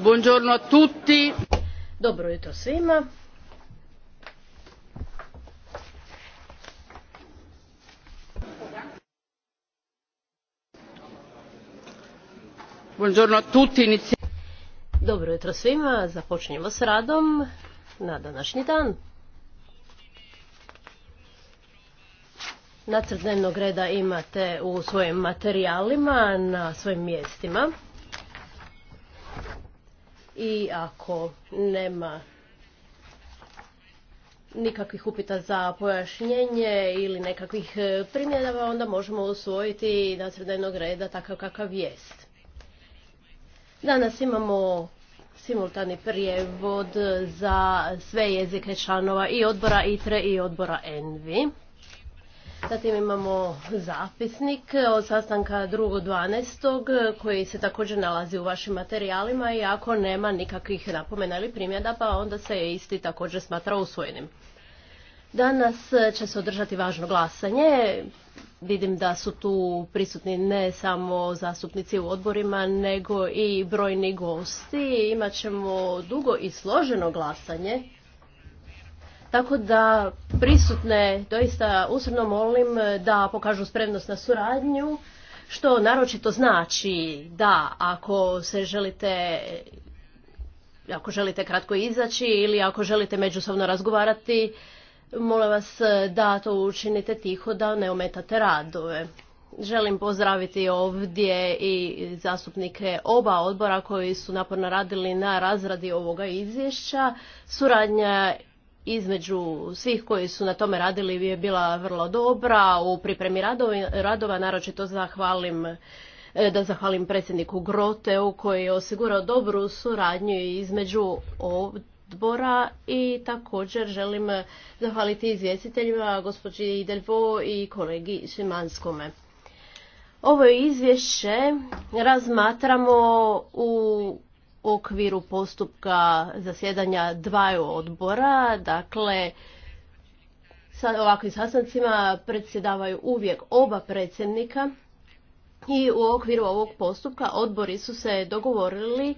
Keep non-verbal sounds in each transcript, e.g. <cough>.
Buongiorno a tutti. Dobro jutro svima. Buongiorno a tutti. Dobro jutro svima. Započinjemo s radom na današnji dan. Nacrt dnevnog reda imate u svojim materijalima na svojim mjestima. I ako nema nikakvih upita za pojašnjenje ili nekakvih e, primjedaba, onda možemo usvojiti nacrt dnevnog reda takav kakav jest. Danas imamo simultani prijevod za sve jezike članova i odbora ITRE i odbora ENVI. Zatim imamo zapisnik od sastanka 2.12. koji se također nalazi u vašim materijalima i ako nema nikakvih napomena ili pa onda se je isti također smatra usvojenim. Danas će se održati važno glasanje. Vidim da su tu prisutni ne samo zastupnici u odborima, nego i brojni gosti. Imaćemo dugo i složeno glasanje. Tako da prisutne doista usredno molim eh, da pokažu spremnost na suradnju, što naročito znači da ako se želite eh, ako želite kratko izaći ili ako želite međusobno razgovarati, molim vas eh, da to učinite tiho, da ne ometate radove. Želim pozdraviti ovdje i zastupnike oba odbora koji su naporno radili na razradi ovoga izvješća. Suradnja između svih koji su na tome radili je bila vrlo dobra u pripremi radova, naročito zahvalim e, da zahvalim predsjedniku Groteu koji je osigurao dobru suradnju između odbora i također želim zahvaliti izvjestiteljima gospođi Delvo i kolegi Šimanskome. Ovo izvješće razmatramo u okviru postupka zasjedanja dvaju odbora. Dakle, sa ovakvim sastancima predsjedavaju uvijek oba predsjednika i u okviru ovog postupka odbori su se dogovorili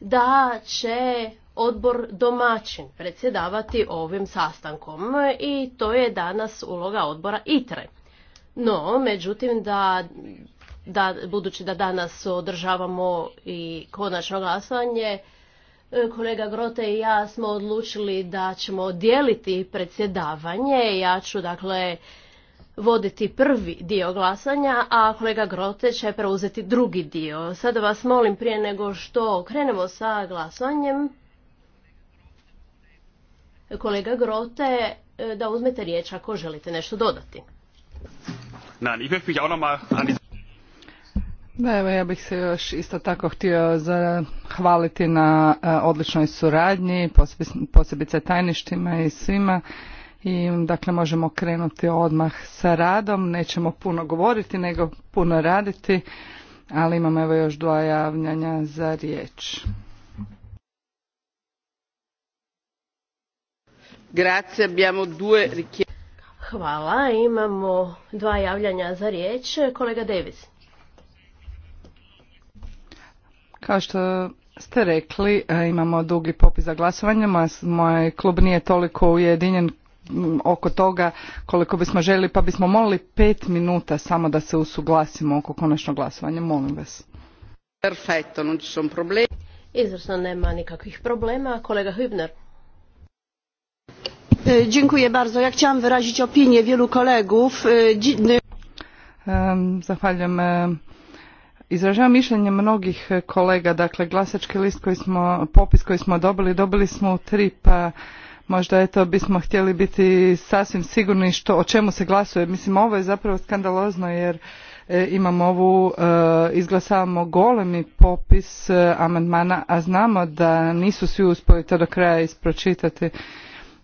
da će odbor domaćin predsjedavati ovim sastankom i to je danas uloga odbora ITRE. No, međutim, da da, budući da danas održavamo i konačno glasovanje, e, kolega Grote i ja smo odlučili da ćemo dijeliti predsjedavanje. Ja ću dakle voditi prvi dio glasanja, a kolega Grote će preuzeti drugi dio. Sada vas molim prije nego što krenemo sa glasanjem, kolega Grote, e, da uzmete riječ ako želite nešto dodati. Nein, ich möchte mich auch noch da, evo ja bih se još isto tako htio zahvaliti na e, odličnoj suradnji, posebice tajništima i svima. I dakle možemo krenuti odmah sa radom, nećemo puno govoriti nego puno raditi, ali imamo evo još dva javljanja za riječ. Hvala, imamo dva javljanja za riječ. Kolega Davis. Kao što ste rekli, e, imamo dugi popis za glasovanje. Moj klub nije toliko ujedinjen oko toga koliko bismo željeli, pa bismo molili pet minuta samo da se usuglasimo oko konačnog glasovanja. Molim vas. Perfetto, non ci sono problemi. Izvrsno nema nikakvih problema. Kolega Hübner. E, dziękuję bardzo. Ja chciałam wyrazić opinię wielu kolegów. E, zahvaljujem Izražavam mišljenje mnogih e, kolega, dakle glasački list koji smo, popis koji smo dobili, dobili smo u tri, pa možda eto bismo htjeli biti sasvim sigurni što, o čemu se glasuje. Mislim, ovo je zapravo skandalozno jer e, imamo ovu, e, izglasavamo golemi popis e, amandmana, a znamo da nisu svi uspjeli to do kraja ispročitati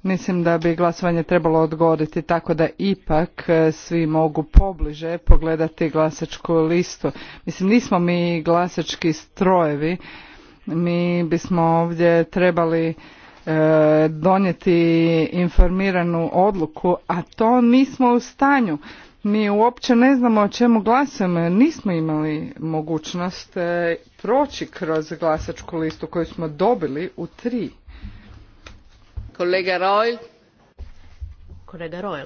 mislim da bi glasovanje trebalo odgoditi tako da ipak e, svi mogu pobliže pogledati glasačku listu. Mislim, nismo mi glasački strojevi, mi bismo ovdje trebali e, donijeti informiranu odluku, a to nismo u stanju. Mi uopće ne znamo o čemu glasujemo nismo imali mogućnost e, proći kroz glasačku listu koju smo dobili u tri Kolega Kolega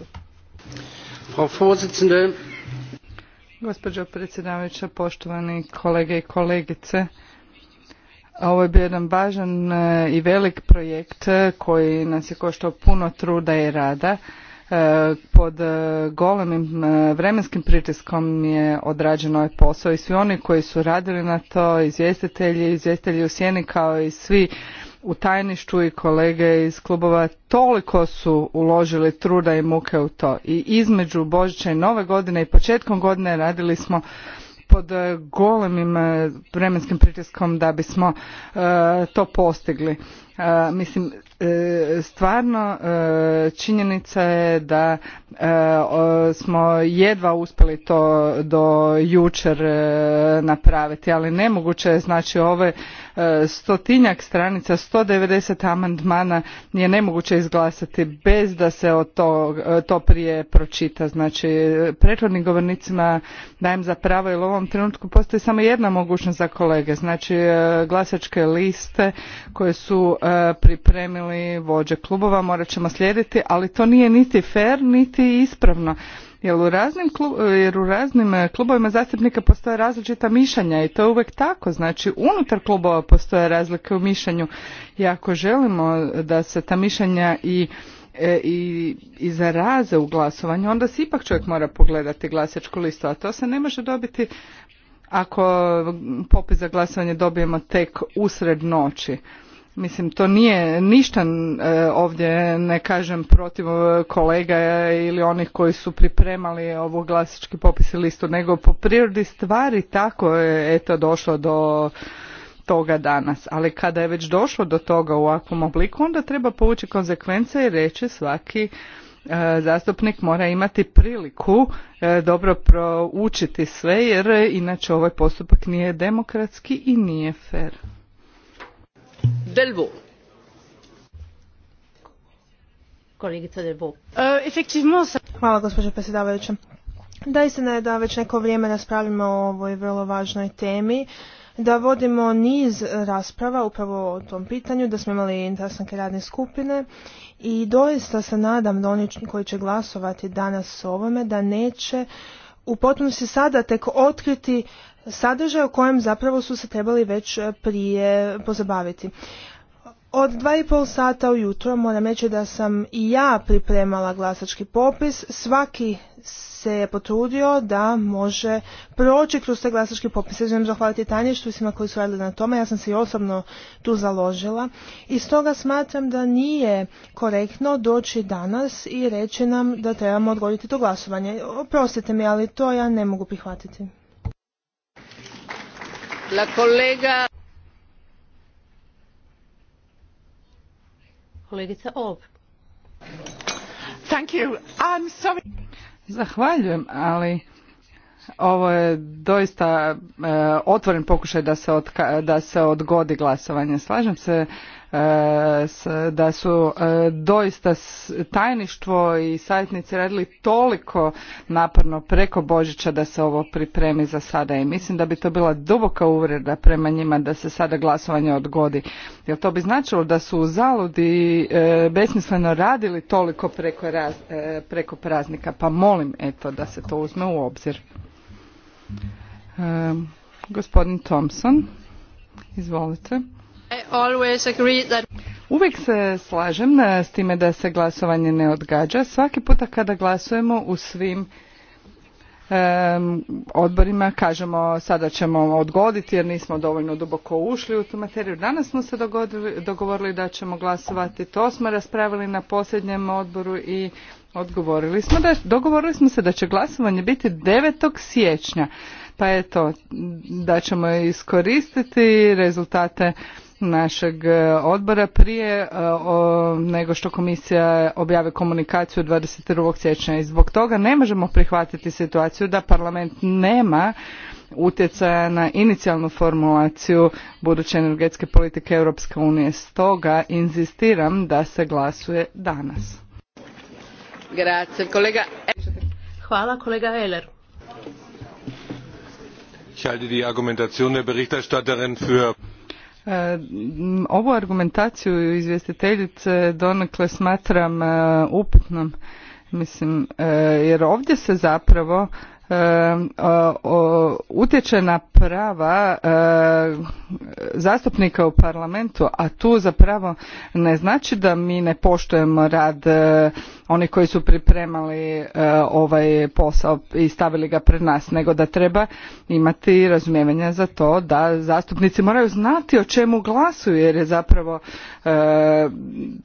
Gospođo predsjedavajuća, poštovani kolege i kolegice, ovo je bio jedan važan eh, i velik projekt eh, koji nas je koštao puno truda i rada. Eh, pod golemim vremenskim pritiskom je odrađen ovaj posao i svi oni koji su radili na to, izvjestitelji, izvjestitelji u sjeni kao i svi u tajništu i kolege iz klubova toliko su uložili truda i muke u to i između Božića i Nove godine i početkom godine radili smo pod e, golemim e, vremenskim pritiskom da bismo e, to postigli. mislim, stvarno činjenica je da smo jedva uspjeli to do jučer napraviti, ali nemoguće je znači ove stotinjak stranica, devedeset amandmana je nemoguće izglasati bez da se to, prije pročita. Znači, prethodnim govornicima dajem za pravo jer u ovom trenutku postoji samo jedna mogućnost za kolege. Znači, e, glasačke liste koje su e, pripremili vođe klubova morat ćemo slijediti, ali to nije niti fer, niti ispravno jer u raznim, jer u raznim klubovima zastupnika postoje različita mišljenja i to je uvijek tako. Znači, unutar klubova postoje razlike u mišljenju i ako želimo da se ta mišljenja i e, i, i zaraze u glasovanju, onda se ipak čovjek mora pogledati glasačku listu, a to se ne može dobiti ako popis za glasovanje dobijemo tek usred noći. Mislim, to nije ništa e, ovdje, ne kažem, protiv e, kolega ili onih koji su pripremali ovo glasički popis i listu, nego po prirodi stvari tako je eto došlo do toga danas. Ali kada je već došlo do toga u ovakvom obliku, onda treba povući konsekvence i reći svaki e, zastupnik mora imati priliku dobro proučiti sve jer inače ovaj postupak nije demokratski i nije fer. Delvaux. E, Hvala gospođo predsjedavajuća. Da se je da već neko vrijeme raspravljamo o ovoj vrlo važnoj temi da vodimo niz rasprava upravo o tom pitanju, da smo imali interesanke radne skupine i doista se nadam da oni koji će glasovati danas o ovome da neće u potpunosti sada tek otkriti sadržaj o kojem zapravo su se trebali već e, prije pozabaviti. Od dva i pol sata ujutro moram reći da sam i ja pripremala glasački popis. Svaki se je potrudio da može proći kroz te glasački popise. Želim zahvaliti tajništvu i svima koji su radili na tome. Ja sam se i osobno tu založila. I stoga smatram da nije korektno doći danas i reći nam da trebamo odgoditi to glasovanje. Oprostite mi, ali to ja ne mogu prihvatiti. Zahvaljujem, ali ovo je doista e, otvoren pokušaj da se, da se odgodi glasovanje. Slažem se E, da su e, doista tajništvo i savjetnici radili toliko naporno preko Božića da se ovo pripremi za sada i mislim da bi to bila duboka uvreda prema njima da se sada glasovanje odgodi. Jer to bi značilo da su u zaludi e, besmisleno radili toliko preko, preko praznika pa molim eto da se to uzme u obzir. gospodin Thompson, izvolite. Uvijek se slažem eh, s time da se glasovanje ne odgađa. Svaki puta kada glasujemo u svim odborima kažemo sada ćemo odgoditi jer nismo dovoljno duboko ušli u tu materiju. Danas smo se dogovorili da ćemo glasovati. To smo raspravili na posljednjem odboru i odgovorili smo da, dogovorili smo se da će glasovanje biti 9. siječnja. Pa eto, da ćemo iskoristiti rezultate našeg e, odbora prije e, o, nego što komisija objave komunikaciju 22. siječnja i zbog toga ne možemo prihvatiti situaciju da parlament nema utjecaja na inicijalnu formulaciju buduće energetske politike Europske unije. Stoga inzistiram da se glasuje danas. Grazie, kolega. Hvala kolega Eller. Ich halte die der Berichterstatterin für E, ovu argumentaciju izvjestiteljice donekle smatram e, upitnom, mislim, e, jer ovdje se zapravo utječe na prava zastupnika u parlamentu a tu zapravo ne znači da mi ne poštujemo rad onih koji su pripremali ovaj posao i stavili ga pred nas nego da treba imati razumijevanja za to da zastupnici moraju znati o čemu glasuju jer je zapravo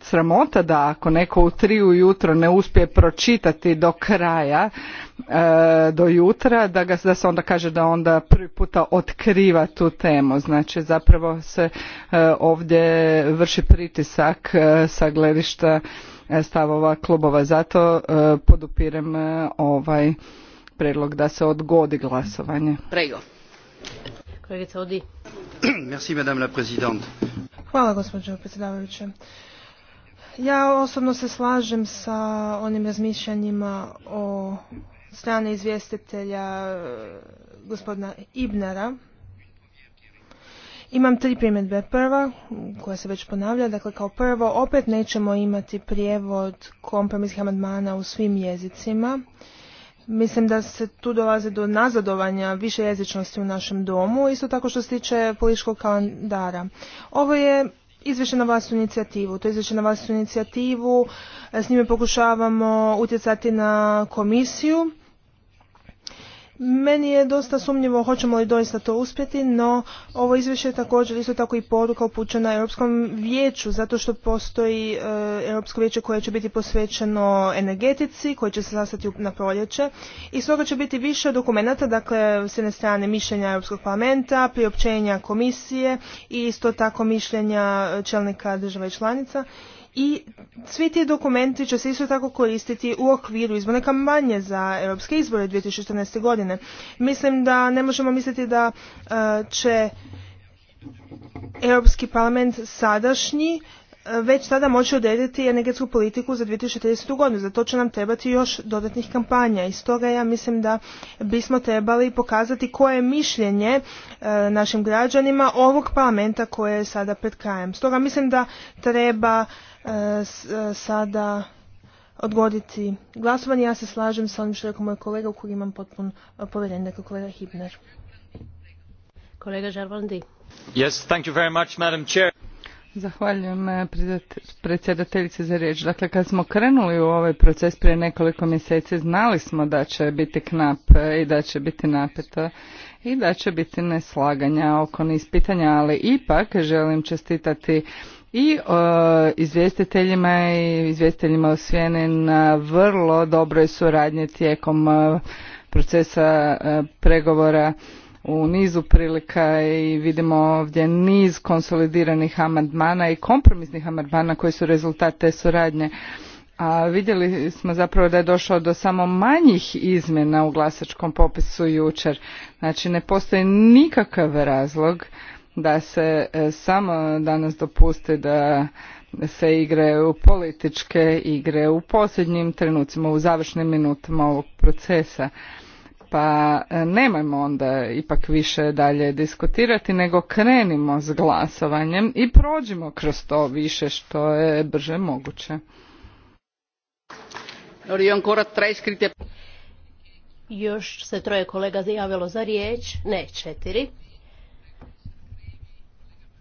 sramota da ako neko u tri ujutro ne uspije pročitati do kraja E, do jutra da, ga, da se onda kaže da onda prvi puta otkriva tu temu. Znači zapravo se e, ovdje vrši pritisak e, sa gledišta stavova klubova. Zato podupirem ovaj predlog da se odgodi glasovanje. Prego. <clears throat> Merci, madame la présidente. Hvala, gospođo predsjedavajuće. Ja osobno se slažem sa onim razmišljanjima o strane izvjestitelja e, gospodina Ibnara imam tri primjedbe. Prva, koja se već ponavlja, dakle kao prvo opet nećemo imati prijevod kompromisnih amandmana u svim jezicima. Mislim da se tu dolazi do nazadovanja više jezičnosti u našem domu, isto tako što se tiče političkog kalendara. Ovo je izvješće na vlastnu inicijativu. To je izvješće na vlastnu inicijativu, e, s njime pokušavamo utjecati na komisiju meni je dosta sumnjivo hoćemo li doista to uspjeti, no ovo izvješće je također isto tako i poruka upućena Europskom vijeću, zato što postoji e, Europsko vijeće koje će biti posvećeno energetici, koje će se sastati na proljeće i stoga će biti više dokumenata, dakle s jedne strane mišljenja Europskog parlamenta, priopćenja komisije i isto tako mišljenja e, čelnika država i članica i svi ti dokumenti će se isto tako koristiti u okviru izborne kampanje za europske izbore 2014. godine. Mislim da ne možemo misliti da e, će Europski parlament sadašnji e, već sada moći odrediti energetsku politiku za 2030. godinu. Za to će nam trebati još dodatnih kampanja. I stoga ja mislim da bismo trebali pokazati koje je mišljenje e, našim građanima ovog parlamenta koje je sada pred krajem. Stoga mislim da treba E, e, sada odgoditi glasovanje. Ja se slažem sa onim što je rekao moj kolega u kojeg imam potpun e, povjerenje, dakle kolega Hibner. Kolega Žarvandi. Yes, thank you very much, Madam Chair. Zahvaljujem predsjedateljice za riječ. Dakle, kad smo krenuli u ovaj proces prije nekoliko mjeseci, znali smo da će biti knap i da će biti napeta i da će biti neslaganja oko niz pitanja, ali ipak želim čestitati i o, e, izvjestiteljima i izvjestiteljima osvijene na vrlo dobroj suradnji tijekom e, procesa e, pregovora u nizu prilika i vidimo ovdje niz konsolidiranih amandmana i kompromisnih amandmana koji su rezultat te suradnje. A vidjeli smo zapravo da je došlo do samo manjih izmjena u glasačkom popisu jučer. Znači ne postoji nikakav razlog da se e, samo danas dopuste da se igre u političke igre u posljednjim trenucima, u završnim minutama ovog procesa. Pa e, nemojmo onda ipak više dalje diskutirati, nego krenimo s glasovanjem i prođimo kroz to više što je brže moguće. Još se troje kolega javilo za riječ, ne četiri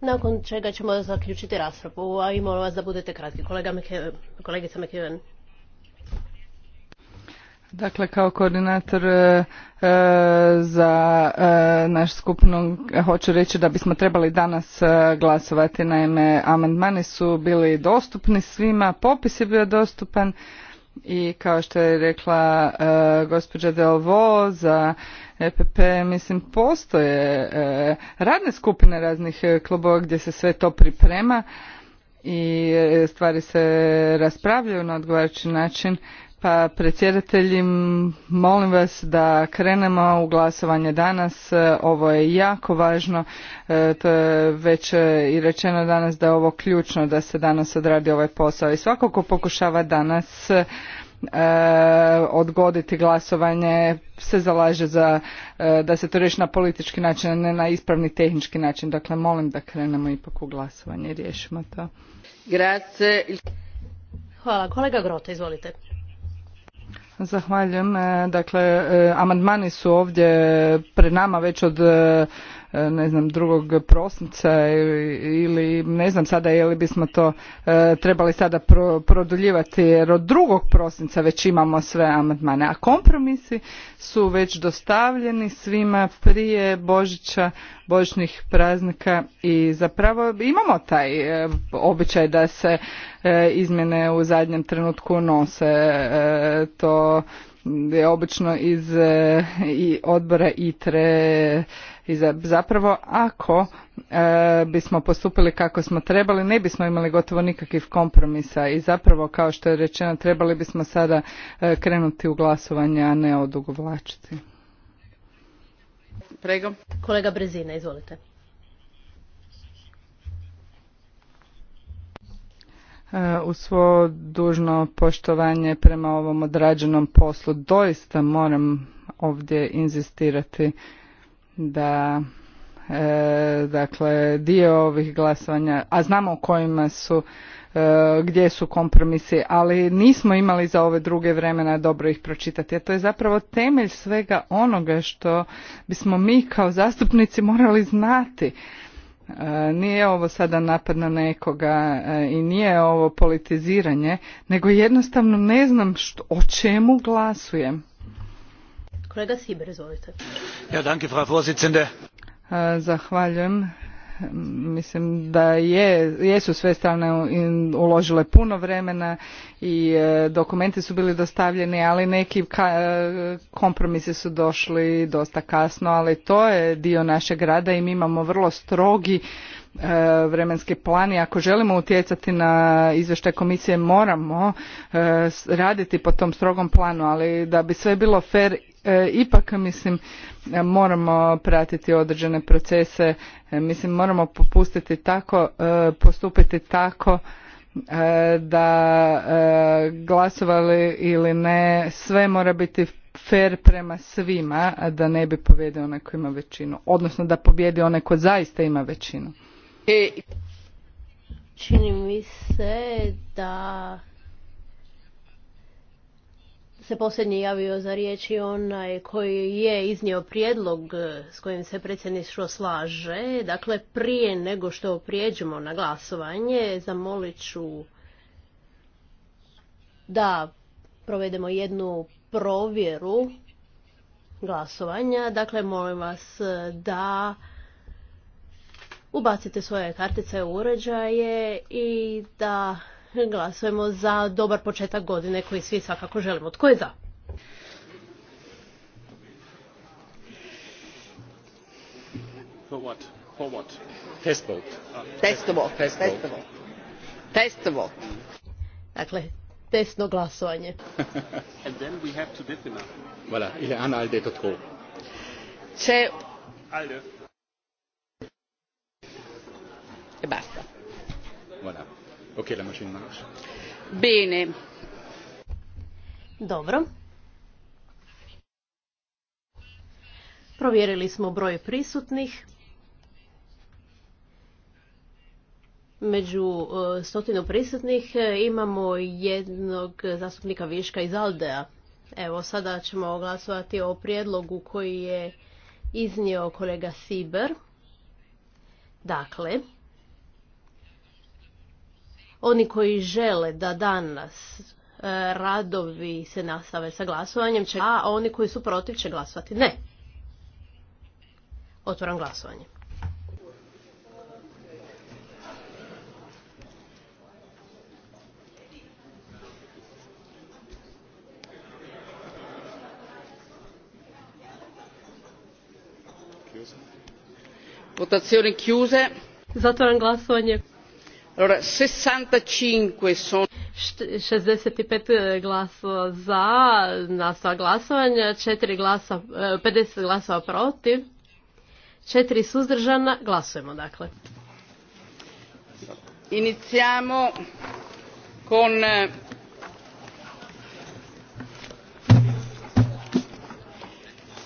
nakon čega ćemo zaključiti raspravu, a i molim vas da budete kratki. Kolega Meke, kolegica McEwen. Dakle, kao koordinator e, e, za e, naš skupno hoću reći da bismo trebali danas glasovati. Naime, amandmani su bili dostupni svima, popis je bio dostupan, i kao što je rekla e, gospođa Delvo za EPP, mislim postoje e, radne skupine raznih e, klubova gdje se sve to priprema i stvari se raspravljaju na odgovarajući način pa predsjedatelji, molim vas da krenemo u glasovanje danas. Ovo je jako važno. E, to je već e, i rečeno danas da je ovo ključno da se danas odradi ovaj posao. I svako ko pokušava danas e, odgoditi glasovanje se zalaže za e, da se to riješi na politički način, a ne na ispravni tehnički način. Dakle, molim da krenemo ipak u glasovanje i riješimo to. Hvala. Kolega Grota, izvolite. Zahvaljujem. E, dakle, e, amandmani su ovdje pred nama već od e, E, ne znam, drugog prosinca ili ne znam sada je li bismo to e, trebali sada produljivati jer od drugog prosinca već imamo sve amandmane. A kompromisi su već dostavljeni svima prije Božića, Božićnih praznika i zapravo imamo taj e, običaj da se izmjene u zadnjem trenutku nose. To je obično iz i odbora ITRE i zapravo ako e, bismo postupili kako smo trebali ne bismo imali gotovo nikakvih kompromisa i zapravo kao što je rečeno trebali bismo sada e, krenuti u glasovanje, a ne odugovlačiti. Prego. Kolega Brezina, izvolite. E, u svo dužno poštovanje prema ovom odrađenom poslu doista moram ovdje inzistirati da e, dakle dio ovih glasovanja, a znamo o kojima su e, gdje su kompromisi, ali nismo imali za ove druge vremena dobro ih pročitati. A to je zapravo temelj svega onoga što bismo mi kao zastupnici morali znati. E, nije ovo sada napad na nekoga i nije ovo politiziranje, nego jednostavno ne znam što, o čemu glasujem. Kolega Zahvaljujem. Mislim da je, jesu sve strane uložile puno vremena i e, dokumenti su bili dostavljeni, ali neki e, kompromisi su došli dosta kasno, ali to je dio našeg rada i mi imamo vrlo strogi e, vremenski plan i ako želimo utjecati na izvještaj komisije moramo raditi po tom strogom planu ali da bi sve bilo fer E, ipak mislim moramo pratiti određene procese, e, mislim moramo popustiti tako, e, postupiti tako da glasovali ili ne, sve mora biti fer prema svima, da ne bi pobjedio onaj koji ima većinu. Odnosno da pobijedi onaj koji zaista ima većinu. Čini mi se da se posljednji javio za riječ i onaj koji je iznio prijedlog e, s kojim se predsjedništvo slaže. Dakle, prije nego što prijeđemo na glasovanje, zamolit ću da provedemo jednu provjeru glasovanja. Dakle, molim vas e, da ubacite svoje kartice u uređaje i da glasujemo za dobar početak godine koji svi svakako želimo. Tko je za? For what? For what? Test vote. Test vote. Test vote. Dakle, testno glasovanje. <laughs> And then we have to define. Voilà, il est un alde de trop. C'est... Alde. E basta. Voilà. Dobro. Provjerili smo broj prisutnih. Među e, stotinu prisutnih e, imamo jednog zastupnika Viška iz Aldea. Evo, sada ćemo glasovati o prijedlogu koji je iznio kolega Siber. Dakle, oni koji žele da danas e, radovi se nastave sa glasovanjem, će, a oni koji su protiv će glasovati ne. Otvoram glasovanje. chiuse. Zatvaram glasovanje. Allora, 65 sono... 65 glasova za, nastava glasovanja, 4 glasa, 50 e, glasova protiv, 4 suzdržana, glasujemo dakle. Iniziamo con e,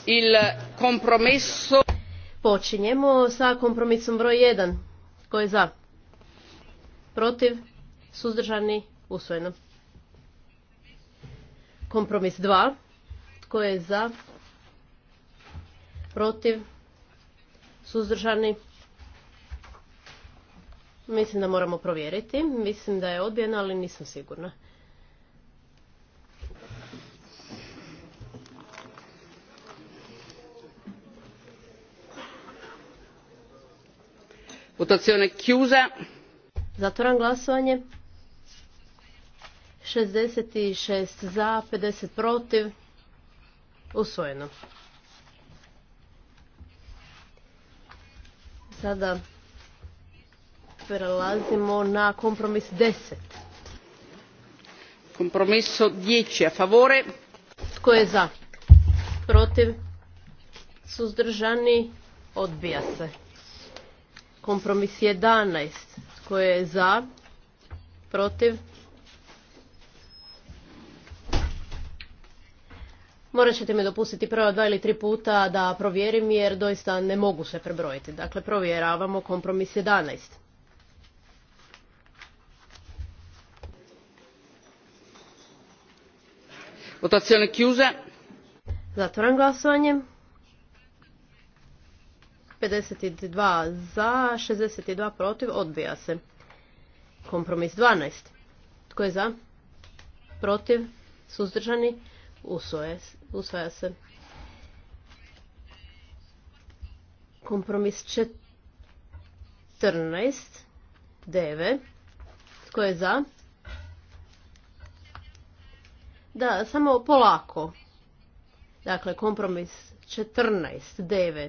il compromesso. Počinjemo sa kompromisom broj 1. koji je za? protiv, suzdržani, usvojeno. Kompromis 2, tko je za, protiv, suzdržani, mislim da moramo provjeriti, mislim da je odbijeno, ali nisam sigurna. votazione chiusa Zatvoram glasovanje. 66 za, 50 protiv. Usvojeno. Sada prelazimo na kompromis 10. Kompromiso 10 a favore. Tko je za? Protiv? Suzdržani? Odbija se. Kompromis 11 tko je za? Protiv? Morat ćete me dopustiti prva dva ili tri puta da provjerim jer doista ne mogu se prebrojiti. Dakle, provjeravamo kompromis 11. Votazione chiusa. Zatvoram glasovanje. 52 za, 62 protiv, odbija se. Kompromis 12. Tko je za? Protiv, suzdržani, usvoje, usvaja se. Kompromis 14. 9. Tko je za? Da, samo polako. Dakle, kompromis 14, 9.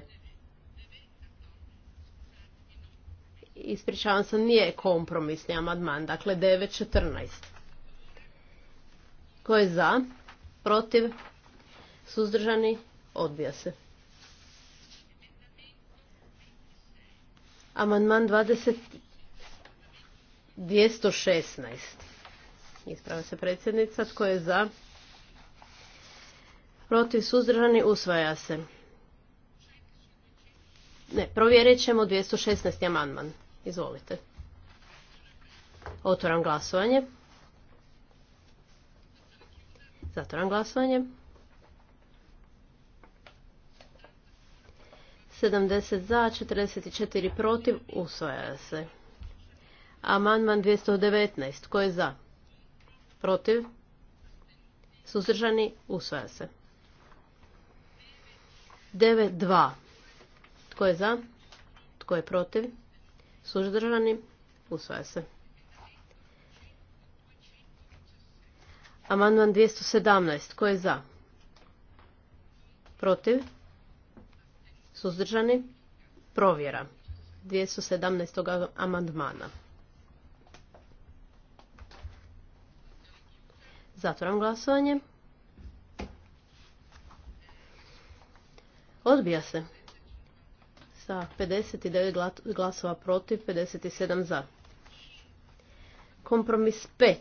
ispričavam se, nije kompromisni amandman, dakle 9.14. Ko je za? Protiv? Suzdržani? Odbija se. Amandman 20... 216. Isprava se predsjednica. Tko je za? Protiv suzdržani usvaja se. Ne, provjerit ćemo 216. amandman. Izvolite. Otvoram glasovanje. Zatvoram glasovanje. 70 za, 44 protiv, usvaja se. Amandman 219, tko je za? Protiv? Suzržani, usvaja se. 2, Tko je za? Tko je protiv? Suzdržani? Usvaja se. Amandman 217. Ko je za? Protiv? Suzdržani? Provjera. 217. amandmana. Zatvoram glasovanje. Odbija se sa 59 glasova protiv, 57 za. Kompromis 5.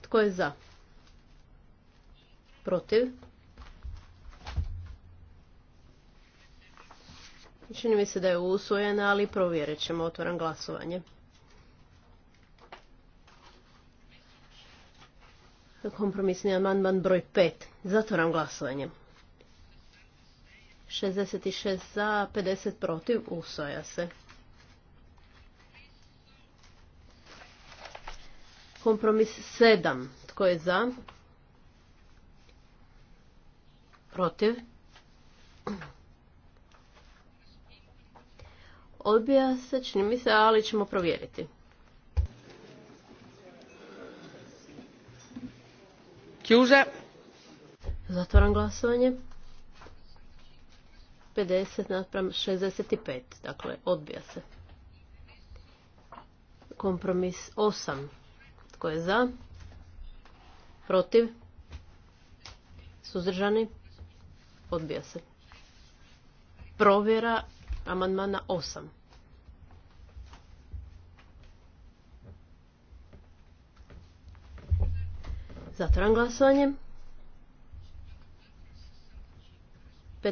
Tko je za? Protiv. Čini mi se da je usvojena, ali provjerit ćemo. Otvaram glasovanje. Kompromisni amandman broj 5. Zatvoram glasovanje. 66 za, 50 protiv, Usoja se. Kompromis 7. Tko je za? Protiv? Odbija se, čini mi se, ali ćemo provjeriti. Kjuže. Zatvoram glasovanje. 50 naspram 65. Dakle, odbija se. Kompromis 8. Tko je za? Protiv? Suzdržani? Odbija se. Provjera amandmana 8. Zatvoram glasovanje.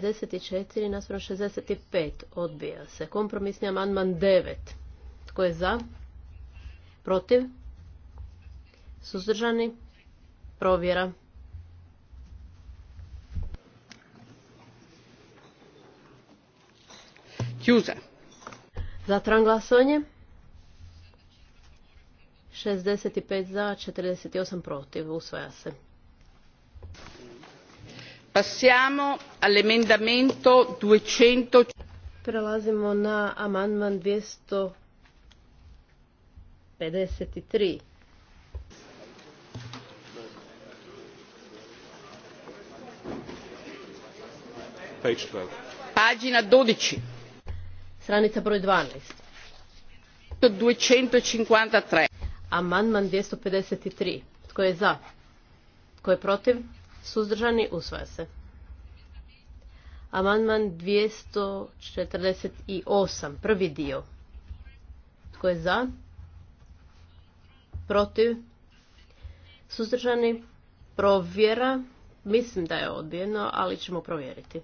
54 naspram 65 odbija se. Kompromisni amandman 9. Tko je za? Protiv? Suzdržani? Provjera. Kjuza. Zatran glasovanje. 65 za, 48 protiv. Usvaja se. Passiamo all'emendamento 200. Prelazimo na amandman 253. pedeset tri. Pagina dodici. Stranica broj 12. 253. Amandman 253. Tko je za? Tko je protiv? suzdržani, usvaja se. Amandman 248, prvi dio. Tko je za? Protiv? Suzdržani? Provjera? Mislim da je odbijeno, ali ćemo provjeriti.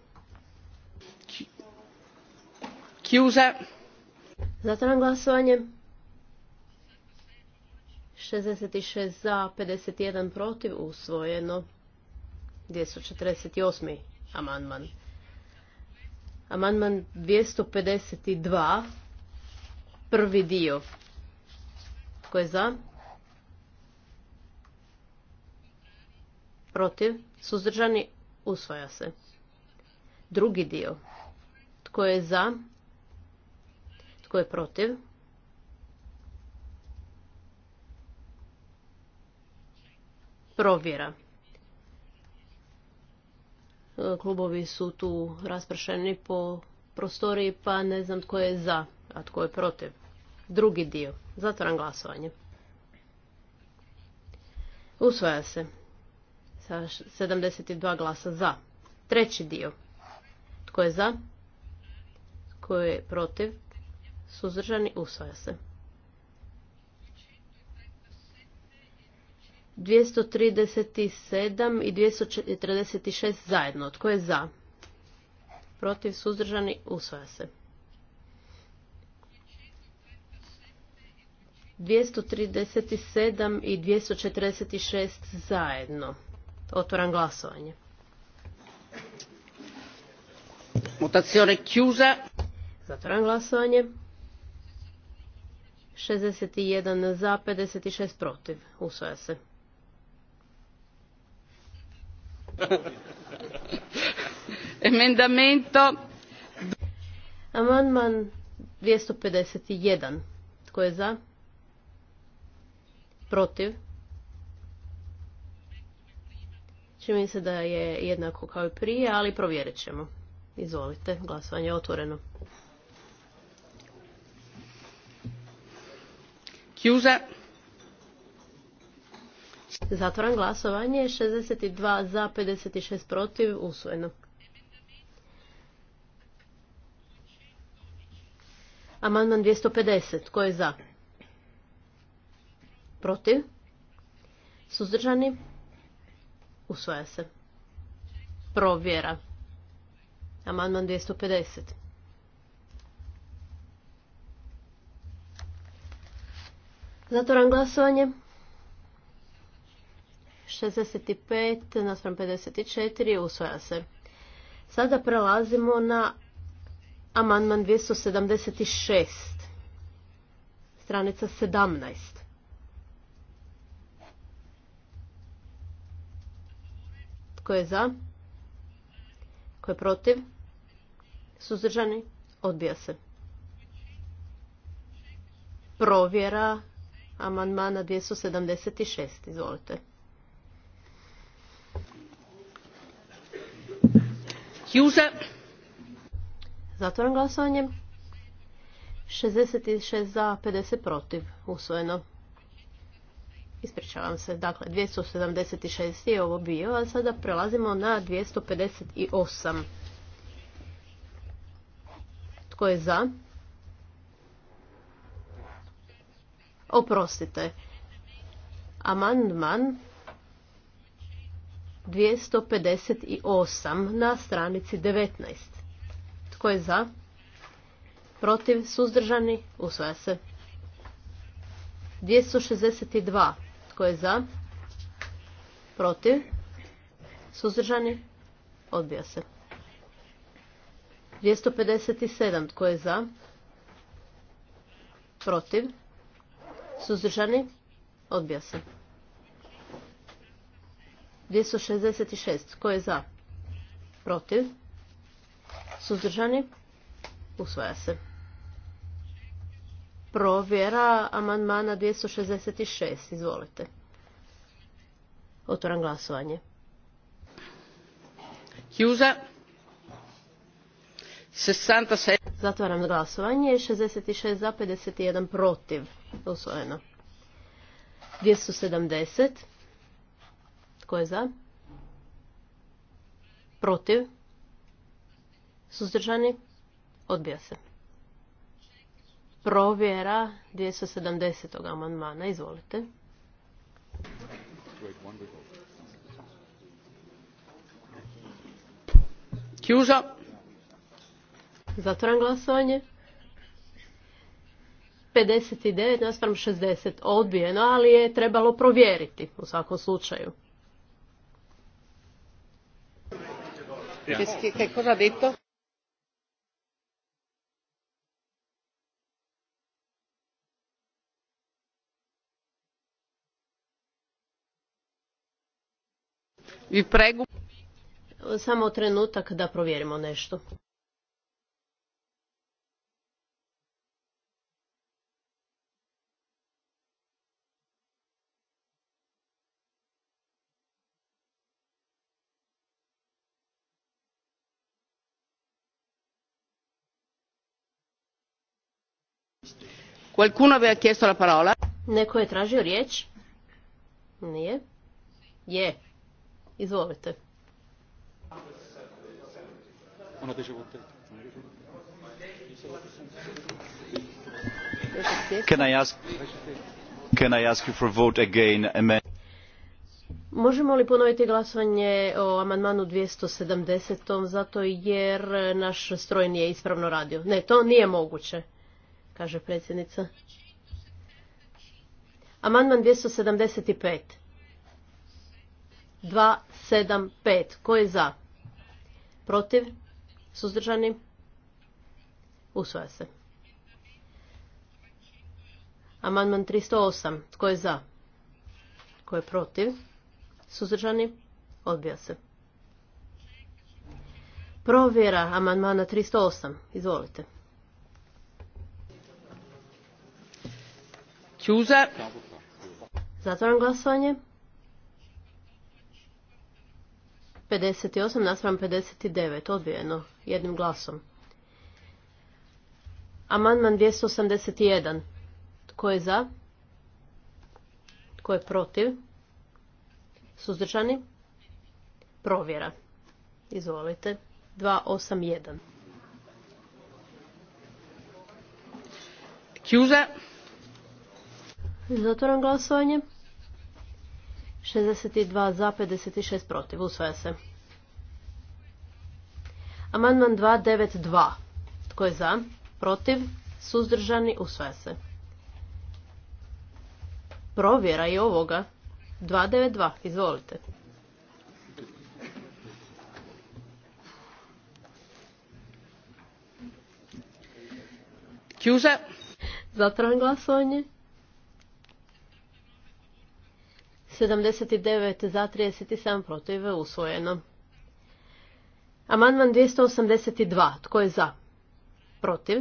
Kjuza. Zatvaram glasovanje. 66 za, 51 protiv, usvojeno. 248. amandman. Amandman 252. Prvi dio. Tko je za? Protiv? Suzdržani? Usvaja se. Drugi dio. Tko je za? Tko je protiv? Provjera klubovi su tu raspršeni po prostoriji, pa ne znam tko je za, a tko je protiv. Drugi dio. Zatvoram glasovanje. Usvaja se. Sa 72 glasa za. Treći dio. Tko je za? Tko je protiv? Suzdržani usvaja se. 237 i 246 zajedno. Tko je za? Protiv suzdržani usvaja se. 237 i 246 zajedno. Otvoram glasovanje. Votazione chiusa. Zatvoram glasovanje. 61 za, 56 protiv. Usvaja se. <laughs> Emendamento. Amandman 251. Tko je za? Protiv? Čini se da je jednako kao i prije, ali provjerit ćemo. Izvolite, glasovanje je otvoreno. Kjuza. Zatvoran glasovanje. 62 za, 56 protiv. Usvojeno. Amandman 250. Tko je za? Protiv? Suzdržani? Usvoja se. Provjera. Amandman 250. Zatvoran glasovanje. 65 naspram 54 usvaja se. Sada prelazimo na amandman 276. Stranica 17. Tko je za? Tko je protiv? Suzdržani? Odbija se. Provjera amandmana 276. Izvolite. Chiusa. Zatvoram glasovanje. 66 za, 50 protiv. Usvojeno. Ispričavam se. Dakle, 276 je ovo bio, a sada prelazimo na 258. Tko je za? Oprostite. Amandman 258 na stranici 19. Tko je za? Protiv? Suzdržani? Usvaja se. 262. Tko je za? Protiv? Suzdržani? Odbija se. 257. Tko je za? Protiv? Suzdržani? Odbija se. 266. Ko je za? Protiv? Suzdržani? Usvaja se. Provjera amandmana 266. Izvolite. Otvoram glasovanje. Hjuza. Zatvaram glasovanje. 66 za, 51 protiv. Usvojeno. 270. Tko je za? Protiv? Suzdržani? Odbija se. Provjera 270. amandmana. Izvolite. Kjuža. Zatvoram glasovanje. 59 nasprem 60 odbijeno, ali je trebalo provjeriti u svakom slučaju. che, che cosa ha detto? Vi prego. Samo trenutak da provjerimo nešto. Qualcuno Neko je tražio riječ? Nije. Je. Izvolite. Ono you for vote Možemo li ponoviti glasovanje o amandmanu 270. zato jer naš stroj nije ispravno radio? Ne, to nije moguće kaže predsjednica. Amandman 275. 275. Ko je za? Protiv? Suzdržani? Usvaja se. Amandman 308. Tko je za? Tko je protiv? Suzdržani? Odbija se. Provjera amandmana 308. Izvolite. Chiusa. Zatvaram glasovanje. 58 naspram 59, odbijeno, jednim glasom. Amandman 281. Tko je za? Tko je protiv? Suzdržani? Provjera. Izvolite. 281. Chiusa. Zatvoram glasovanje. 62 za, 56 protiv. Usvaja se. Amandman 292. Tko je za? Protiv? Suzdržani? Usvaja se. Provjera i ovoga. 292. Izvolite. Kjuža. Zatvoram glasovanje. 79 za 37 protiv usvojeno. Amandman 282. Tko je za? Protiv?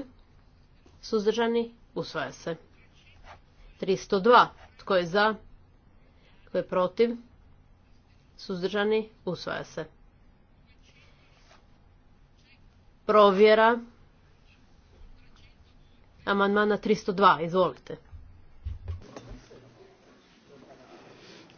Suzdržani? Usvaja se. 302. Tko je za? Tko je protiv? Suzdržani? Usvaja se. Provjera. Amandmana 302. Izvolite.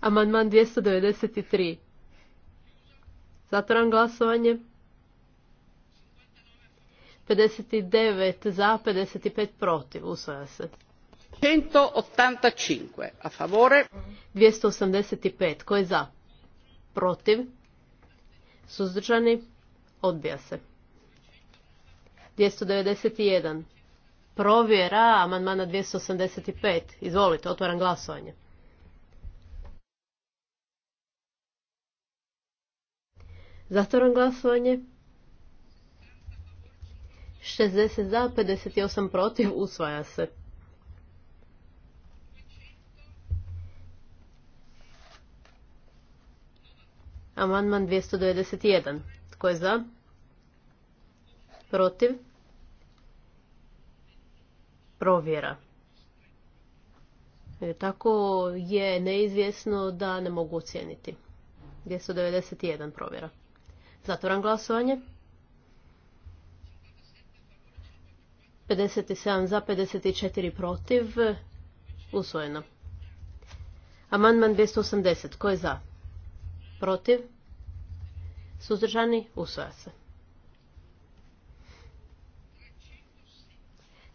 Amandman 293. Zatvoram glasovanje. 59 za, 55 protiv. Usvaja se. 185 a favore. 285. Ko je za? Protiv. Suzdržani. Odbija se. 291. Provjera amandmana 285. Izvolite, otvaram glasovanje. Zatvoram glasovanje. 60 za, 58 protiv, usvaja se. Amandman 291. Tko je za? Protiv? Provjera. E, tako je neizvjesno da ne mogu ocijeniti. 291 provjera. Zatvoram glasovanje. 57 za, 54 protiv. Usvojeno. Amandman 280. Ko je za? Protiv? Suzdržani? Usvoja se.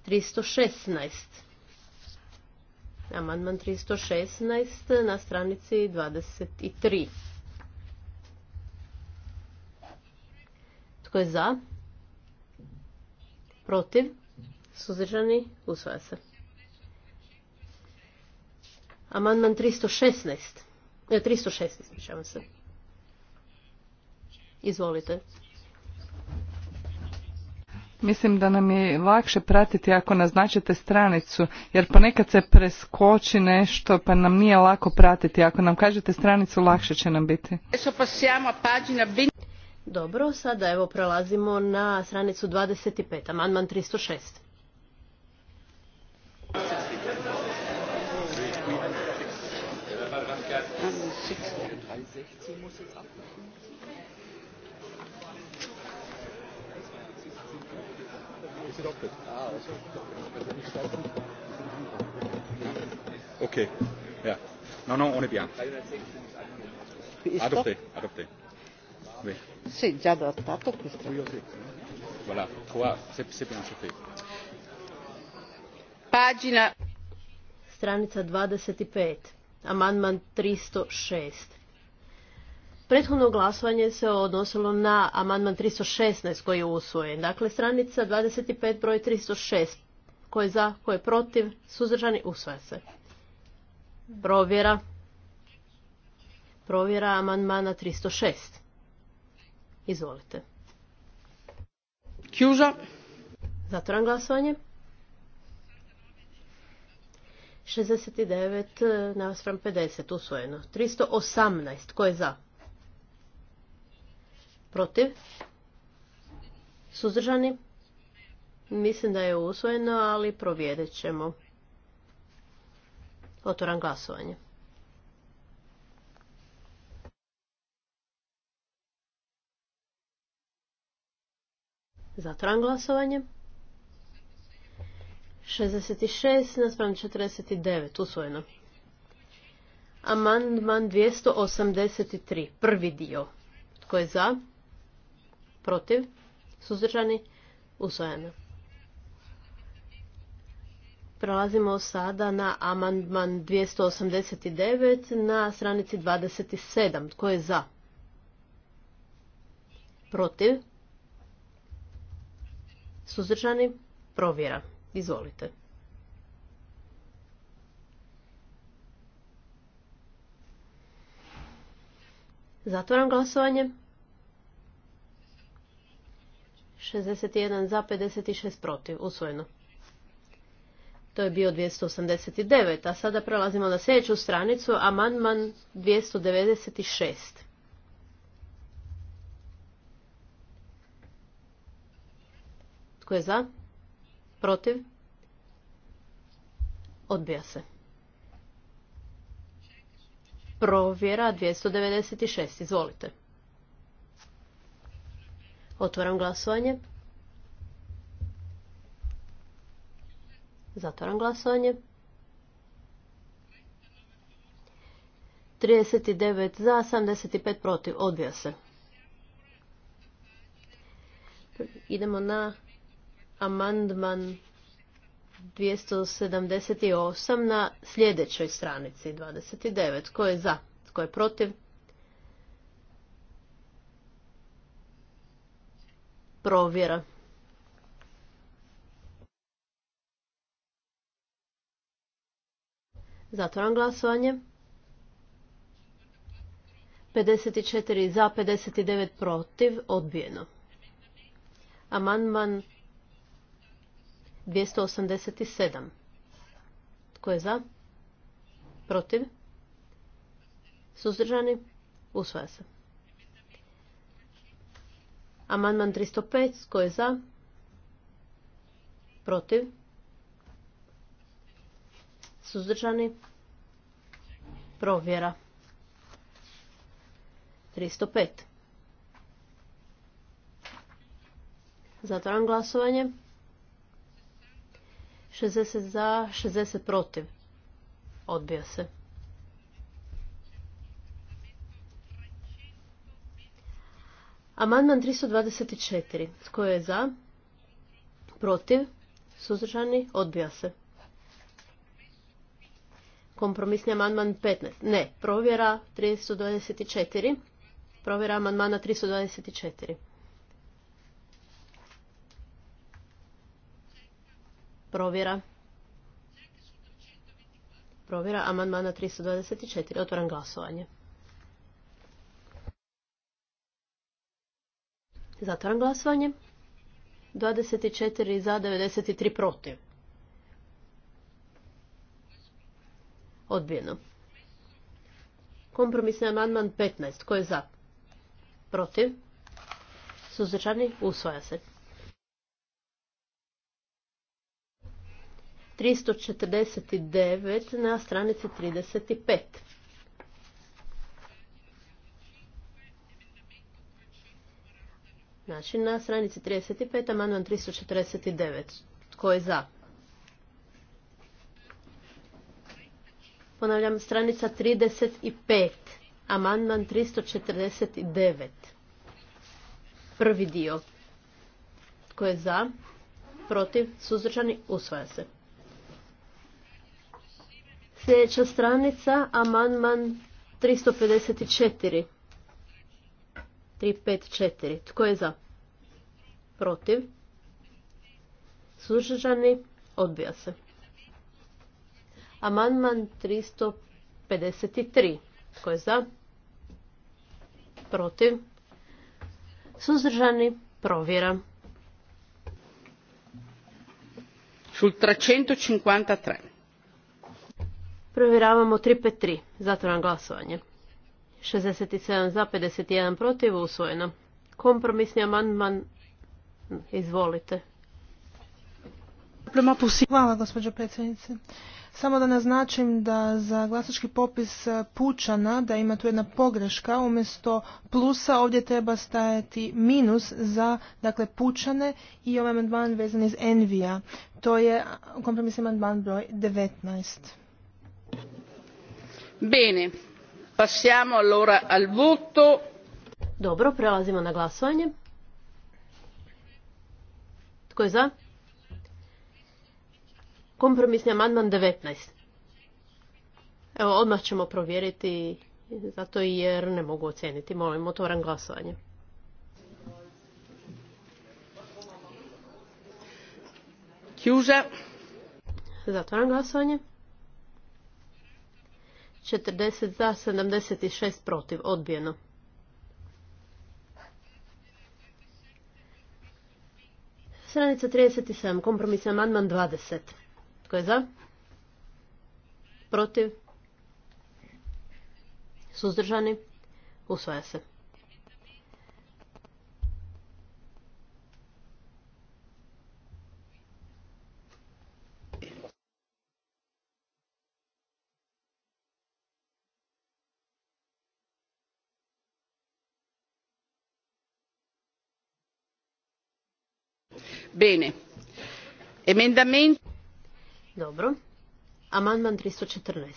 316. Amandman 316 na stranici 23. Tko je za? Protiv? Suzdržani? Usvaja se. Amandman 316. E, 316, pričavam se. Izvolite. Mislim da nam je lakše pratiti ako naznačite stranicu, jer ponekad se preskoči nešto pa nam nije lako pratiti. Ako nam kažete stranicu, lakše će nam biti. Dobro, sada evo prelazimo na stranicu 25, amandman 306. Okay. ja. No, no, only est Adopté, adopté. Oui. Sì, già adottato questo. Voilà, trois, Pagina. Stranica 25, amandman 306. Prethodno glasovanje se odnosilo na amandman 316 koji je usvojen. Dakle, stranica dvadeset pet broj šest. tko je za, tko je protiv, suzdržani, usvaja se. Provjera. Provjera amandmana šest. Izvolite. Kjuža. Zatvoram glasovanje. 69 nasprem 50 usvojeno. 318. ko je za? Protiv? Suzdržani? Mislim da je usvojeno, ali provjedećemo. ćemo. Otvoram glasovanje. Zatvaram glasovanje. 66 naspram 49 usvojeno. Amandman 283. Prvi dio. Tko je za? Protiv? Suzdržani? Usvojeno. Prelazimo sada na amandman 289 na stranici 27. Tko je za? Protiv? Suzdržani? Provjera. Izvolite. Zatvoram glasovanje. 61 za, 56 protiv. Usvojeno. To je bio 289, a sada prelazimo na sljedeću stranicu, amandman 296. Tko je za? Protiv? Odbija se. Provjera 296. Izvolite. Otvaram glasovanje. Zatvaram glasovanje. 39 za, 75 protiv. Odbija se. Idemo na amandman 278 na sljedećoj stranici 29. Ko je za? Ko je protiv? Provjera. Zatvoram glasovanje. 54 za, 59 protiv, odbijeno. Amandman 287. Tko je za? Protiv? Suzdržani? Usvaja se. Amandman 305. Tko je za? Protiv? Suzdržani? Provjera. 305. Zatvaram glasovanje. 60 za, 60 protiv. Odbija se. Amandman 324. Tko je za? Protiv? Suzržani. Odbija se. Kompromisni amandman 15. Ne, provjera 324. Provjera amandmana 324. Provjera. Provjera amandmana 324. Otvoram glasovanje. Zatvoram glasovanje. 24 za, 93 protiv. Odbijeno. Kompromisni amandman 15. Ko je za? Protiv? Suzdržani? Usvaja se. 349 na stranici 35. Znači na stranici 35, amandman 349. Tko je za? Ponavljam, stranica 35, amandman 349. Prvi dio. Tko je za? Protiv? Suzdržani? Usvaja se. Sljedeća stranica, amandman 354. 354. Tko je za? Protiv? Suzdržani? Odbija se. Amandman 353. Tko je za? Protiv? Suzdržani? Provjera. Sul 353. Provjeravamo 353. Zatvoram glasovanje. 67 za, 51 protiv, usvojeno. Kompromisni amandman, izvolite. Hvala, gospođo predsjednice. Samo da naznačim da za glasački popis e, pučana, da ima tu jedna pogreška, umjesto plusa ovdje treba stajati minus za dakle, pučane i ovaj amandman vezan iz Envija. To je kompromisni amandman broj 19. Bene, passiamo al voto. Dobro, prelazimo na glasovanje. Tko je za? Kompromisni amandman 19. Evo, odmah ćemo provjeriti, zato jer ne mogu ocijeniti. Molim, otvaram glasovanje. zatvaram glasovanje. 40 za, 76 protiv. Odbijeno. Stranica 37. Kompromis Kompromisni amandman 20. Tko je za? Protiv? Suzdržani? Usvaja se. Bene. emendamenti Dobro. Amandman 314.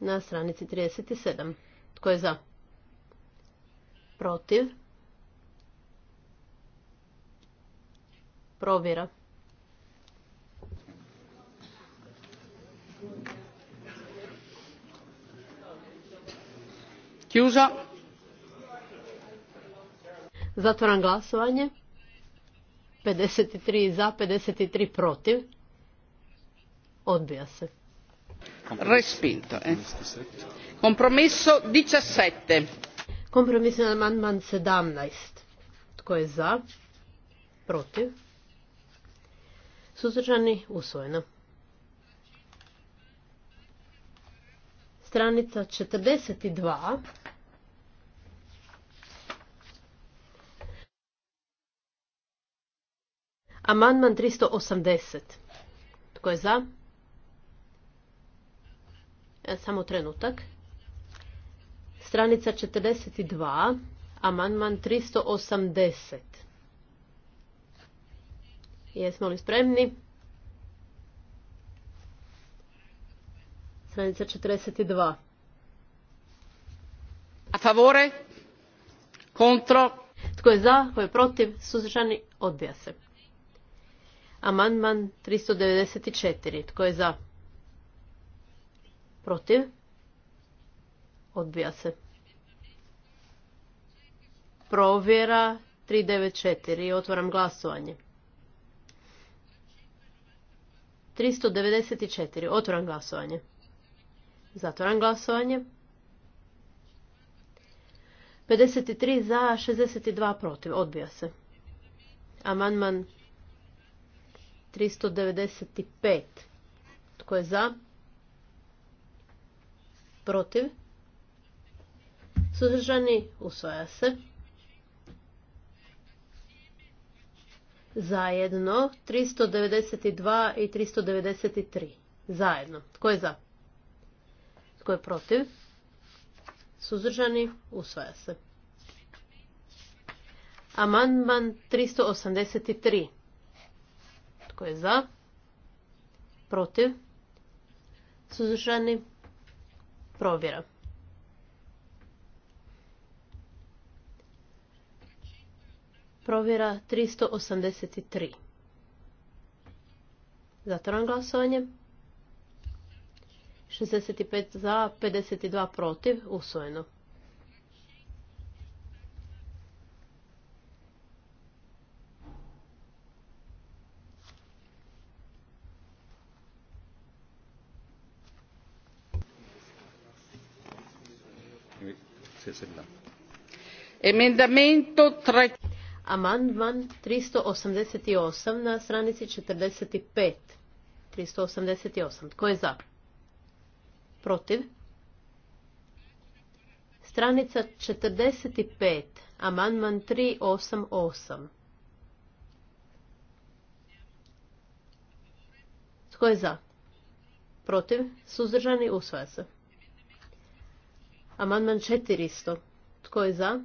Na stranici 37. Tko je za? Protiv? Provjera. Chiusa. Zatvoram glasovanje. 53 za, 53 protiv. Odbija se. Respinto. Eh. Kompromiso 17. na amandman 17. Tko je za? Protiv? Suzdržani? Usvojeno. Stranica 42. Amandman 380. Tko je za? E, samo trenutak. Stranica 42, amandman 380. Jesmo li spremni? Stranica 42. A favore? Contro? Tko je za, tko je protiv, suzdržani, odbija se. Amandman 394. Tko je za? Protiv? Odbija se. Provjera 394. Otvaram glasovanje. 394. Otvaram glasovanje. Zatvaram glasovanje. 53 za, 62 protiv. Odbija se. Amandman 395. Tko je za? Protiv? Suzdržani? Usvaja se. Zajedno 392 i 393. Zajedno. Tko je za? Tko je protiv? Suzdržani? Usvaja se. Amandman 383. Tko je za? Protiv? Suzdržani? Provjera. Provjera 383. Zatvoram glasovanje. 65 za, 52 protiv, usvojeno. Emendamento tre... Amandman 388 na stranici 45. 388. Tko je za? Protiv? Stranica 45. Amandman 388. Tko je za? Protiv? Suzdržani usvaja se. Amandman 400. Tko je za?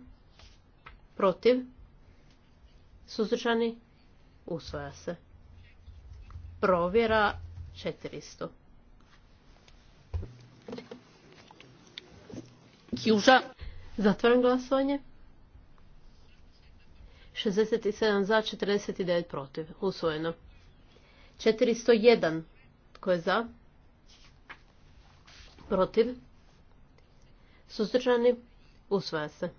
Protiv? Suzdržani? Usvaja se. Provjera 400. Kjuža. Zatvoren glasovanje. 67 za, 49 protiv. Usvojeno. 401. Tko je za? Protiv? Suzdržani? Usvaja se.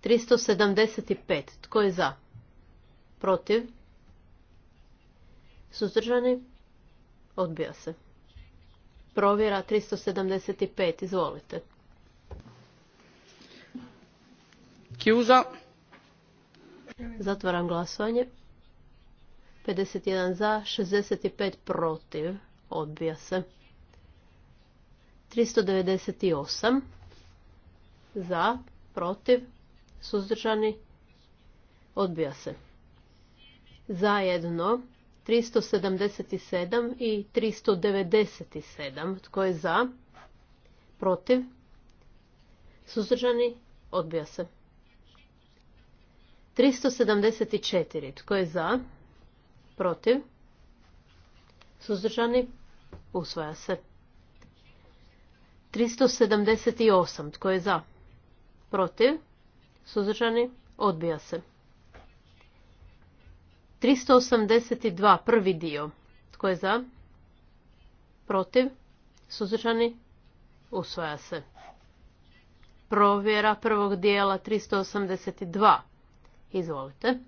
375. Tko je za? Protiv? Suzdržani? Odbija se. Provjera 375. Izvolite. Kjuza. Zatvaram glasovanje. 51 za, 65 protiv. Odbija se. 398 za, protiv, suzdržani, odbija se. Zajedno 377 i 397. Tko je za? Protiv? Suzdržani? Odbija se. 374. Tko je za? Protiv? Suzdržani? Usvaja se. 378. Tko je za? Protiv? Suzdržani? Odbija se. 382. Prvi dio. Tko je za? Protiv? Suzdržani? Usvaja se. Provjera prvog dijela 382. Izvolite.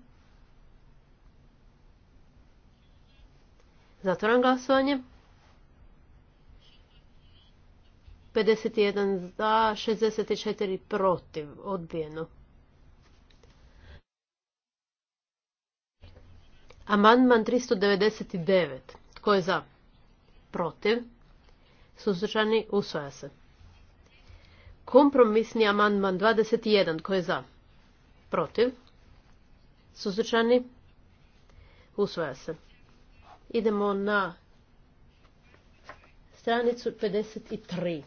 Zatvoram glasovanje. 51 za, 64 protiv. Odbijeno. Amandman 399. Tko je za? Protiv. Suzdržani usvaja se. Kompromisni amandman 21. Tko je za? Protiv. Suzdržani usvaja se. Idemo na stranicu 53.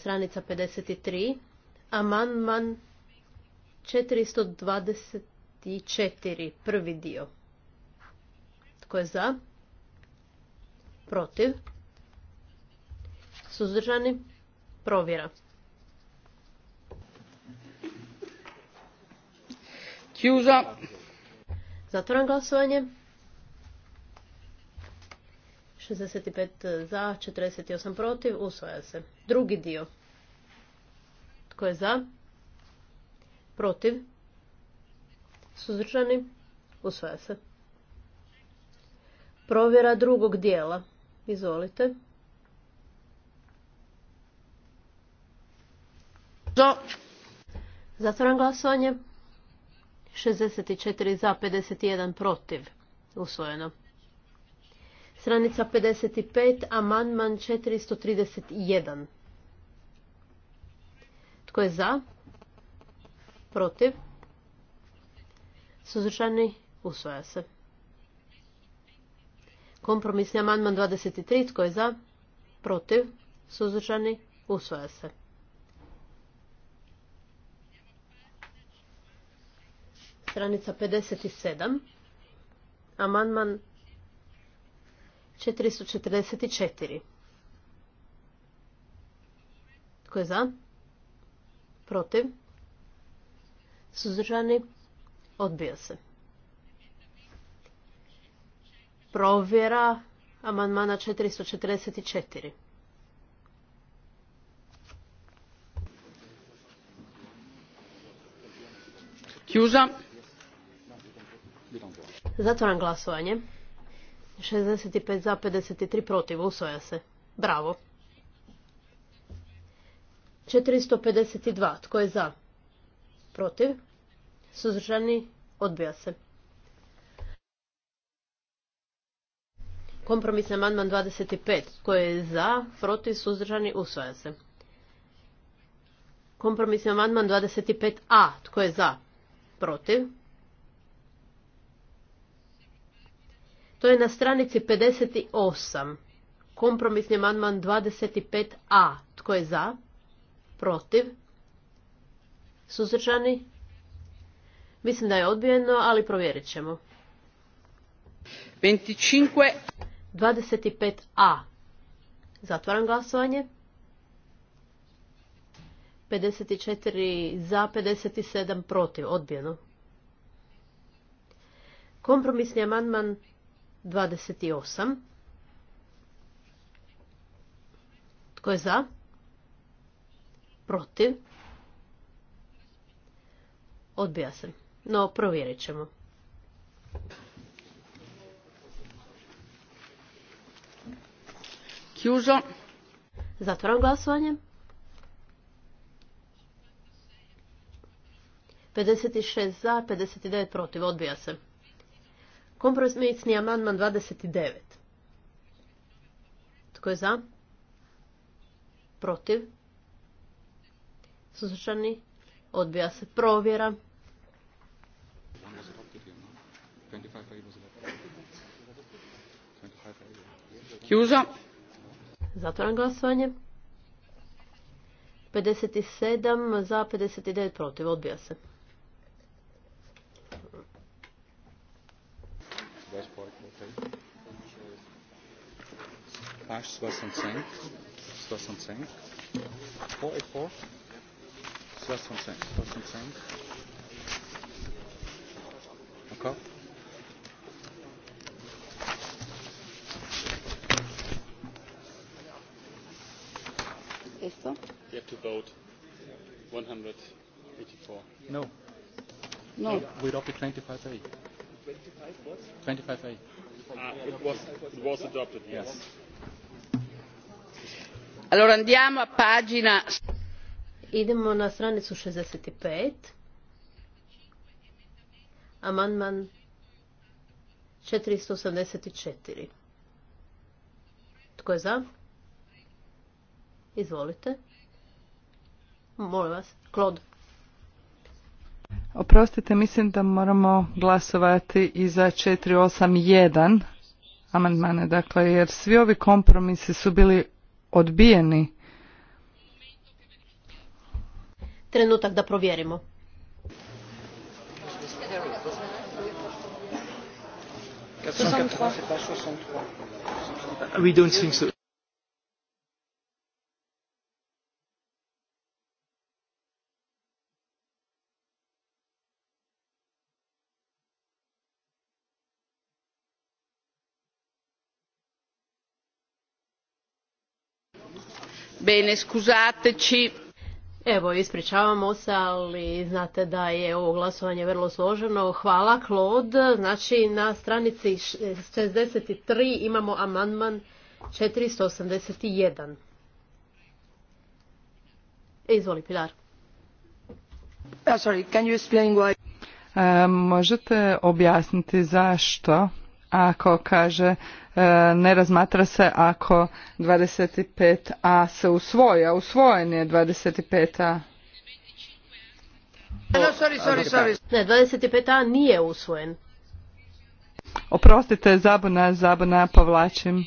stranica 53, amandman 424, prvi dio. Tko je za? Protiv? Suzdržani? Provjera. Kjuza. Zatvoram glasovanje. 65 za, 48 protiv, usvaja se. Drugi dio. Tko je za? Protiv? Suzdržani? Usvaja se. Provjera drugog dijela. Izvolite. Zatvoram glasovanje. 64 za, 51 protiv. Usvojeno. Stranica 55, amandman 431. Tko je za? Protiv? Suzdržani? Usvaja se. Kompromisni amandman 23. Tko je za? Protiv? Suzdržani? Usvaja se. Stranica 57. Amandman 444. Tko je za? Protiv? Suzdržani? Odbija se. Provjera amandmana 444. Kjuža. Zatvoram glasovanje. 65 za, 53 protiv. Usvoja se. Bravo. 452. Tko je za? Protiv. Suzdržani. Odbija se. Kompromisni amandman 25. Tko je za? Protiv. Suzdržani. Usvoja se. Kompromisni amandman 25a. Tko je za? Protiv. To je na stranici 58. Kompromisni amandman 25a. Tko je za? Protiv? Suzdržani? Mislim da je odbijeno, ali provjerit ćemo. 25. a Zatvaram glasovanje. 54 za, 57 protiv. Odbijeno. Kompromisni amandman 28. Tko je za? Protiv? Odbija se. No, provjerit ćemo. Kjužo. Zatvoram glasovanje. 56 za, 59 protiv. Odbija se. Kompromisni amandman 29. Tko je za? Protiv? Suzdržani? Odbija se provjera. Kjuža. Zatvoram glasovanje. 57 za, 59 protiv. Odbija se. page 65. 65. 484. 65. 65. Encore. Esther? You have to vote. 184. No. No. We adopted 25A. 25 what? 25A. Ah, it was, it was adopted, yes. yes. Allora andiamo a pagina... Idemo na stranicu 65. Amandman 484. Tko je za? Izvolite. vas, Klod. Oprostite, mislim da moramo glasovati i za 481 amandmane, dakle, jer svi ovi kompromisi su bili odbijeni. Trenutak da provjerimo. Bene, scusateci. Evo, ispričavamo se, ali znate da je ovo glasovanje vrlo složeno. Hvala, Claude. Znači, na stranici 63 imamo amandman 481. E, izvoli, Pilar. Oh, sorry, can you explain why? E, možete objasniti zašto ako kaže E, ne razmatra se ako 25a se usvoji, a usvojen je 25a. Ne, 25a nije usvojen. Oprostite, zabuna, zabuna, povlačim.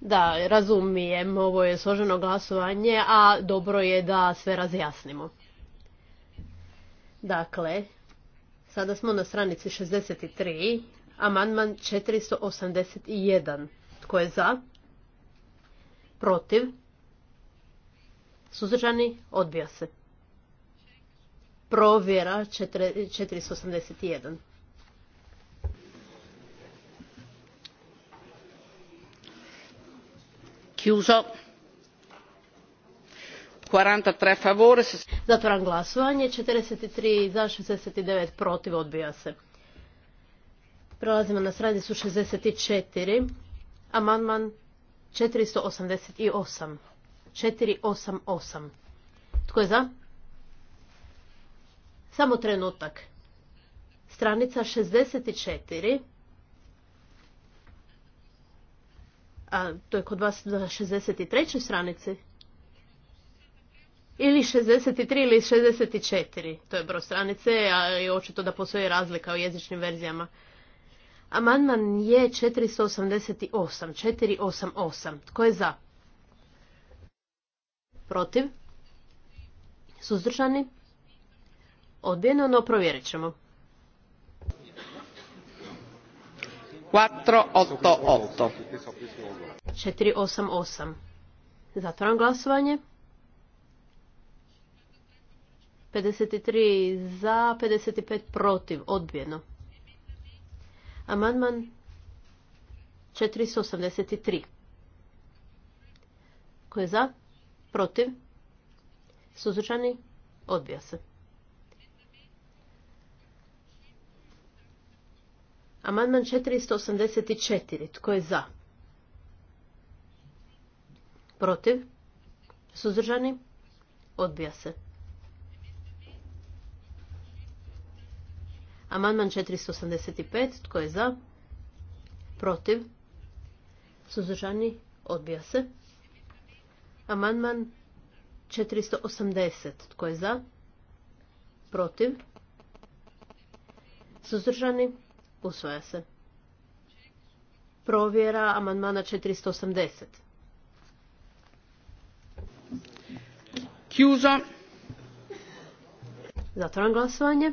Da, razumijem, ovo je složeno glasovanje, a dobro je da sve razjasnimo. Dakle, sada smo na stranici 63 Amandman 481. Tko je za? Protiv? Suzdržani? Odbija se. Provjera 481. Chiuso. 43 favore. Zatvoran glasovanje. 43 za 69 protiv odbija se. Prolazimo na stranicu 64. Amandman 488. 488. Tko je za? Samo trenutak. Stranica 64. A to je kod vas na 63. stranici? Ili 63 ili 64. To je broj stranice, a je očito da postoji razlika u jezičnim verzijama. Amandman je 488. 488. Tko je za? Protiv? Suzdržani? Odbijeno, no provjerit ćemo. 488. 488. Zatvoram glasovanje. 53 za, 55 protiv, Odbjeno. Amandman 483. Ko je za? Protiv? Suzučani? Odbija se. Amandman 484. Tko je za? Protiv? Suzdržani? Odbija se. Amandman 485. Tko je za? Protiv? Suzdržani? Odbija se. Amandman 480. Tko je za? Protiv? Suzdržani? Usvaja se. Provjera amandmana 480. Kjuza. Zatvoram glasovanje.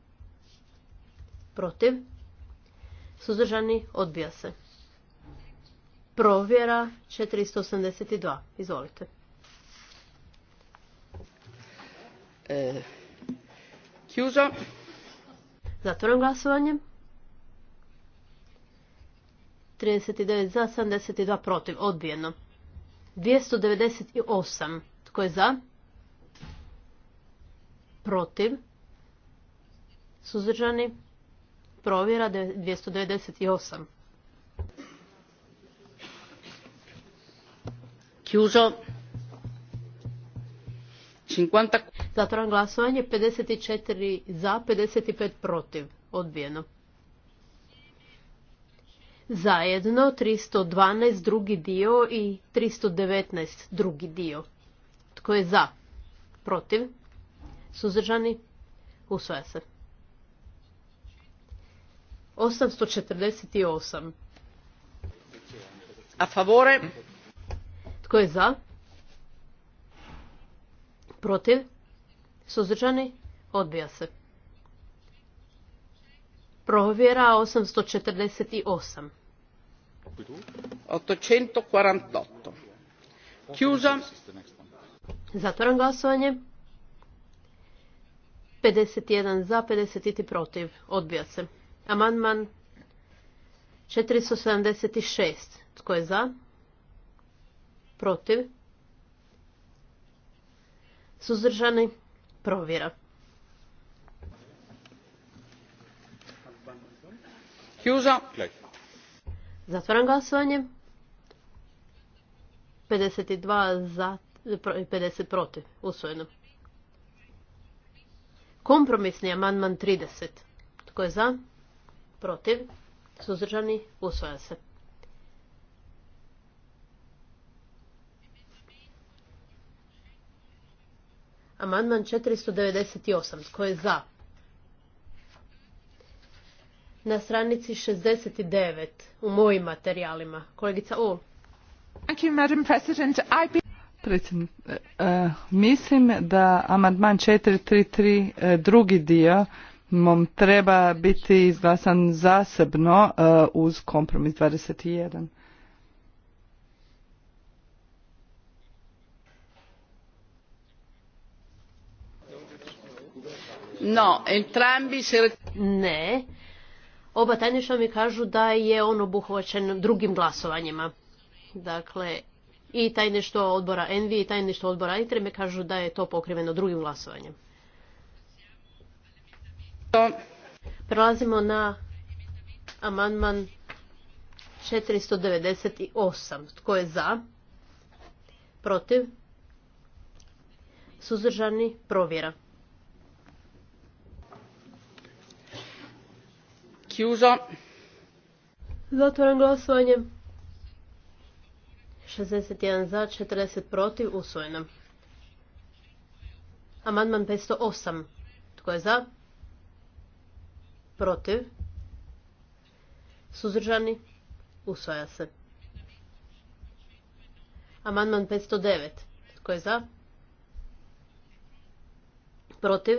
protiv, suzdržani, odbija se. Provjera 482. Izvolite. E, Zatvoram glasovanje. 39 za, 72 protiv. Odbijeno. 298. Tko je za? Protiv. Suzdržani. Provjera 298. Chiuso. 50... Zatvoram glasovanje. 54 za, 55 protiv. Odbijeno. Zajedno 312 drugi dio i 319 drugi dio. Tko je za? Protiv? Suzdržani? Usvaja se. 848. A favore? Tko je za? Protiv? Suzdržani? Odbija se. Provjera 848. 848. Chiusa. Zatvoram glasovanje. 51 za, 53 protiv. Odbija se. Amandman 476. Tko je za? Protiv? Suzdržani? Provjera. Hjuza. Zatvaram glasovanje. 52 za, i 50 protiv. Usvojeno. Kompromisni amandman 30. Tko je za? protiv, suzdržani, usvaja se. Amandman 498. ko je za? Na stranici 69 u mojim materijalima. Kolegica Ul. Thank Madam President. I uh, mislim da amandman 433 eh, drugi dio mom treba biti izglasan zasebno e, uz kompromis 21. No, entrambi se... Ne, oba tajništva mi kažu da je on obuhvaćen drugim glasovanjima. Dakle, i tajništvo odbora Envi i tajništvo odbora Intre mi kažu da je to pokriveno drugim glasovanjem. Prelazimo na amandman 498. Tko je za? Protiv? Suzdržani? Provjera. Kjuzo. Zatvoren glasovanje. 61 za, 40 protiv, usvojeno. Amandman 508. Tko je za? Protiv? Suzdržani? Usvaja se. Amandman 509. Tko je za? Protiv?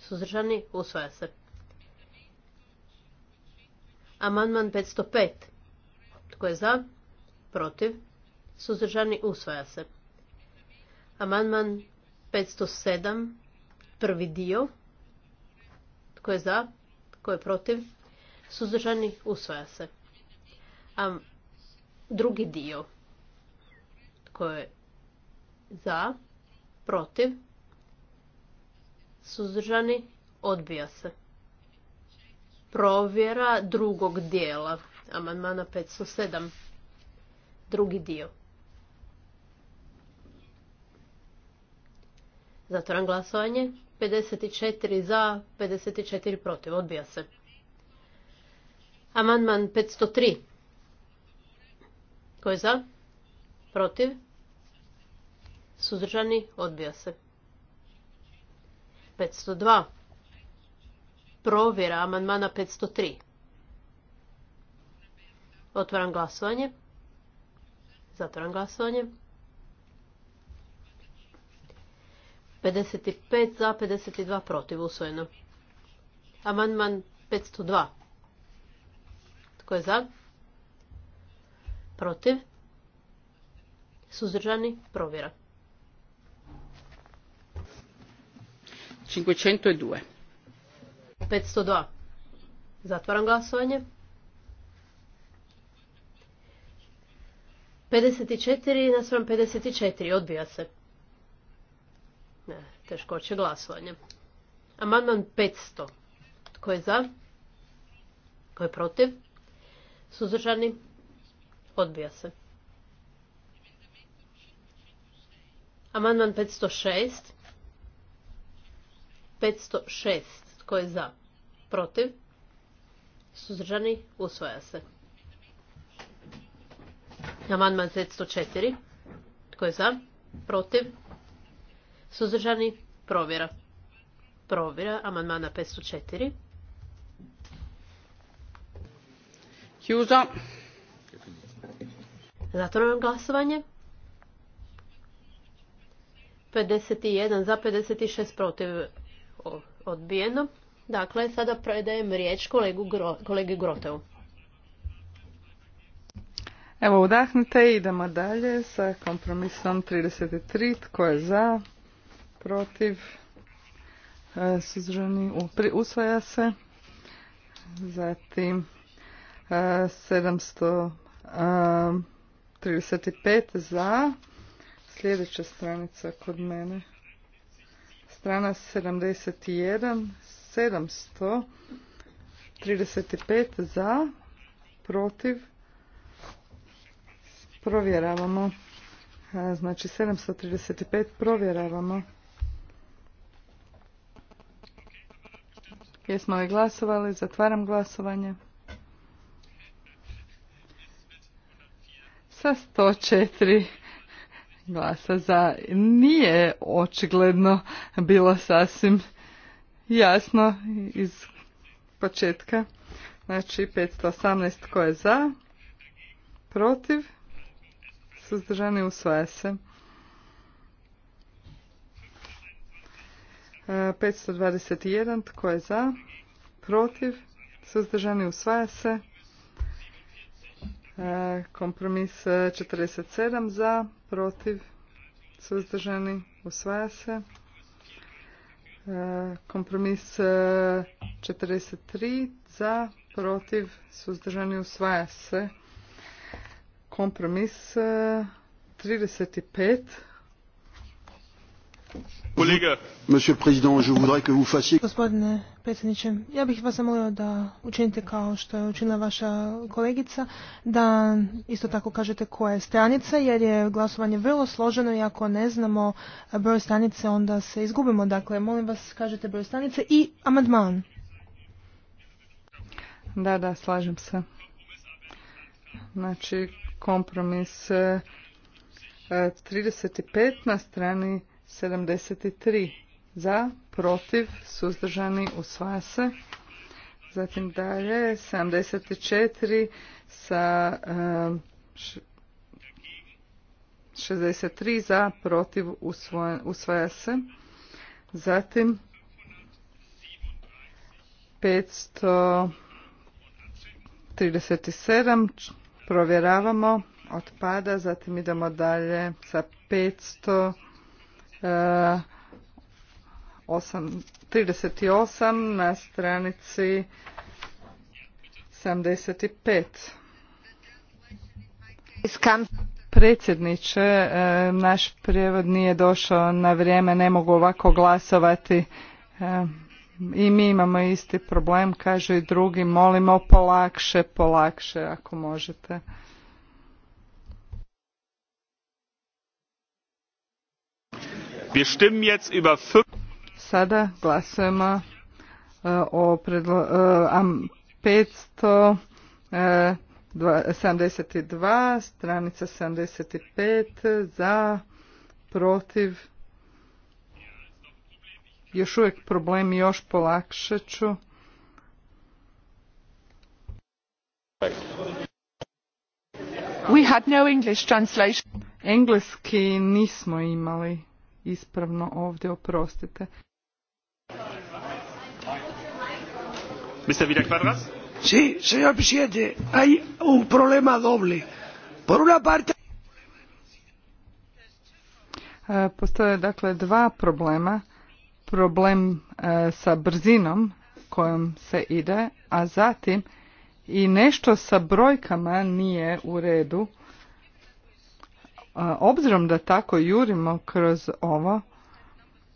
Suzdržani? Usvaja se. Amandman 505. Tko je za? Protiv? Suzdržani? Usvaja se. Amandman 507. Prvi dio. Tko je za? Tko je protiv? Suzdržani usvaja se. A drugi dio. Tko je za? Protiv? Suzdržani odbija se. Provjera drugog dijela. Amandmana 507. Drugi dio. Zatvoram glasovanje. 54 za, 54 protiv. Odbija se. Amandman 503. Ko je za? Protiv? Suzdržani? Odbija se. 502. Provjera amandmana 503. Otvoram glasovanje. Zatvoram glasovanje. 55 za, 52 protiv, usvojeno. Amandman 502. Tko je za? Protiv? Suzdržani? Provjera. 502. 502. Zatvaram glasovanje. 54 nasvram 54. Odbija se. Ne, teškoće glasovanja. Amandman 500. Tko je za? Tko je protiv? Suzržani. Odbija se. Amandman 506. 506. Tko je za? Protiv? Suzržani. Usvoja se. Amandman 504. Tko je za? Protiv? Suzdržani? Provjera. Provjera amandmana 504. Hjuza. Zatvoram glasovanje. 51 za 56 protiv odbijeno. Dakle, sada predajem riječ kolegu kolegi Groteu. Evo, udahnite i idemo dalje sa kompromisom 33. Tko je za? protiv, e, suzdržani, usvaja se. Zatim 735 e, e, za, sljedeća stranica kod mene, strana 71, 735 za, protiv, provjeravamo, znači 735 provjeravamo. Jesmo li glasovali? Zatvaram glasovanje. Sa 104 glasa za nije očigledno bilo sasvim jasno iz početka. Znači 518 ko je za, protiv, suzdržani usvaja se. 521. Tko je za? Protiv? Suzdržani usvaja se. E, kompromis 47 e, e, za, protiv, suzdržani, usvaja se. Kompromis 43 za, protiv, suzdržani, usvaja se. Kompromis 35 Gospodine predsjedniče, ja bih vas zamolio da učinite kao što je učinila vaša kolegica, da isto tako kažete koja je stranica, jer je glasovanje vrlo složeno i ako ne znamo broj stranice, onda se izgubimo. Dakle, molim vas, kažete broj stranice i amandman. Da, da, slažem se. Znači, kompromis 35 eh, na strani 73 za, protiv, suzdržani, usvaja se. Zatim dalje 74 sa 63 za, protiv, usvoja, usvaja se. Zatim 537 provjeravamo, otpada, zatim idemo dalje sa 500 38 eh, na stranici 75. Predsjedniče, eh, naš prijevod nije došao na vrijeme, ne mogu ovako glasovati. Eh, I mi imamo isti problem, kažu i drugi, molimo polakše, polakše ako možete. jetzt über Sada glasujemo eh, o predlo, uh, eh, 572, eh, stranica 75, za, protiv, još uvijek problemi još polakšat ću. We had no English translation. Engleski nismo imali ispravno ovdje, oprostite. problema e, Postoje dakle dva problema. Problem e, sa brzinom kojom se ide, a zatim i nešto sa brojkama nije u redu obzirom da tako jurimo kroz ovo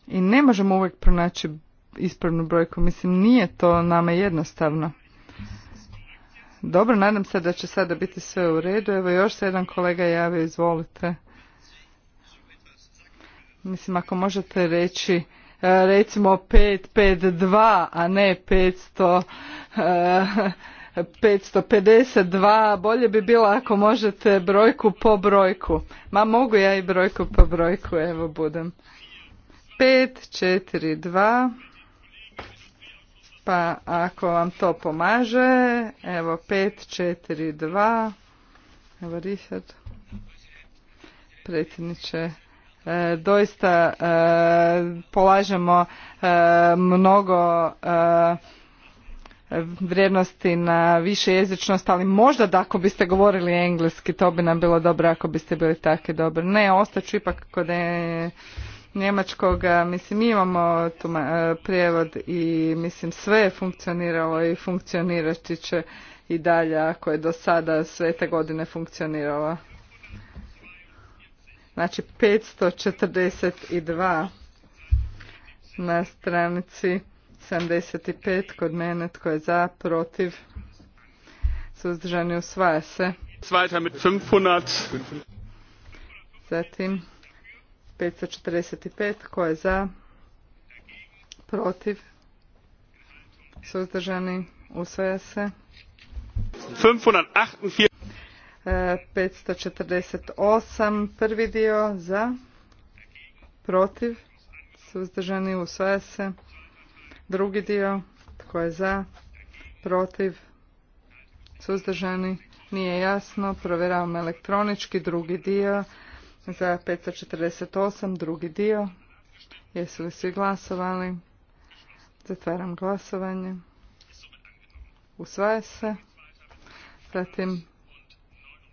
i ne možemo uvijek pronaći ispravnu brojku, mislim nije to nama jednostavno. Dobro, nadam se da će sada biti sve u redu. Evo još se jedan kolega javio, izvolite. Mislim, ako možete reći e, recimo 552, a ne 500 552, bolje bi bilo ako možete brojku po brojku. Ma mogu ja i brojku po brojku, evo budem. 5, 542, pa ako vam to pomaže, evo 542, evo Richard, predsjedniče. E, doista e, polažemo e, mnogo e, vrijednosti na više jezičnost, ali možda da ako biste govorili engleski, to bi nam bilo dobro ako biste bili takvi dobri. Ne, ostaću ipak kod e, njemačkog, mislim mi imamo tu e, prijevod i mislim sve je funkcioniralo i funkcionirati će i dalje ako je do sada sve te godine funkcioniralo. Znači 542 na stranici 75 kod mene tko je za, protiv, suzdržani usvaja se. 500. Zatim 545 tko je za, protiv, suzdržani usvaja se. 548. 548 e, prvi dio za, protiv, suzdržani usvaja se. Drugi dio, tko je za, protiv, suzdržani, nije jasno. provjeravam elektronički drugi dio za 548, drugi dio. Jesu li svi glasovali? Zatvaram glasovanje. Usvaja se. Zatim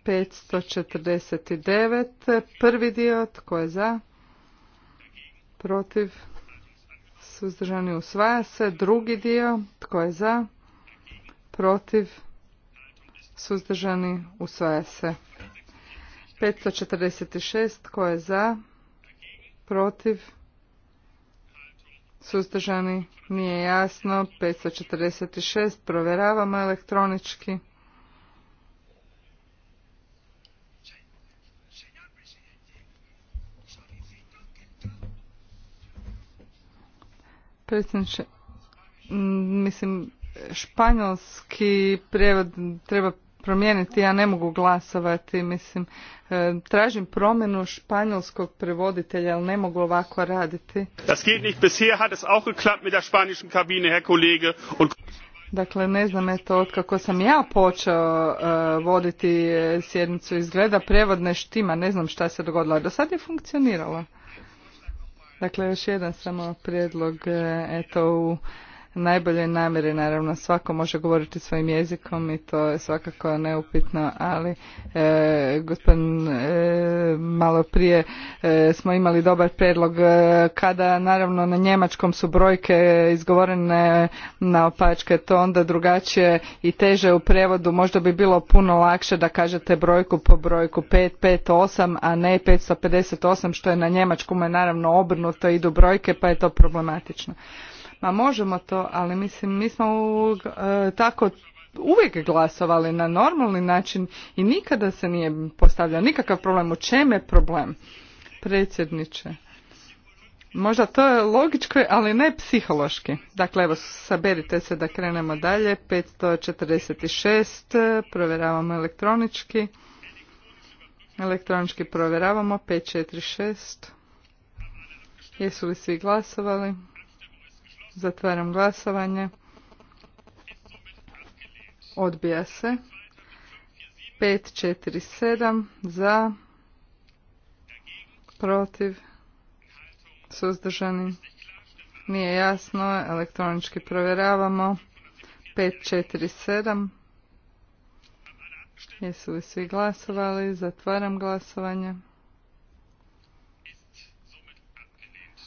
549. Prvi dio. Tko je za? Protiv? suzdržani usvaja se. Drugi dio, tko je za, protiv, suzdržani usvaja se. 546, tko je za, protiv, suzdržani nije jasno. 546, provjeravamo elektronički. predsjedniče. Mislim, španjolski prijevod treba promijeniti, ja ne mogu glasovati, mislim, e, tražim promjenu španjolskog prevoditelja, ali ne mogu ovako raditi. Das Kabine, Dakle, ne znam eto od kako sam ja počeo e, voditi e, sjednicu izgleda, prevod ne štima, ne znam šta se dogodilo, do sad je funkcioniralo. Dakle, još jedan samo prijedlog, e, eto u najbolje namjere. Naravno, svako može govoriti svojim jezikom i to je svakako neupitno, ali e, gospodin e, malo prije e, smo imali dobar predlog e, kada naravno na njemačkom su brojke izgovorene na opačke, to onda drugačije i teže u prevodu. Možda bi bilo puno lakše da kažete brojku po brojku 8, a ne 558 što je na njemačkom je naravno obrnuto idu brojke pa je to problematično. Ma možemo to, ali mislim mi smo e, tako uvijek glasovali na normalni način i nikada se nije postavljao nikakav problem. U čem je problem? Predsjedniče. Možda to je logičko, ali ne psihološki. Dakle, evo, saberite se da krenemo dalje. 546, provjeravamo elektronički. Elektronički provjeravamo, 546. Jesu li svi glasovali? Zatvaram glasovanje. Odbija se. 547 za, protiv, suzdržani. Nije jasno, elektronički provjeravamo. 547. Jesu li svi glasovali? Zatvaram glasovanje.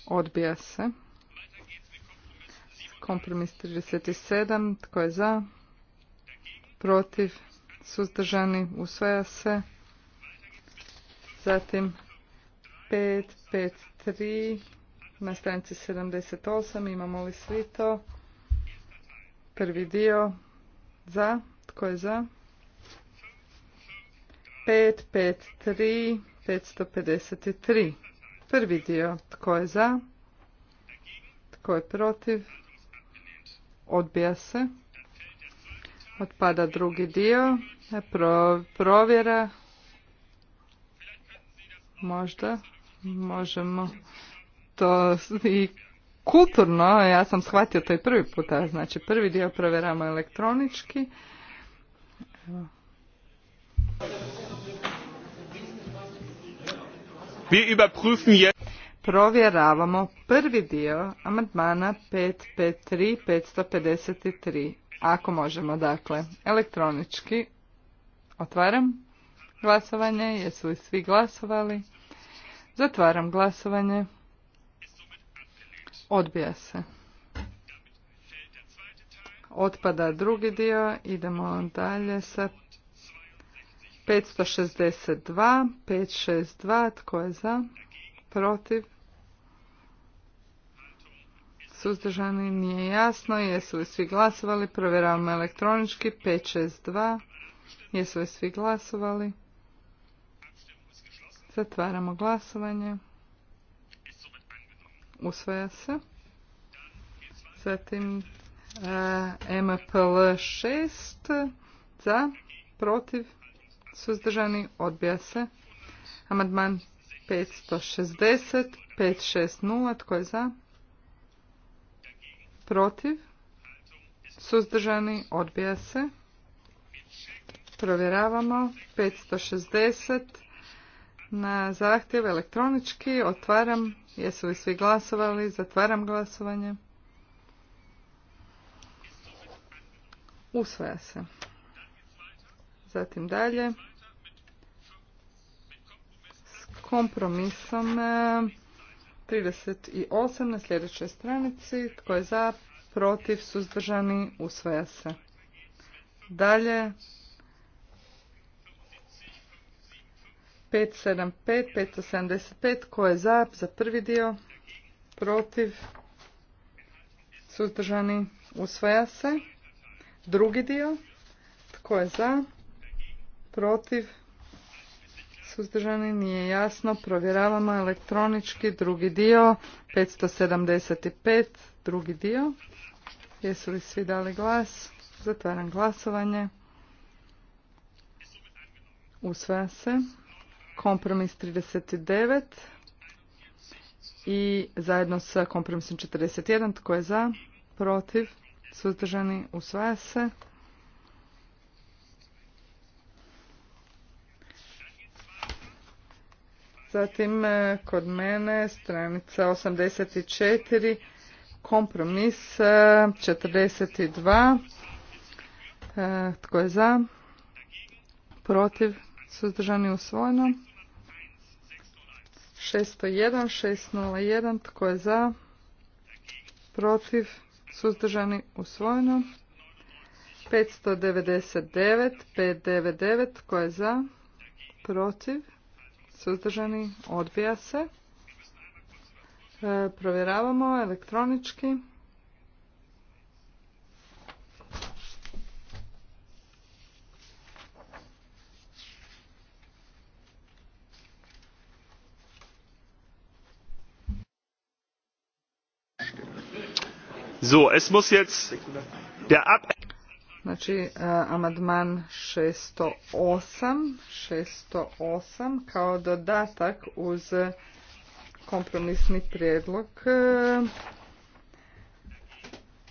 Odbija se. Kompromis 37. Tko je za? Protiv? Suzdržani? Usvaja se. Zatim 5, 5, Na stranici 78. Imamo li svi to? Prvi dio. Za? Tko je za? 5, 5, 3. 553. Prvi dio. Tko je za? Tko je protiv? Odbija se. Otpada drugi dio. E, pro, provjera. Možda. Možemo to i kulturno, ja sam shvatio to i prvi puta, znači prvi dio provjeramo elektronički. Wir überprüfen provjeravamo prvi dio amandmana 553 553. Ako možemo, dakle, elektronički otvaram glasovanje. Jesu li svi glasovali? Zatvaram glasovanje. Odbija se. Otpada drugi dio. Idemo dalje sa 562. 562. Tko je za? Protiv? Suzdržani nije jasno. Jesu li svi glasovali? Provjeravamo elektronički. 562. Jesu li svi glasovali? Zatvaramo glasovanje. Usvaja se. Zatim e, MPL 6. Za. Protiv. Suzdržani odbija se. Amadman 560. 560. Tko je za? protiv, suzdržani, odbija se. Provjeravamo 560 na zahtjev elektronički. Otvaram, jesu li svi glasovali, zatvaram glasovanje. Usvaja se. Zatim dalje. S kompromisom 38 na sljedećoj stranici. Tko je za? Protiv? Suzdržani? Usvaja se. Dalje. 575, 575. Tko je za? Za prvi dio? Protiv? Suzdržani? Usvaja se. Drugi dio. Tko je za? Protiv? suzdržani, nije jasno. Provjeravamo elektronički drugi dio, 575, drugi dio. Jesu li svi dali glas? Zatvaram glasovanje. Usvaja se. Kompromis 39 i zajedno sa kompromisom 41. Tko je za? Protiv? Suzdržani? Usvaja se. Zatim e, kod mene stranica 84, kompromis 42, e, e, tko je za, protiv, suzdržani usvojeno. 601, 601, tko je za, protiv, suzdržani usvojeno. 599, 599, tko je za, protiv, Suzdržani? Odbija se. E, provjeravamo elektronički. So, es muss jetzt der Ab Znači, amadman 608, 608 kao dodatak uz kompromisni prijedlog 23.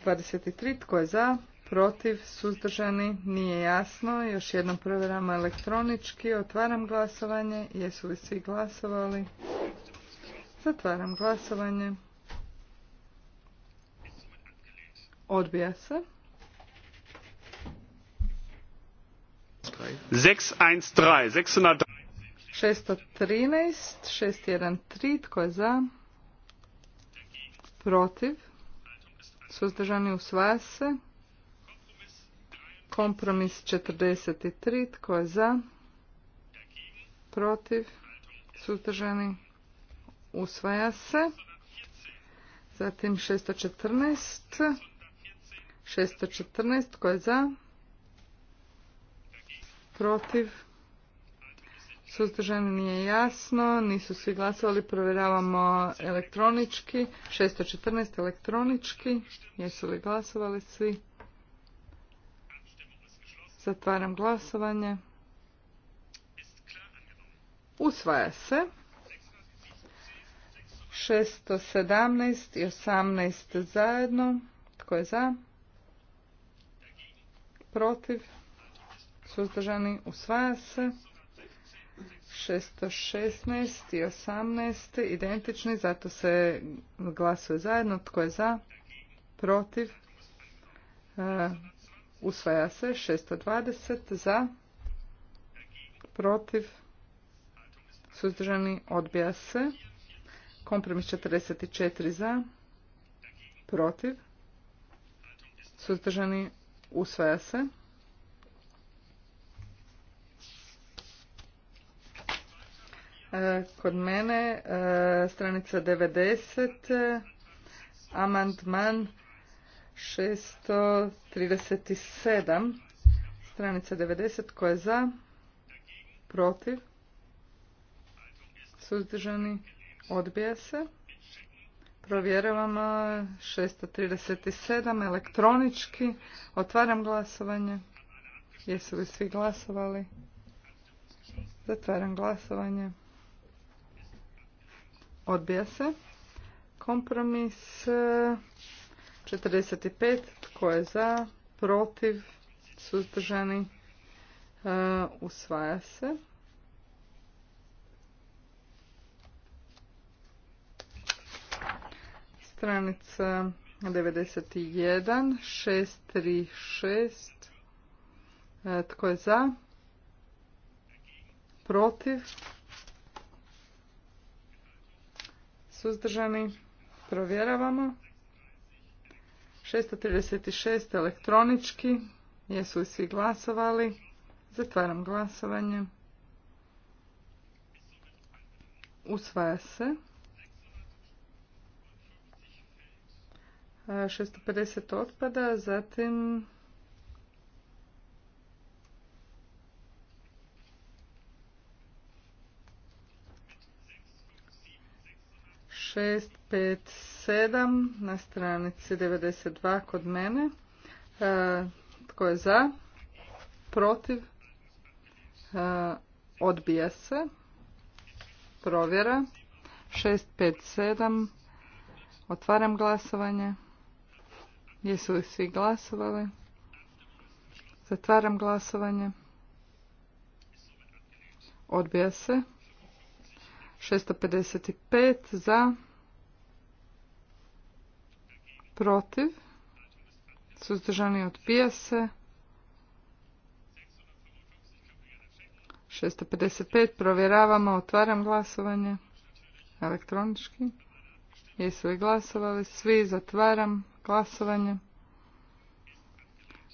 E, tko je za? Protiv? Suzdržani? Nije jasno. Još jednom provjeramo elektronički. Otvaram glasovanje. Jesu li svi glasovali? Zatvaram glasovanje. Odbija se. 613, 613. 613, tko je za? Protiv? Suzdržani usvaja se. Kompromis 43, tko je za? Protiv? Suzdržani usvaja se. Zatim 614. 614, tko je za? protiv, suzdržani nije jasno, nisu svi glasovali, provjeravamo elektronički, 614 elektronički, jesu li glasovali svi? Zatvaram glasovanje. Usvaja se. 617 i 18 zajedno. Tko je za? Protiv? suzdržani, usvaja se. 616 i 18 identični, zato se glasuje zajedno. Tko je za? Protiv? E, usvaja se. 620 za? Protiv? Suzdržani, odbija se. Kompromis 44 za? Protiv? Suzdržani, usvaja se. E, kod mene, e, stranica 90, amandman 637, stranica 90, koja je za, protiv, suzdržani, odbija se. Provjeravamo 637 elektronički. Otvaram glasovanje. Jesu li svi glasovali? Zatvaram glasovanje. Odbija se. Kompromis 45. Eh, tko je za? Protiv? Suzdržani? Eh, usvaja se. Stranica 91. 636. Eh, tko je za? Protiv? suzdržani, provjeravamo. 636 elektronički, jesu li svi glasovali? Zatvaram glasovanje. Usvaja se. 650 otpada, zatim 657 na stranici 92 kod mene. E, tko je za? Protiv? E, odbija se. Provjera. 657. Otvaram glasovanje. Jesu li svi glasovali? Zatvaram glasovanje. Odbija se. 655 za, protiv, suzdržani odbija se. 655 provjeravamo, otvaram glasovanje elektronički. Jesu li glasovali svi? Zatvaram glasovanje.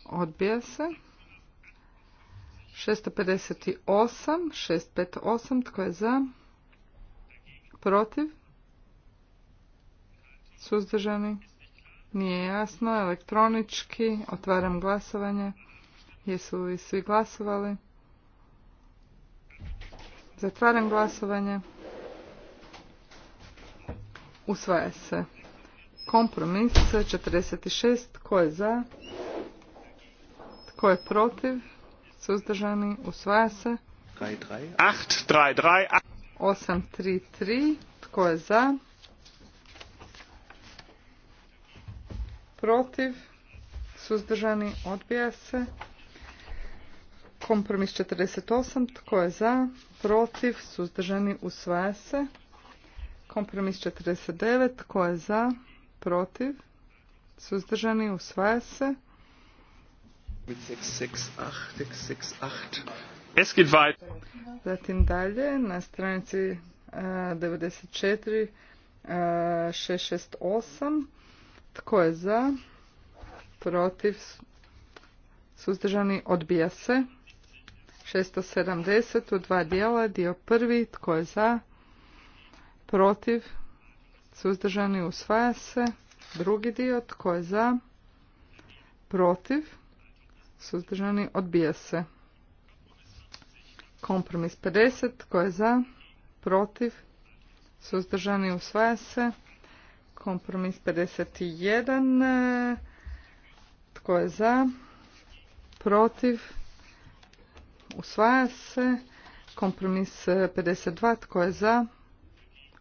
Odbija se. 658, 658, tko je za? Protiv? Suzdržani? Nije jasno. Elektronički. Otvaram glasovanje. Jesu li svi glasovali? Zatvaram glasovanje. Usvaja se. Kompromis 46. Tko je za? Tko je protiv? Suzdržani? Usvaja se. 8, 3, 3, 8. 833. Tko je za? Protiv? Suzdržani? Odbija se. Kompromis 48. Tko je za? Protiv? Suzdržani? Usvaja se. Kompromis 49. Tko je za? Protiv? Suzdržani? Usvaja se. 668, 668. Es Zatim dalje na stranici 94 eh, 668 eh, tko je za protiv suzdržani odbija se 670 u dva dijela dio prvi tko je za protiv suzdržani usvaja se drugi dio tko je za protiv suzdržani odbija se Kompromis 50. Tko je za? Protiv? Suzdržani usvaja se. Kompromis 51. Tko je za? Protiv? Usvaja se. Kompromis 52. Tko je za?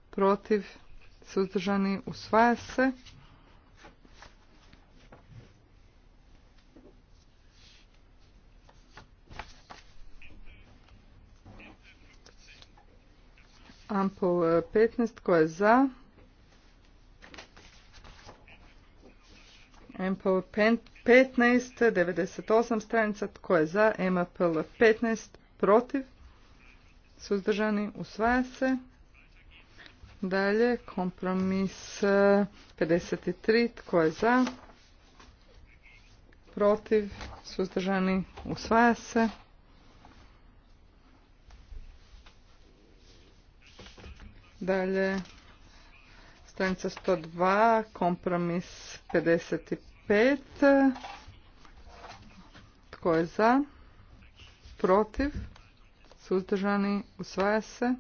Protiv? Suzdržani usvaja se. Ampul 15, e, tko je za? Ampul 15, 98 stranica, tko je za? MPL 15, protiv? Suzdržani, usvaja se. Dalje, kompromis 53, e, tko je za? Protiv, suzdržani, usvaja se. Dalje, stranica 102, kompromis 55. Tko je za? Protiv? Suzdržani? Usvaja se.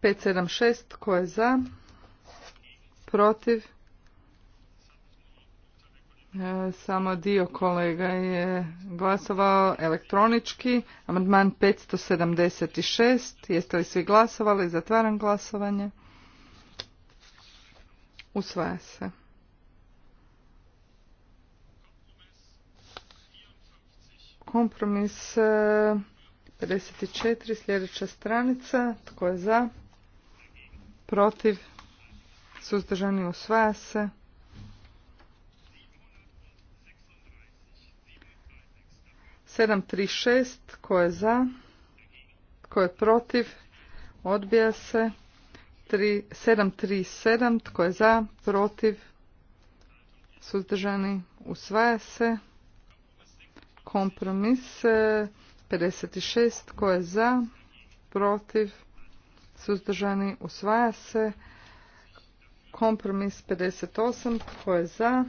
Pet sedam šest tko je za? Protiv? E, samo dio kolega je glasovao elektronički. Amandman 576. Jeste li svi glasovali? Zatvaram glasovanje. Usvaja se. Kompromis 54. E, sljedeća stranica. Tko je za? Protiv? Suzdržani usvaja se. 736. Tko je za? Tko je protiv? Odbija se. 737. Tko je za? Protiv? Suzdržani? Usvaja se. Kompromis 56. E, tko je za? Protiv? Suzdržani? Usvaja se. Kompromis 58. Tko je za?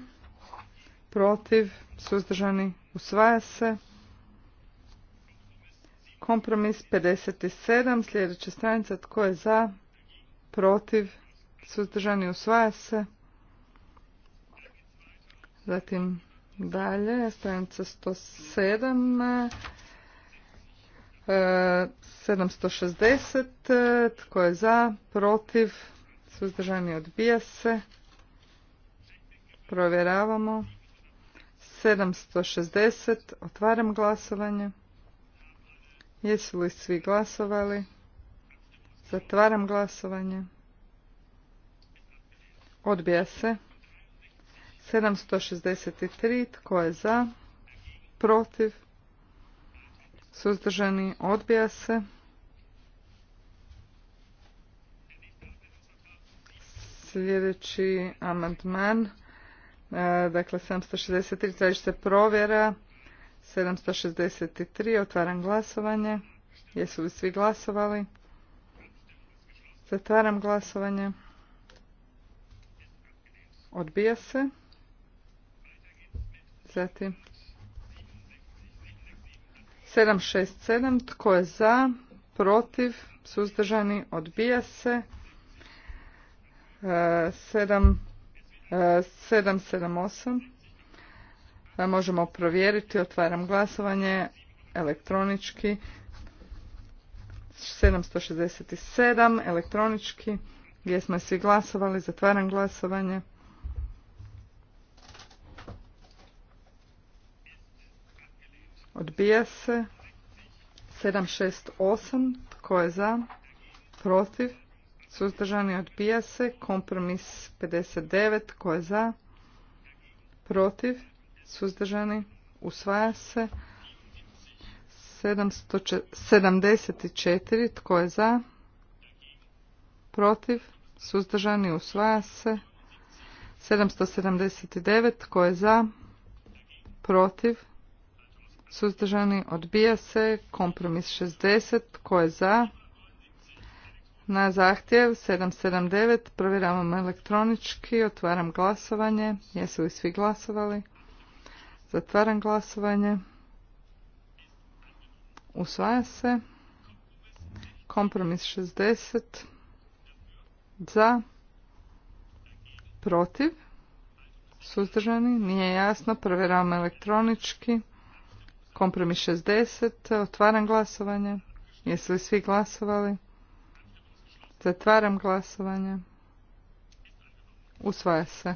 Protiv? Suzdržani? Usvaja se. Kompromis 57, sljedeća stranica, tko je za, protiv, suzdržani usvaja se. Zatim dalje, stranica 107, 760, e, tko je za, protiv, suzdržani odbija se. Provjeravamo. 760, otvaram glasovanje. Jesu li svi glasovali? Zatvaram glasovanje. Odbija se. 763. Tko je za? Protiv? Suzdržani? Odbija se. Sljedeći amandman. E, dakle, 763. Traži se provjera. 763. Otvaram glasovanje. Jesu li svi glasovali? Zatvaram glasovanje. Odbija se. Zatim 767. Tko je za? Protiv? Suzdržani? Odbija se. 778. E, možemo provjeriti. Otvaram glasovanje elektronički. 767 elektronički gdje smo svi glasovali. Zatvaram glasovanje. Odbija se. 768. Tko je za? Protiv? Suzdržani odbija se. Kompromis 59. Tko je za? Protiv? suzdržani, usvaja se. 774, tko je za, protiv, suzdržani, usvaja se. 779, tko je za, protiv, suzdržani, odbija se. Kompromis 60, tko je za, na zahtjev 779, provjeravam elektronički, otvaram glasovanje, jesu li svi glasovali? Zatvaram glasovanje. Usvaja se. Kompromis 60. Za. Protiv. Suzdržani. Nije jasno. Provjeravamo elektronički. Kompromis 60. Otvaram glasovanje. Jesu li svi glasovali? Zatvaram glasovanje. Usvaja se.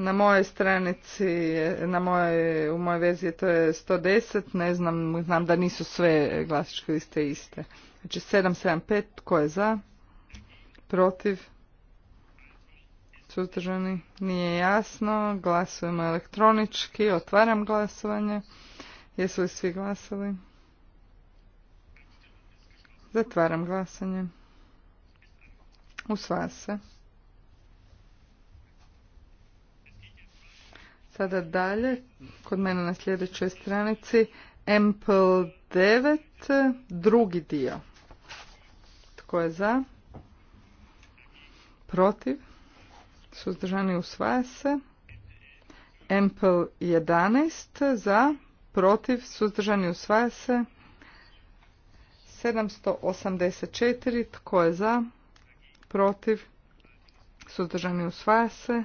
Na mojoj stranici, na u mojoj verziji to je 110, ne znam, znam da nisu sve glasičke liste iste. Znači 775, tko je za? Protiv? Suzdržani? Nije jasno. Glasujemo elektronički. Otvaram glasovanje. Jesu li svi glasali? Zatvaram glasanje. Usvaja se. sada dalje, kod mene na sljedećoj stranici, MPL 9, drugi dio. Tko je za? Protiv? Suzdržani usvaja se. MPL 11, za? Protiv? Suzdržani usvaja se. 784, tko je za? Protiv? Suzdržani usvaja se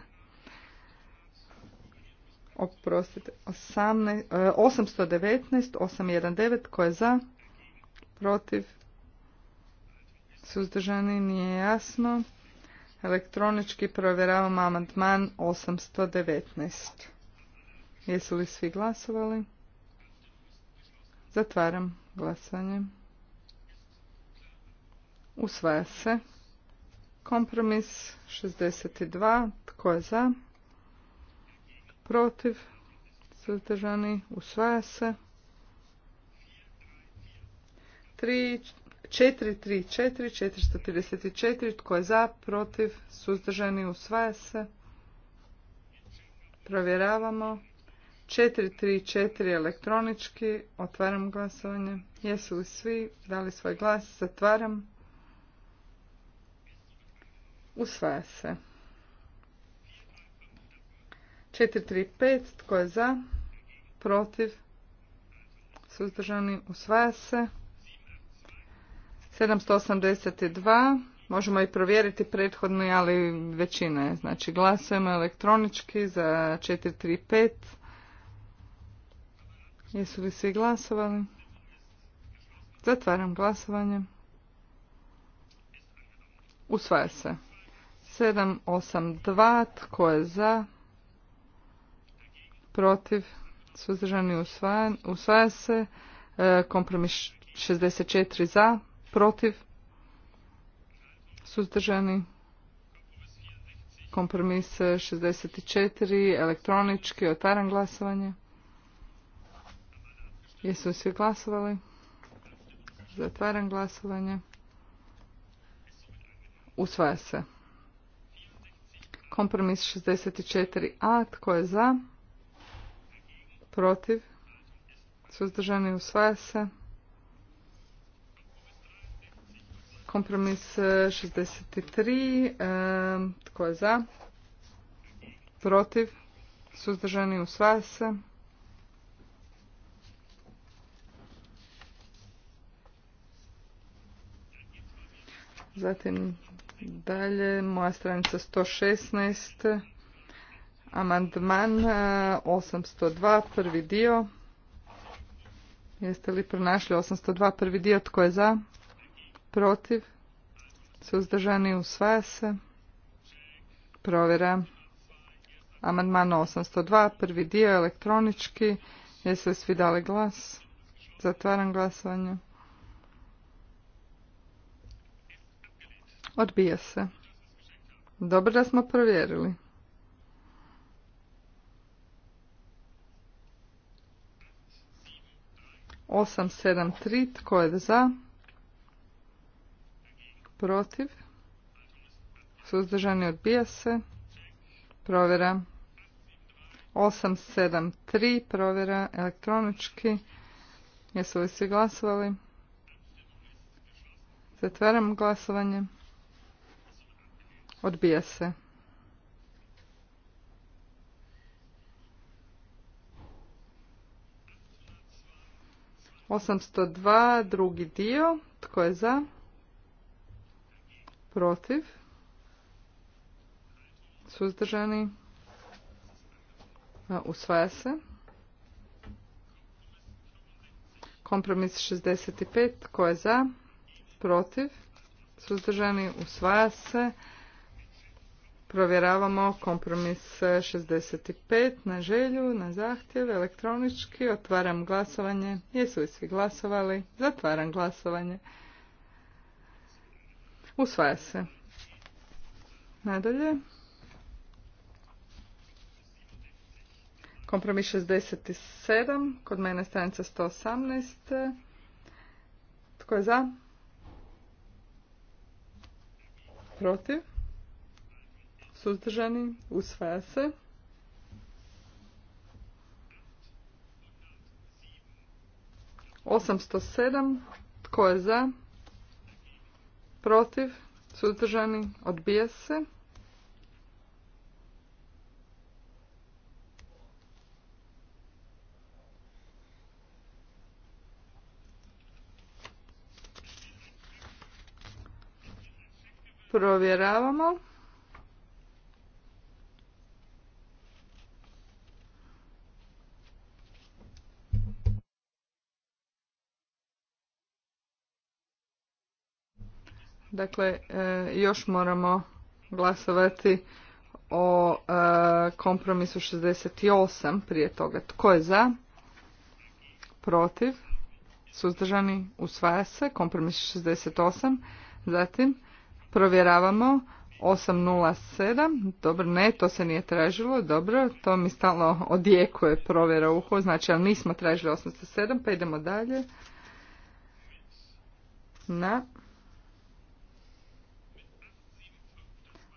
oprostite, 819, 819, e, tko je za, protiv, suzdržani, nije jasno. Elektronički provjeravam, amandman 819. Jesu li svi glasovali? Zatvaram glasanje. Usvaja se. Kompromis 62. Tko je za? protiv, suzdržani, usvaja se. 3, 4, 3, 4, 434, tko je za, protiv, suzdržani, usvaja se. Provjeravamo. 4, 3, 4, elektronički, otvaram glasovanje. Jesu li svi dali svoj glas? Zatvaram. Usvaja se. 435. Tko je za? Protiv? Suzdržani? Usvaja se. 782. Možemo i provjeriti prethodno, ali većina je. Znači glasujemo elektronički za 435. Jesu li svi glasovali? Zatvaram glasovanje. Usvaja se. 782. Tko je za? protiv, suzdržani usvaja, se, e, kompromis 64 za, protiv, suzdržani, kompromis 64, elektronički, otvaram glasovanje. Jesu svi glasovali? Zatvaram glasovanje. Usvaja se. Kompromis 64a, tko je za? protiv, suzdržani usvaja se. Kompromis 63, e, e, tko je za, protiv, suzdržani usvaja se. Zatim dalje, moja stranica 116. Amandman 802, e, prvi dio. Jeste li pronašli 802, prvi dio? Tko je za? Protiv? Suzdržani usvaja se. Provjera. Amandman 802, prvi dio elektronički. Jeste li svi dali glas? Zatvaram glasovanje. Odbija se. Dobro da smo provjerili. 873. Tko je za? Protiv? Suzdržani odbija se. Provjera. 873. Provjera elektronički. Jesu li svi glasovali? Zatvaram glasovanje. Odbija se. 802, drugi dio. Tko je za? Protiv? Suzdržani? Usvaja se. Kompromis 65. Tko je za? Protiv? Suzdržani? Usvaja se. Provjeravamo kompromis 65 na želju, na zahtjev, elektronički. Otvaram glasovanje. Jesu li svi glasovali? Zatvaram glasovanje. Usvaja se. Nadalje. Kompromis 67. Kod mene stranica 118. Tko je za? Protiv? suzdržani, usvaja se. 807. Tko je za? Protiv? Suzdržani? Odbija se. Provjeravamo. Dakle, e, još moramo glasovati o e, kompromisu 68 prije toga. Tko je za? Protiv? Suzdržani? Usvaja se. Kompromis 68. Zatim, provjeravamo 807. Dobro, ne, to se nije tražilo. Dobro, to mi stalno odjekuje provjera uho. Znači, ali nismo tražili 807, pa idemo dalje. Na...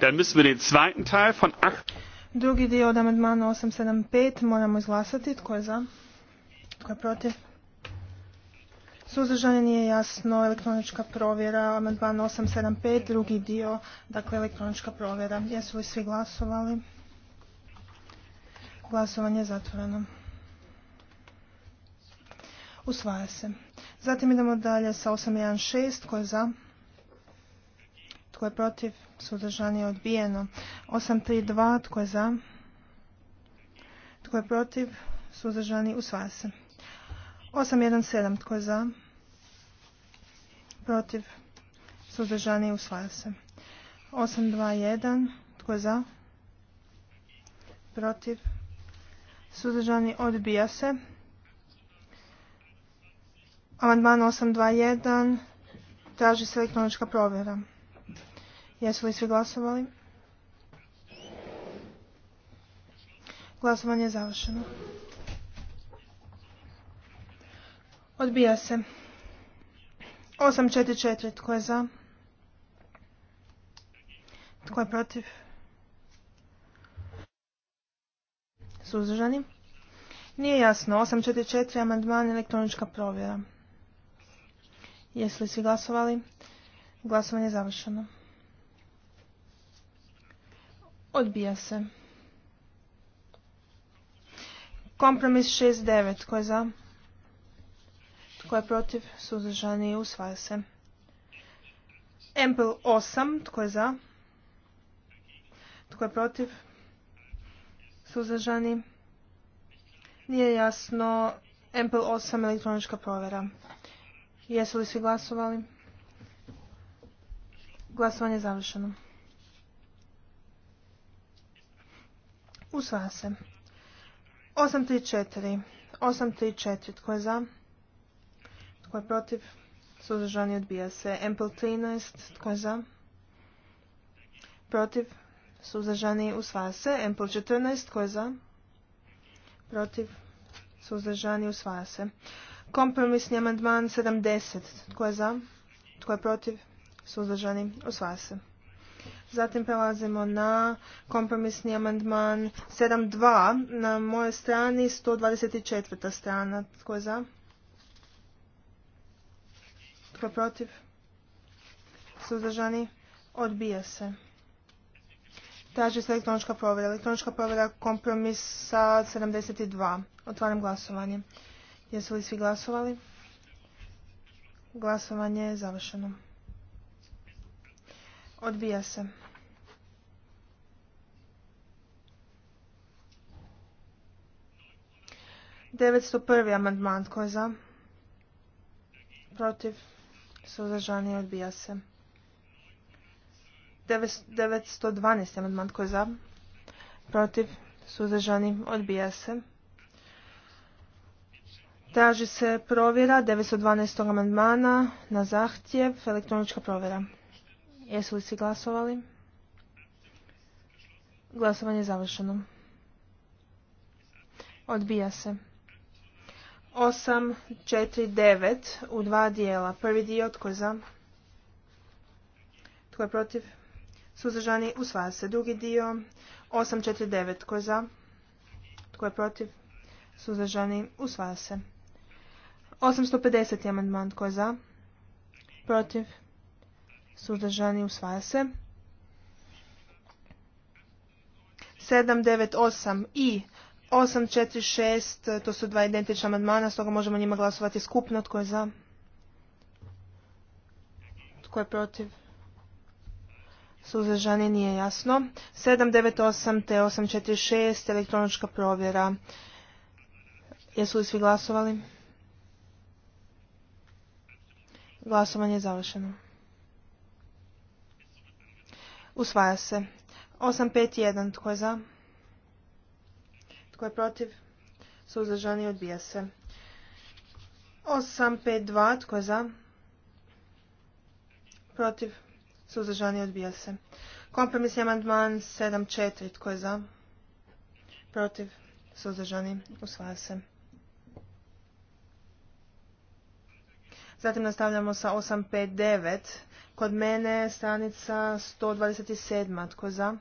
Dann Drugi dio od amandmana 875 moramo izglasati. Tko je za? Tko je protiv? Suzdržanje nije jasno elektronička provjera. Amandman 875, drugi dio, dakle elektronička provjera. Jesu li svi glasovali? Glasovanje je zatvoreno. Usvaja se. Zatim idemo dalje sa 816. Tko je za? Tko je protiv? Suzdržan je odbijeno. 832. Tko je za? Tko je protiv? Suzdržani usvaja se. 817. Tko je za? Protiv? Suzdržani usvaja se. 821. Tko je za? Protiv? Suzdržani odbija se. Amandman 821. Traži se elektronička provjera. Jesu li svi glasovali? Glasovanje je završeno. Odbija se. 844. Tko je za? Tko je protiv? Suzdržani? Nije jasno. 844. Amandman elektronička provjera. Jesu li svi glasovali? Glasovanje je završeno. Odbija se. Kompromis 6.9. Tko je za? Tko je protiv? Suzdržani usvaja se. MPL 8. Tko je za? Tko je protiv? Suzdržani. Nije jasno. Empel 8. Elektronička provjera. Jesu li svi glasovali? Glasovanje je završeno. Usvaja se. 834. 834. Tko je za? Tko je protiv? Suzdržani odbija se. Ample 13. Tko je za? Protiv? Suzdržani usvaja se. Ample 14. Tko je za? Protiv? Suzdržani usvaja se. Kompromisni amandman 70. Tko je za? Tko je protiv? Suzdržani usvaja se. Zatim prelazimo na kompromisni amandman 7.2 na moje strani 124. strana. Tko je za? Tko je protiv? Suzdržani? Odbija se. Traži se elektronička provjera. Elektronička provjera kompromisa 72. Otvaram glasovanje. Jesu li svi glasovali? Glasovanje je završeno. Odbija se. 901. amandman tko je za? Protiv? Suzdržani odbija se. 912. amandman tko je za? Protiv? Suzdržani odbija se. Traži se provjera 912. amandmana na zahtjev elektronička provjera. Jesu li svi glasovali? Glasovanje je završeno. Odbija se. 849 u dva dijela. Prvi dio tko je za? Tko je protiv? Suzdržani usvaja se. Drugi dio 849 tko je za? Tko je protiv? Suzdržani usvaja se. 850 amandman tko je za? Protiv? Suzdržani usvaja se. 798 i 846, e, to su dva identična amandmana, stoga možemo njima glasovati skupno. Tko je za? Tko je protiv? Suzdržani nije jasno. 798 te 846, elektronička provjera. Jesu li svi glasovali? Glasovanje je završeno. Usvaja se. 851, tko je za? Tko je protiv? Suzdržani odbija se. 852. Tko je za? Protiv? Suzdržani odbija se. Kompromisni amandman 7.4. Tko je za? Protiv? Suzdržani usvaja se. Zatim nastavljamo sa 859. Kod mene stranica 127. Tko je za?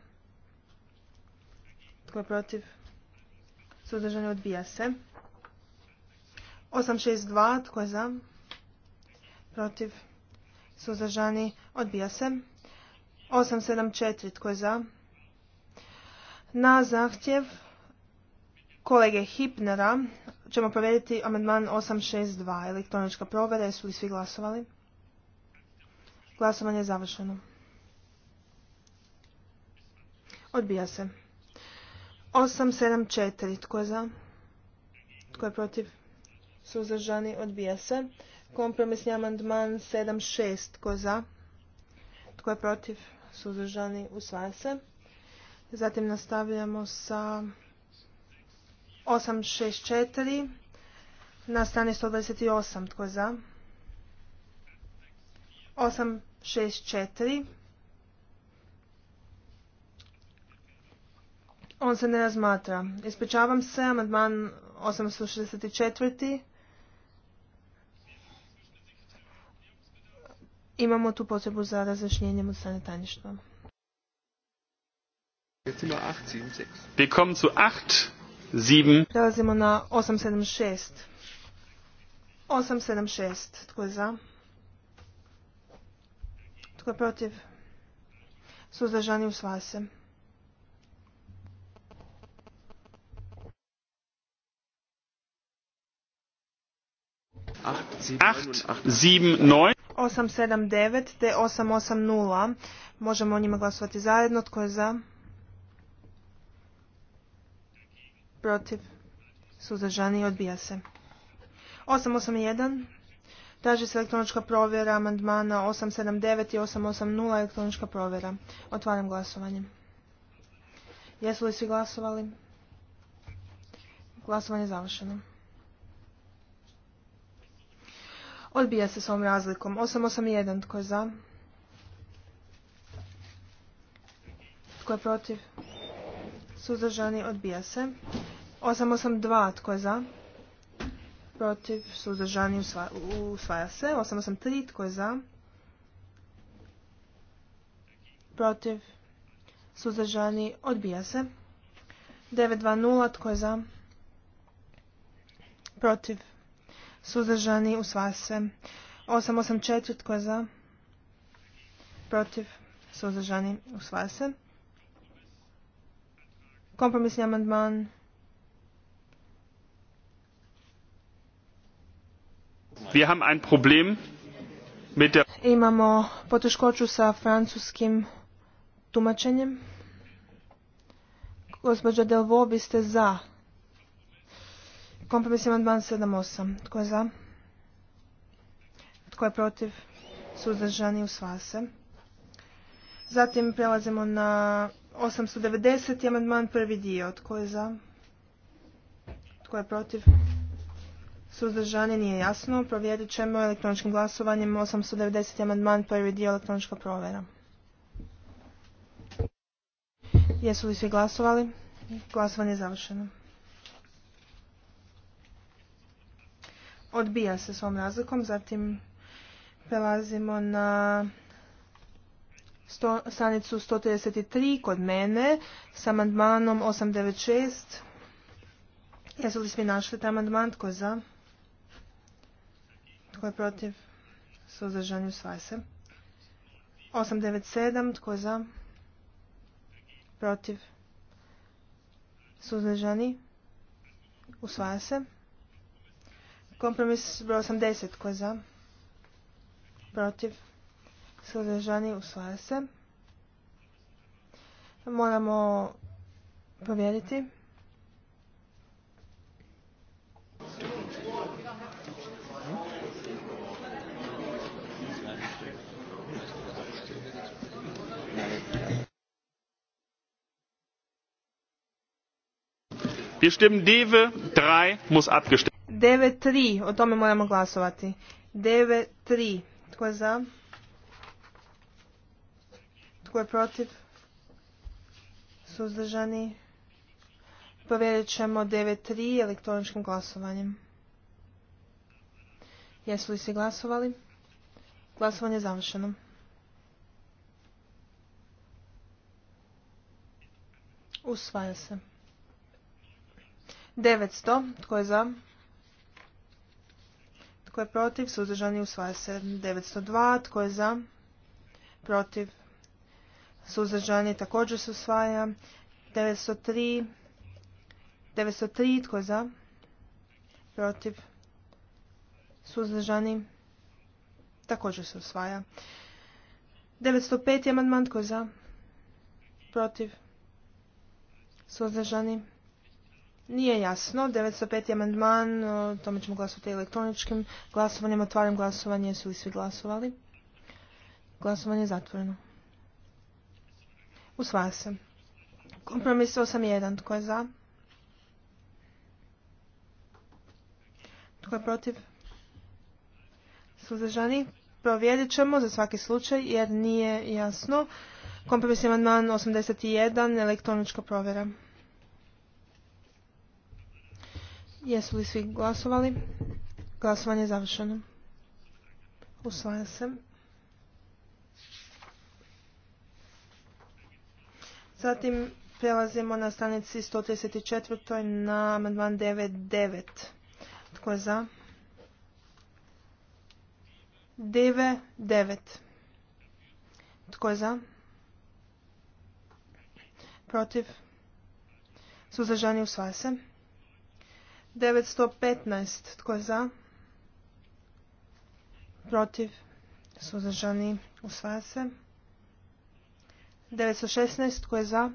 Tko je protiv? Suzdržani odbija se. 862. Tko je za? Protiv. Suzdržani odbija se. 874. Tko je za? Na zahtjev kolege Hipnera ćemo provjeriti amandman 862. Elektronička provjera. Jesu li svi glasovali? Glasovanje je završeno. Odbija se. 874. Tko je za? Tko je protiv? Suzdržani odbija se. Kompromisni amandman 76. Tko je za? Tko je protiv? Suzdržani usvaja se. Zatim nastavljamo sa 864 na strani 128. Tko je za? 864 On se ne razmatra. Ispričavam se, amandman 864. Imamo tu potrebu za razjašnjenjem od strane tajništva. Prelazimo na 876. 876. Tko je za? Tko je protiv? Suzdržani u se. 879 te 880. Možemo o njima glasovati zajedno. Tko je za? Protiv? Suzdržani odbija se. 881. Traži se elektronička provjera amandmana 879 i 880 elektronička provjera. Otvaram glasovanje. Jesu li svi glasovali? Glasovanje je završeno. Odbija se s ovom razlikom. 881. Tko je za? Tko je protiv? Suzdržani. Odbija se. 882. Tko je za? Protiv. Suzdržani. Usvaja, se. 883. Tko je za? Protiv. Suzdržani. Odbija se. 920. Tko je za? Protiv suzdržani, sva se. 884 tko je za, protiv, suzdržani, sva se. Kompromisni amandman. Wir haben ein Problem Imamo poteškoću sa francuskim tumačenjem. Gospođa Delvobi, ste za Kompromis amandman 7.8. Tko je za? Tko je protiv? Suzdržani usvaja se. Zatim prelazimo na 890. amandman prvi dio. Tko je za? Tko je protiv? Suzdržani nije jasno. Provjerit ćemo elektroničkim glasovanjem 890. amandman prvi dio elektronička provjera. Jesu li svi glasovali? Glasovanje je završeno. odbija se s razlikom. Zatim prelazimo na sto, stranicu 133 kod mene s amandmanom 896. Jesu li svi našli taj amandman? Tko je za? Tko je protiv? Suzdržani usvaja se. 897. Tko je za? Protiv? Suzdržani? Usvaja se. Kompromis broj 80 tko je za? Protiv? Sledežani, usvaja se. Moramo povjeriti. Wir stimmen DEWE 3 muss abgestimmt 9.3, o tome moramo glasovati. 9.3, tko je za? Tko je protiv? Suzdržani? Provjerit ćemo 9.3 elektroničkim glasovanjem. Jesu li svi glasovali? Glasovanje je završeno. Usvaja se. 900. Tko je za? Tko je protiv? Suzdržani usvaja se. 902. Tko je za? Protiv? Suzdržani također se usvaja. 903. 903. Tko je za? Protiv? Suzdržani također se usvaja. 905. amandman. Tko je za? Protiv? Suzdržani nije jasno. 905. amandman, o tome ćemo glasovati elektroničkim glasovanjem. Otvaram glasovanje. Su li svi glasovali? Glasovanje je zatvoreno. Usvaja se. Kompromis 8.1. Tko je za? Tko je protiv? Suzdržani? Provjerit ćemo za svaki slučaj jer nije jasno. Kompromis amandman 81. Elektronička provjera. Jesu li svi glasovali? Glasovanje je završeno. Usvaja se. Zatim prelazimo na stranici 134. na amandman 99. Tko je za? 99. Tko je za? Protiv? Suzdržani usvaja se. 915. Tko je za? Protiv? Suzdržani? Usvaja se. 916. Tko je za?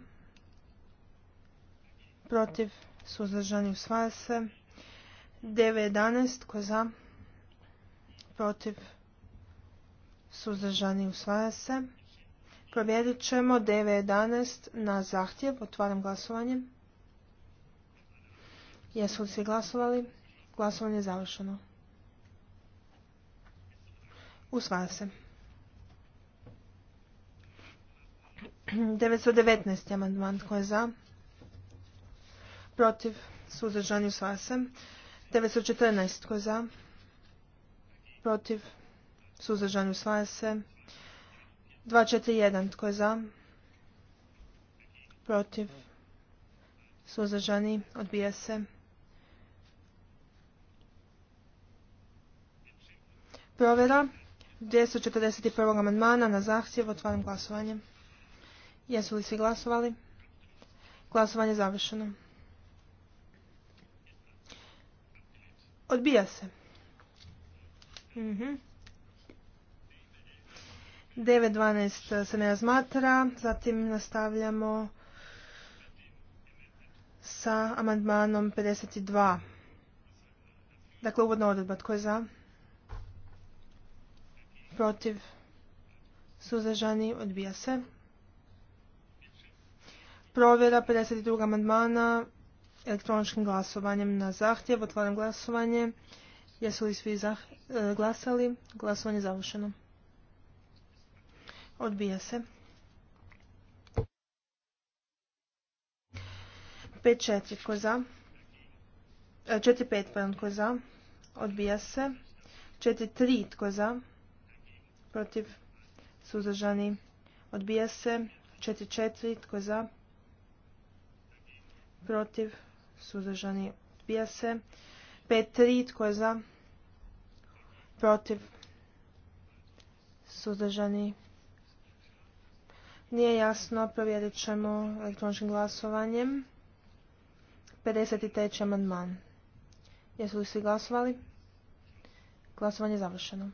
Protiv? Suzdržani? Usvaja se. 911. Tko je za? Protiv? Suzdržani? Usvaja se. Provjerit ćemo 911 na zahtjev. Otvaram glasovanje. Jesu li svi glasovali? Glasovanje je završeno. Usvaja se. 919. amandman. Tko je za? Protiv. Suzdržani usvaja se. 914. Tko je za? Protiv. Suzdržani usvaja se. 241. Tko je za? Protiv. Suzdržani odbija se. Provjera 241. amandmana na zahtjev otvaram glasovanje. Jesu li svi glasovali? Glasovanje je završeno. Odbija se. Mhm. 9.12 se ne razmatra, zatim nastavljamo sa amandmanom 52. Dakle, uvodna odredba. Tko je za? protiv, suzažani odbija se. Provjera 52. amandmana elektroničkim glasovanjem na zahtjev. Otvaram glasovanje. Jesu li svi zah e, glasali? Glasovanje je završeno. Odbija se. 5-4 koza. 4-5 koza. Odbija se. 4-3 tko protiv, suzdržani, odbija se. 4-4, tko je za, protiv, suzdržani, odbija se. 5-3, tko je za, protiv, suzdržani, nije jasno, provjerit ćemo elektroničkim glasovanjem. 53. amandman. Jesu li svi glasovali? Glasovanje je završeno.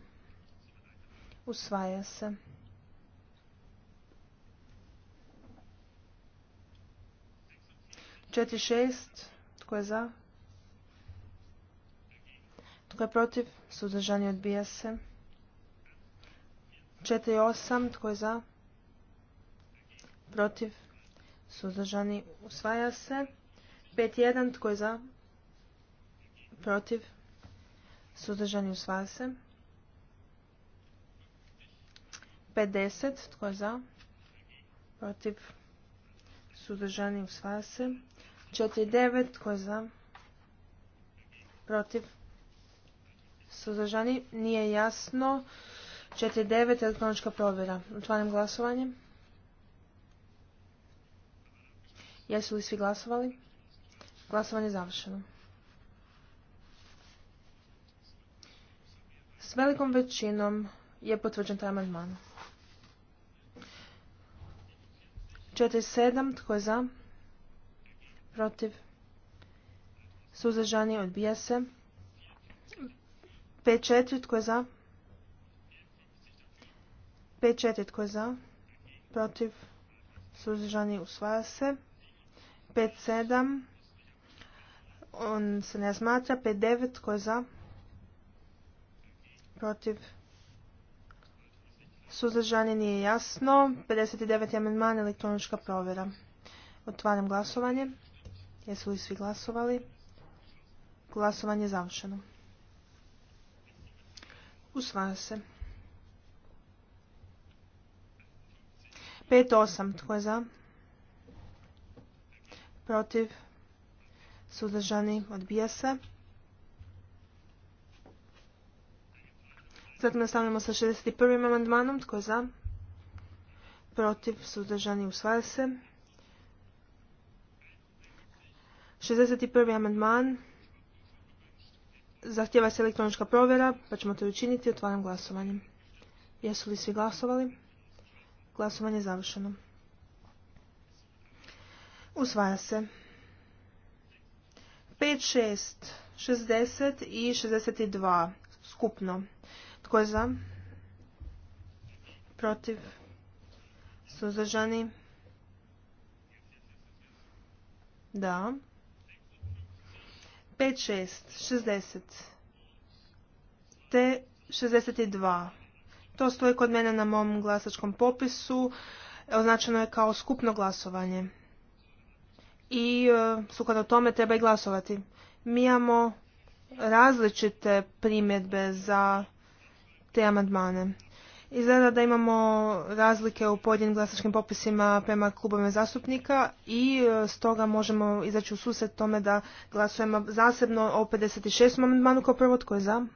Usvaja se. Četiri šest. Tko je za? Tko je protiv? Suzdržani odbija se. Četiri osam. Tko je za? Protiv? Suzdržani usvaja se. Pet jedan. Tko je za? Protiv? Suzdržani usvaja se. 50. Tko je za? Protiv. Suzdržani svase. se. 49. Tko je za? Protiv. Suzdržani. Nije jasno. 49. Elektronička provjera. Otvaram glasovanje. Jesu li svi glasovali? Glasovanje je završeno. S velikom većinom je potvrđen taj amandman. 4.7. Tko je za? Protiv? suzežani Odbija se. 5.4. Tko je za? 5.4. Tko je za? Protiv? suzežani Usvaja se. 5.7. On se ne smatra. 5.9. Tko je za? Protiv? Suzdržani nije jasno. 59. amandman elektronička provjera. Otvaram glasovanje. Jesu li svi glasovali? Glasovanje je završeno. Usvaja se. 5-8. Tko je za? Protiv? Suzdržani odbija se. Zatim nastavljamo sa 61. amandmanom. Tko je za? Protiv. Suzdržani. Usvaja se. 61. amandman. Zahtjeva se elektronička provjera, pa ćemo to učiniti. Otvaram glasovanje. Jesu li svi glasovali? Glasovanje je završeno. Usvaja se. 5, 6, 60 i 62 skupno. Tko je za? Protiv? Suzdržani? Da. 5, 6, 60. Te 62. To stoji kod mene na mom glasačkom popisu. Označeno je kao skupno glasovanje. I e, sukladno tome treba i glasovati. Mi imamo različite primjedbe za te amandmane. Izgleda da imamo razlike u pojedinim glasačkim popisima prema klubovima zastupnika i e, stoga možemo izaći u susret tome da glasujemo zasebno o 56. amandmanu kao prvo tko je za,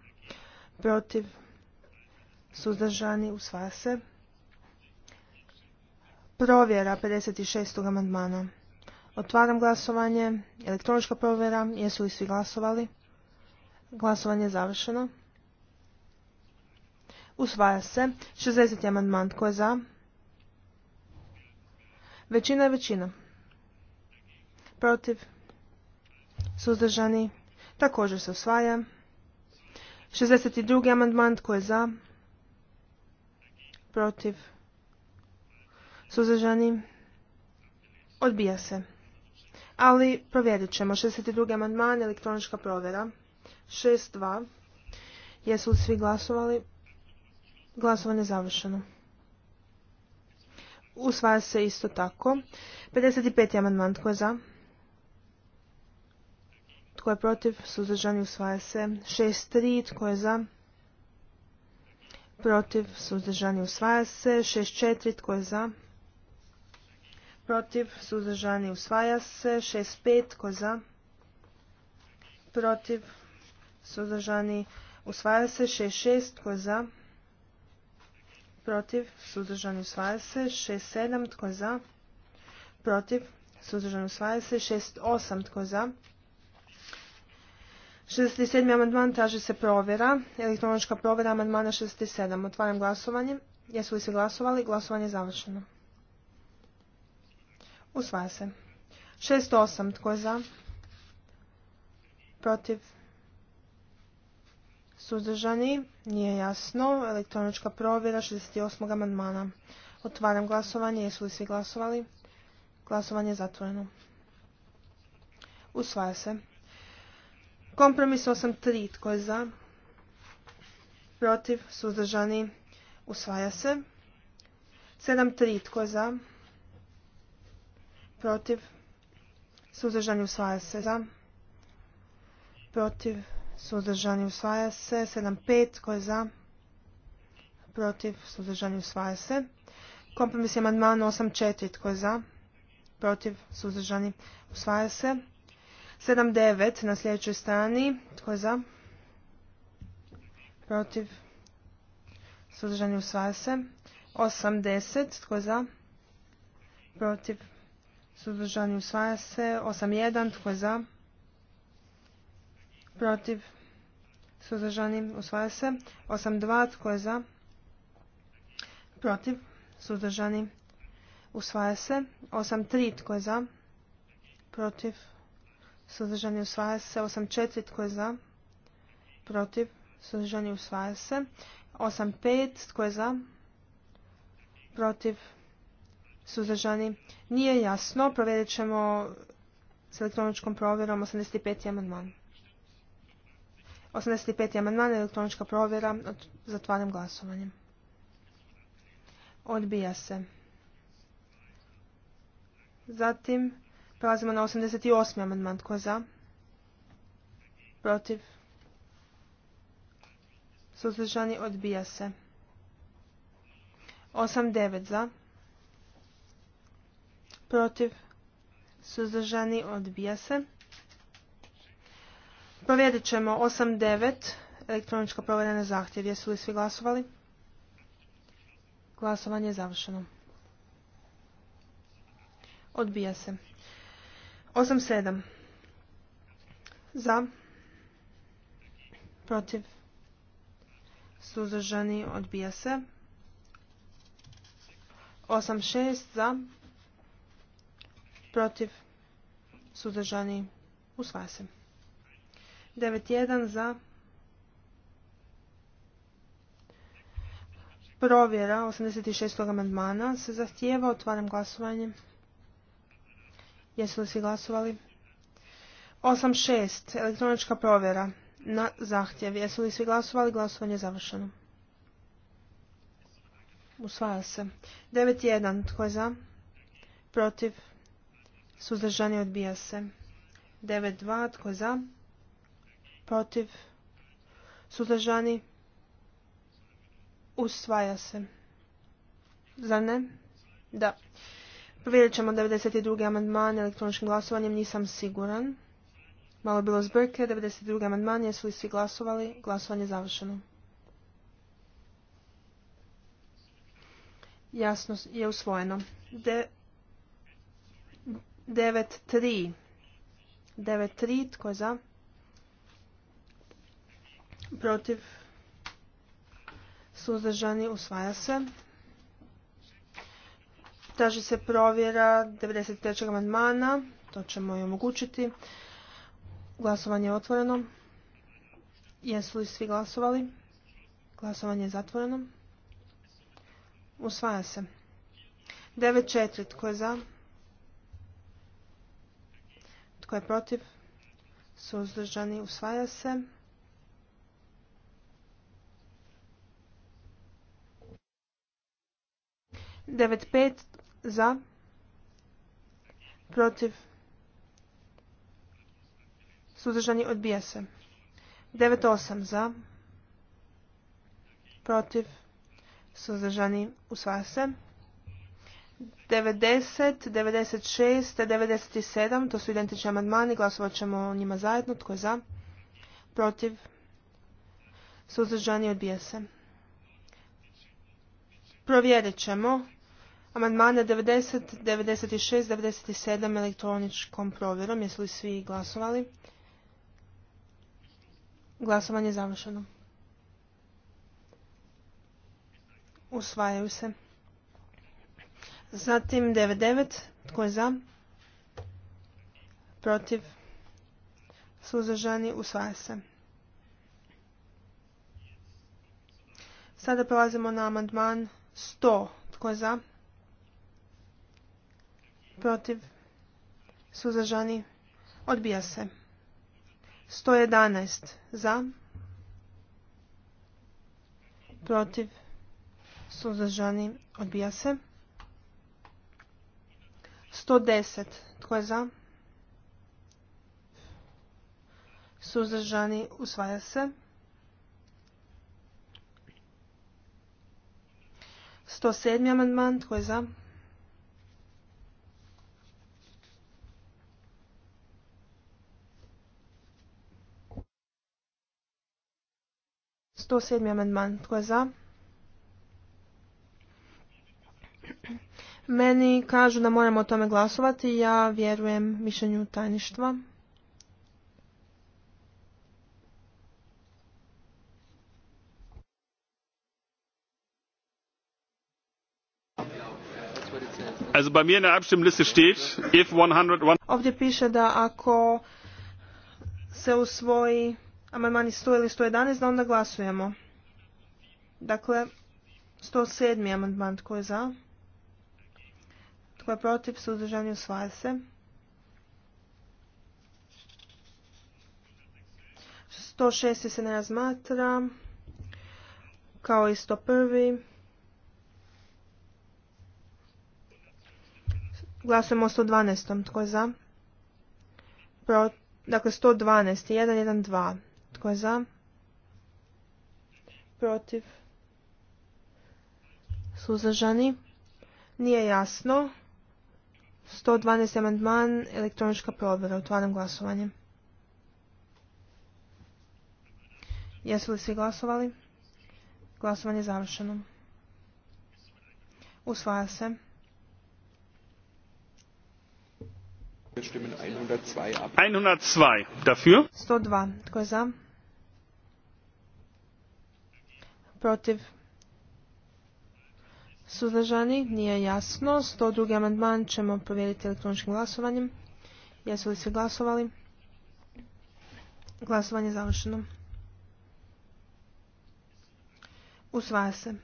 protiv, suzdržani, usvaja se. Provjera 56. amandmana. Otvaram glasovanje, elektronička provjera, jesu li svi glasovali? Glasovanje je završeno. Usvaja se. 60. amandman. Tko je za? Većina je većina. Protiv. Suzdržani. Također se usvaja. 62. amandman. Tko je za? Protiv. Suzdržani. Odbija se. Ali provjerit ćemo. 62. amandman. Elektronička provjera. 6.2. Jesu li svi glasovali? Glasovanje je završeno. Usvaja se isto tako. 55. amandman. Tko je za? Tko je protiv? Suzdržani usvaja se. 6.3. Tko je za? Protiv. Suzdržani usvaja se. 6.4. Tko je za? Protiv. Suzdržani usvaja se. 6.5. Tko je za? Protiv. Suzdržani usvaja se. 6.6. Tko je za? protiv, suzdržani usvaja se, 6 tko je za, protiv, suzdržani usvaja se, 6 tko je za. 67. amandman traži se provjera, elektronička provjera amandmana 67. Otvaram glasovanje. Jesu li se glasovali? Glasovanje je završeno. Usvaja se. 68. osam. tko je za, protiv, Suzdržani? Nije jasno. Elektronička provjera 68. amandmana. Otvaram glasovanje. Jesu li svi glasovali? Glasovanje je zatvoreno. Usvaja se. Kompromis 8.3. Tko je za? Protiv? Suzdržani? Usvaja se. 7.3. Tko je za? Protiv? Suzdržani? Usvaja se. Za? Protiv? suzdržani usvaja se. 7.5 tko je za? Protiv suzdržani usvaja se. Kompromis je amandman 8.4 tko je za? Protiv suzdržani usvaja se. 7.9 na sljedećoj strani tko je za? Protiv suzdržani usvaja se. 8.10 tko je za? Protiv suzdržani usvaja se. 8.1 tko je za? protiv, suzdržani, usvaja se. 8.2 tko je za, protiv, suzdržani, usvaja se. 8.3 tko je za, protiv, suzdržani, usvaja se. 8.4 tko je za, protiv, suzdržani, usvaja se. 8.5 tko je za, protiv, suzdržani, nije jasno. Provjerit ćemo s elektroničkom provjerom 85. amandman. 85. amandman elektronička provjera. Zatvaram glasovanje. Odbija se. Zatim prelazimo na 88. amandman. Tko je za? Protiv? Suzdržani odbija se. 89 za. Protiv? Suzdržani odbija se. Provjerit ćemo 8.9. Elektronička provjera zahtjev. Jesu li svi glasovali? Glasovanje je završeno. Odbija se. 8.7. Za. Protiv. Suzdržani. Odbija se. 8.6. Za. Protiv. Suzdržani. Usvaja se. 91 za provjera 86. amandmana se zahtijeva. Otvaram glasovanje. Jesu li svi glasovali? 86. Elektronička provjera na zahtjev. Jesu li svi glasovali? Glasovanje je završeno. Usvaja se. 9.1. Tko je za? Protiv. Suzdržani odbija se. 9.2. Tko je za? protiv, suzdržani, usvaja se. Zar ne? Da. Provjerit ćemo 92. amandman elektroničkim glasovanjem, nisam siguran. Malo je bilo zbrke, 92. amandman, jesu li svi glasovali? Glasovanje je završeno. Jasno je usvojeno. 9.3. 9.3, tko je za? protiv, suzdržani, usvaja se. Traži se provjera 93. amandmana, to ćemo i omogućiti. Glasovanje je otvoreno. Jesu li svi glasovali? Glasovanje je zatvoreno. Usvaja se. 9.4. Tko je za? Tko je protiv? Suzdržani. Usvaja se. 95 za, protiv, suzdržani odbija se. 98 za, protiv, suzdržani usvaja se. 90, 96 te 97, to su identični amandmani, glasovat ćemo o njima zajedno, tko je za, protiv, suzdržani odbija se. Provjerit ćemo Amandmane 90, 96, 97 elektroničkom provjerom. Jesu li svi glasovali? Glasovanje je završeno. Usvajaju se. Zatim 99. Tko je za? Protiv? Suzdržani? Usvaja se. Sada prelazimo na amandman 100. Tko je za? protiv, suzažani, odbija se. 111 za, protiv, suzažani, odbija se. 110 tko je za, suzažani, usvaja se. 107. amandman, tko je za? 107. amendman, Tko je za? Meni kažu da moramo o tome glasovati. Ja vjerujem mišljenju tajništva. Also bei mir in der Abstimmliste steht, if 101... Ovdje piše da ako se usvoji amandmani 100 ili 111, da onda glasujemo. Dakle, 107. amandman, tko je za? Tko je protiv? Suzdržani usvaja se. 106. se ne razmatra, kao i 101. Glasujemo o 112. Tko je za? Pro, dakle, 112. 1, 1, 2. Tko je za? Protiv? Suzažani? Nije jasno. 112. amandman, elektronička provjera. Otvaram glasovanje. Jesu li svi glasovali? Glasovanje je završeno. Usvaja se. Stimmen 102 ab. 102. Dafür? 102. Tko je za? Protiv. Suzdržani? Nije jasno. 102. amandman ćemo provjeriti elektroničkim glasovanjem. Jesu li svi glasovali? Glasovanje je završeno. Usvaja se.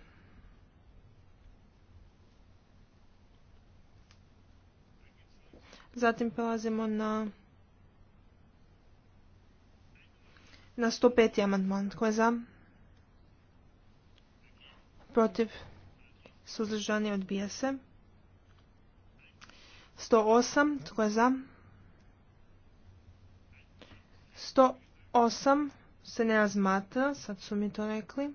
Zatim prelazimo na na 105. amandman. Tko je za? protiv, suzdržani, odbija se. 108, tko je za? 108 se ne razmatra, sad su mi to rekli.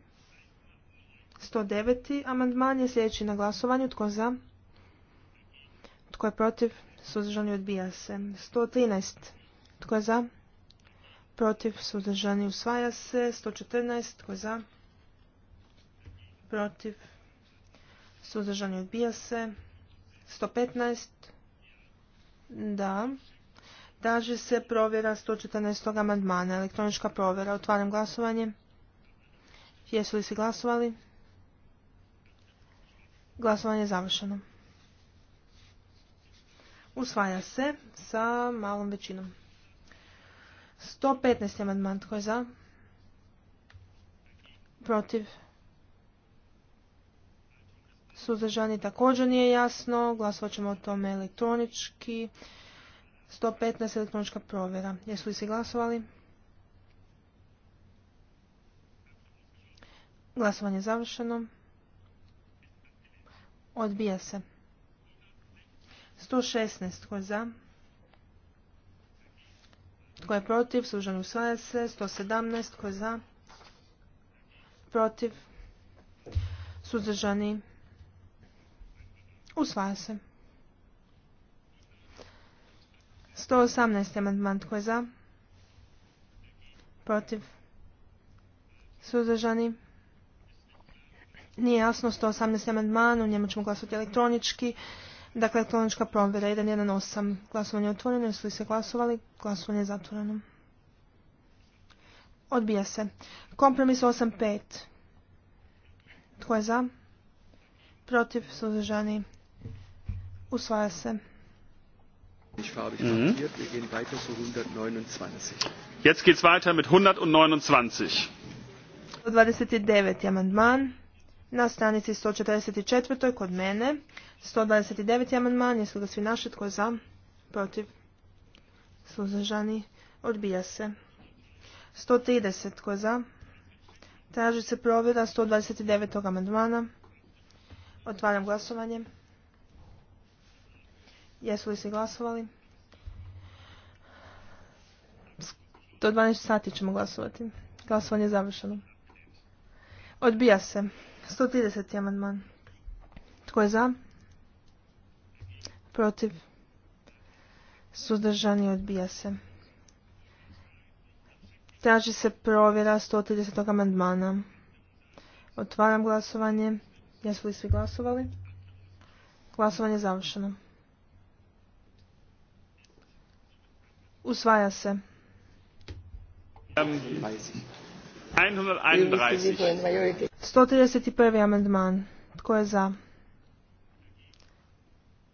109. amandman je sljedeći na glasovanju, tko je za? Tko je protiv? Suzdržani odbija se. 113. Tko je za? Protiv? Suzdržani usvaja se. 114. Tko je za? protiv, suzdržani odbija se, 115, da, Daži se provjera 114. amandmana, elektronička provjera, otvaram glasovanje, jesu li se glasovali, glasovanje je završeno. Usvaja se sa malom većinom. 115. amandman, tko je za? Protiv? suzdržani također nije jasno. Glasovat ćemo o tome elektronički. 115 elektronička provjera. Jesu li se glasovali? Glasovanje je završeno. Odbija se. 116. ko je za? Tko je protiv? Služan usvaja se. 117. ko je za? Protiv? Suzdržani Usvaja se. 118. amandman tko je za? Protiv? Suzdržani? Nije jasno 118. amandman, u njemu ćemo glasovati elektronički. Dakle, elektronička provjera 1.1.8. Glasovanje je otvoreno, jesu li se glasovali? Glasovanje je zatvoreno. Odbija se. Kompromis 8.5. Tko je za? Protiv? Suzdržani? Usvaja se. Mhm. Wir gehen weiter zu 129. Jetzt geht's weiter mit 129. 129. amandman na stranici 144. kod mene. 129. amandman, jesu ga svi našli, tko je za, protiv, suzdržani, odbija se. 130. tko je za, traži se provjera 129. amandmana. Otvaram glasovanje. Jesu li svi glasovali? Do 12 sati ćemo glasovati. Glasovanje je završeno. Odbija se. 130. amandman. Tko je za? Protiv? Suzdržani odbija se. Traži se provjera 130. amandmana. Otvaram glasovanje. Jesu li svi glasovali? Glasovanje je završeno. Usvaja se. 131. 131. amandman. Tko je za?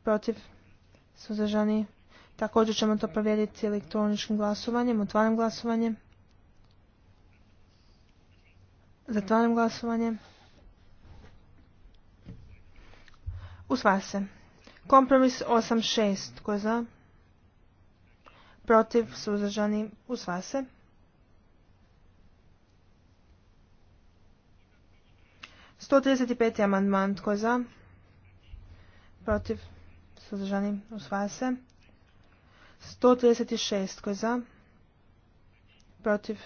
Protiv? Suzdržani? Također ćemo to provjeriti elektroničkim glasovanjem. Otvaram glasovanje. Zatvaram glasovanje. Usvaja se. Kompromis 8.6. Tko je za? protiv, suzdržani, usva se. Sto trideset pet amandman tko za? Protiv, suzdržani, usva se. Sto trideset šest tko za? Protiv,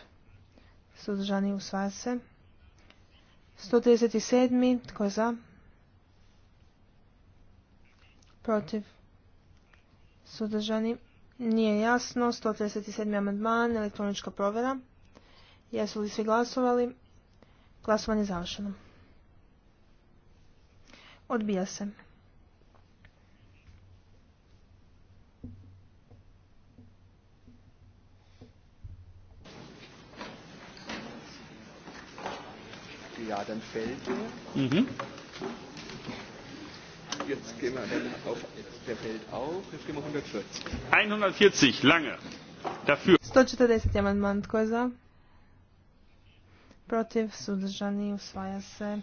suzdržani, usva se. Sto trideset sedam tko za? Protiv, suzdržani, nije jasno. 137. amandman, elektronička provjera. Jesu li svi glasovali? Glasovanje je završeno. Odbija se. Ja, dann er. Mhm. Jetzt gehen wir auf, der fällt auf, jetzt gehen wir 140. 140, lange. Dafür. 140 amandman, tko je za? Protiv, suzdržani, usvaja se.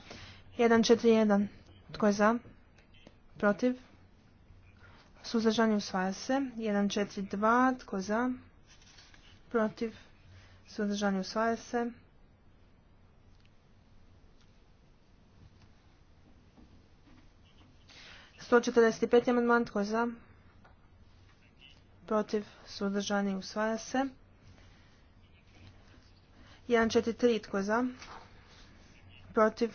141, tko je za? Protiv, suzdržani, usvaja se. 142, tko je za? Protiv, suzdržani, usvaja se. 145. amandman tko je za? Protiv suzdržani usvaja se. 143 tko je za? Protiv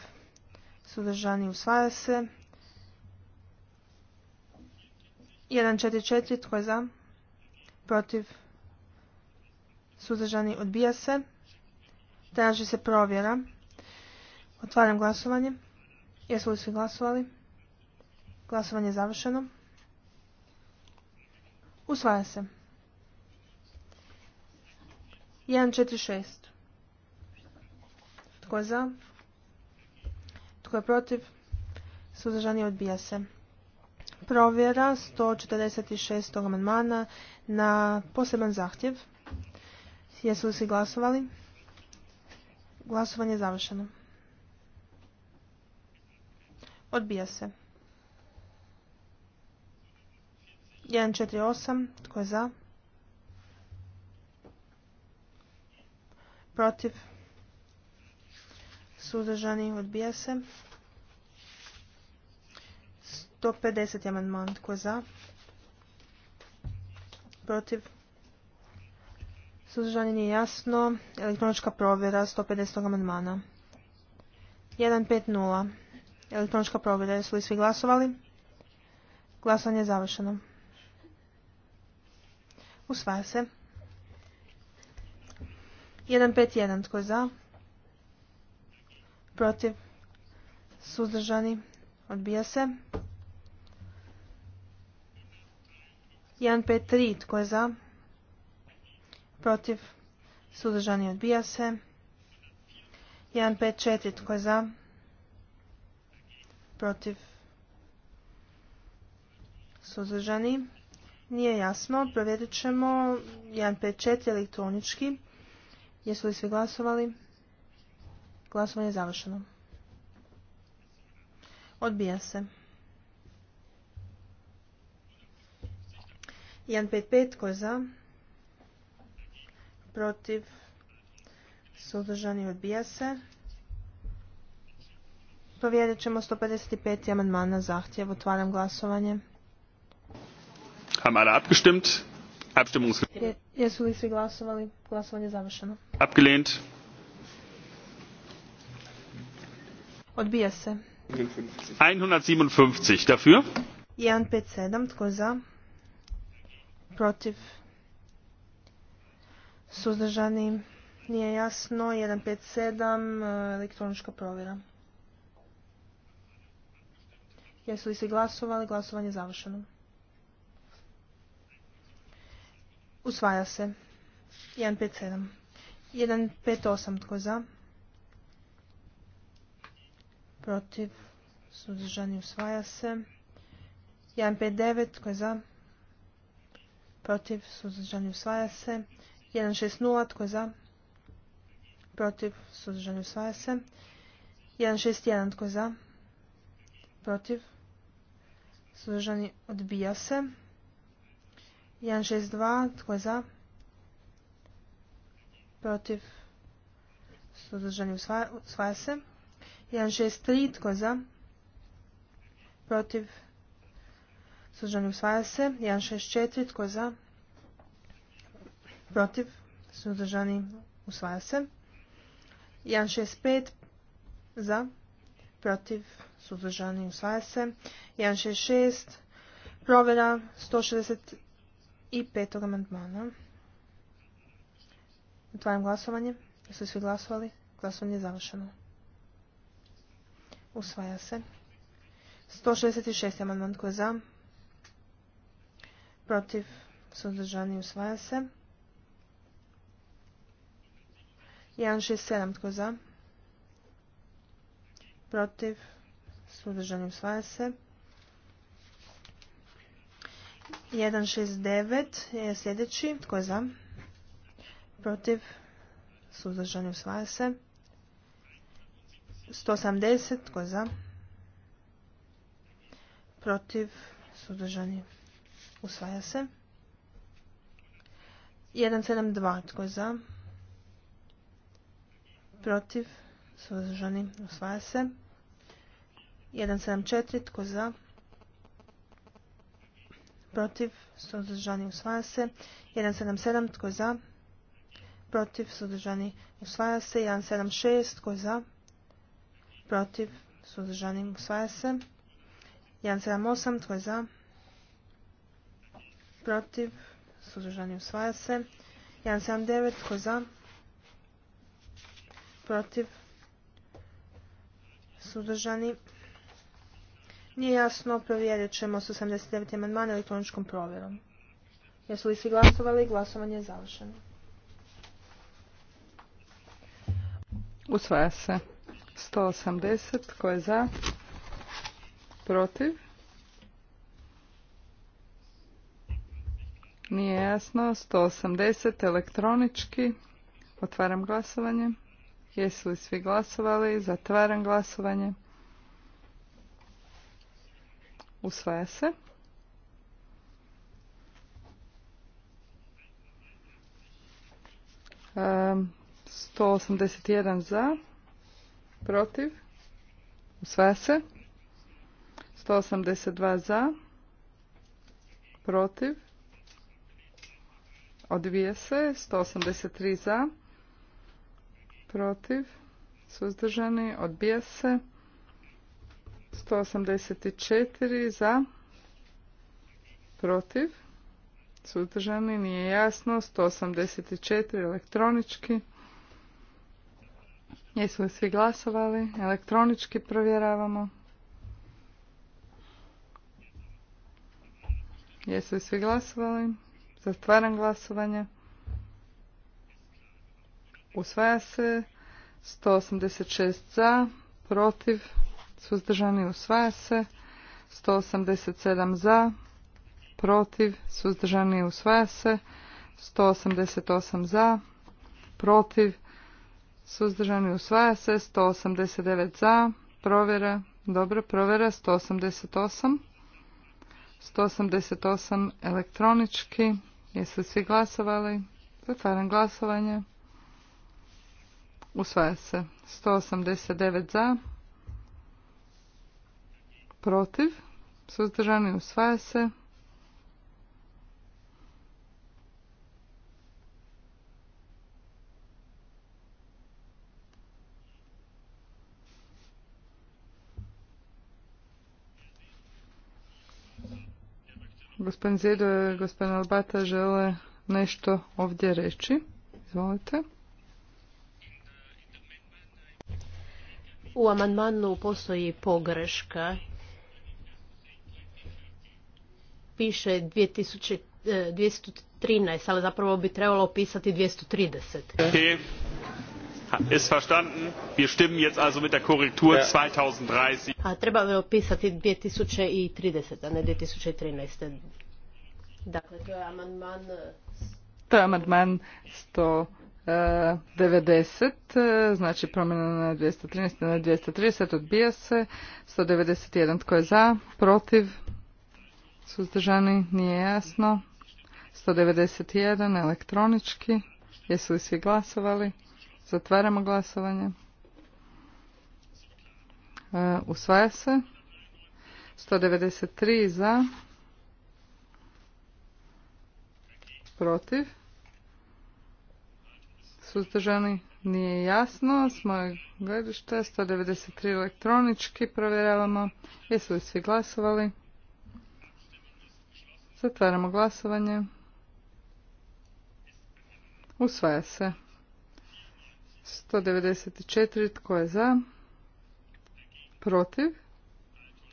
suzdržani usvaja se. 144 tko je za? Protiv suzdržani odbija se. Traži se provjera. Otvaram glasovanje. Jesu li svi glasovali? Glasovanje je završeno. Usvaja se. 1.4.6. Tko je za? Tko je protiv? Suzdržani odbija se. Provjera 146. amandmana na poseban zahtjev. Jesu li svi glasovali? Glasovanje je završeno. Odbija se. 148. Tko je za? Protiv? Suzdržani? Odbija se. 150. amandman. Tko je za? Protiv? Suzdržani nije jasno. Elektronička provjera 150. amandmana. 150. Elektronička provjera. Jesu li svi glasovali? Glasanje je završeno. Usvaja se. 151. Tko je za? Protiv? Suzdržani? Odbija se. 153. Tko je za? Protiv? Suzdržani? Odbija se. 154. Tko je za? Protiv? Suzdržani? nije jasno. Provjerit ćemo 154 elektronički. Jesu li svi glasovali? Glasovanje je završeno. Odbija se. 155 ko je za? Protiv? Suzdržani odbija se. Provjerit ćemo 155. amandman na zahtjev. Otvaram glasovanje. Haben alle abgestimmt? Abstimmung ist Jesu li svi glasovali? Glasovanje završeno. Abgelehnt. Odbija se. 157 dafür. 157 tko za? Protiv. Suzdržani. Nije jasno. 157 e, elektronička provjera. Jesu li svi glasovali? Glasovanje je završeno. Usvaja se. 157. 158. Tko za? Protiv. Suzdržani. Usvaja se. 159. Tko je za? Protiv. Suzdržani. Usvaja se. 160. Tko je za? Protiv. Suzdržani. Usvaja se. 161. Tko je za? Protiv. Suzdržani. Odbija se. 162. Tko je za? Protiv? Suzdržani usvaja, se. 163. Tko je za? Protiv? Suzdržani usvaja se. 164. Tko je za? Protiv? Suzdržani usvaja se. 165. Za? Protiv? Suzdržani usvaja se. 166. Provjera 160 i petog amandmana. Otvaram glasovanje. Jesu svi glasovali? Glasovanje je završeno. Usvaja se. 166. amandman tko je za? Protiv suzdržani usvaja se. 167 tko za? Protiv suzdržani usvaja se. 169 je sljedeći. Tko je za? Protiv? Suzdržani usvaja se. 180. Tko je za? Protiv? Suzdržani usvaja se. 172. Tko je za? Protiv? Suzdržani usvaja se. 174. Tko je za? protiv, suzdržani, usvaja se. 177, tko je za, protiv, suzdržani, usvaja se. 176, tko je za, protiv, suzdržani, usvaja se. 178, tko je za, protiv, suzdržani, usvaja se. 179, tko je za, protiv, suzdržani, usvaja se nije jasno, provjerit ćemo s 89. amandmana elektroničkom provjerom. Jesu li svi glasovali? Glasovanje je završeno. Usvaja se. 180. Tko je za? Protiv? Nije jasno. 180. Elektronički. Otvaram glasovanje. Jesu li svi glasovali? Zatvaram glasovanje. Usvaja se. Um, 181 za. Protiv. Usvaja se. 182 za. Protiv. Odvije se. 183 za. Protiv. Suzdržani. Odbija se. 184 za, protiv, sudržani nije jasno, 184 elektronički. Jesu li svi glasovali? Elektronički provjeravamo. Jesu li svi glasovali? Zatvaram glasovanje. Usvaja se 186 za, protiv, suzdržani, usvaja se. 187 za, protiv, suzdržani, usvaja se. 188 za, protiv, suzdržani, usvaja se. 189 za, provjera, dobro, provjera, 188. 188 elektronički. Jeste svi glasovali? Zatvaram glasovanje. Usvaja se. 189 za, protiv, suzdržani usvaja se. Gospodin Zedo, i gospodin Albata žele nešto ovdje reći. Izvolite. U amandmanu postoji pogreška piše 2013, e, ali zapravo bi trebalo opisati 230. Okay. Ist verstanden. Wir stimmen jetzt also mit der Korrektur 2030. A treba je opisati 2030, a ne 2013. Dakle, to je amandman... E, to je amandman 190, e, znači promjena na 213 na 230, odbija se. 191, tko je za, protiv, Suzdržani nije jasno. 191 elektronički. Jesu li svi glasovali? Zatvaramo glasovanje. E, usvaja se. 193 za. Protiv. Suzdržani nije jasno. S mojeg 193 elektronički provjeravamo. Jesu li svi glasovali? Zatvaramo glasovanje. Usvaja se. 194. Tko je za? Protiv?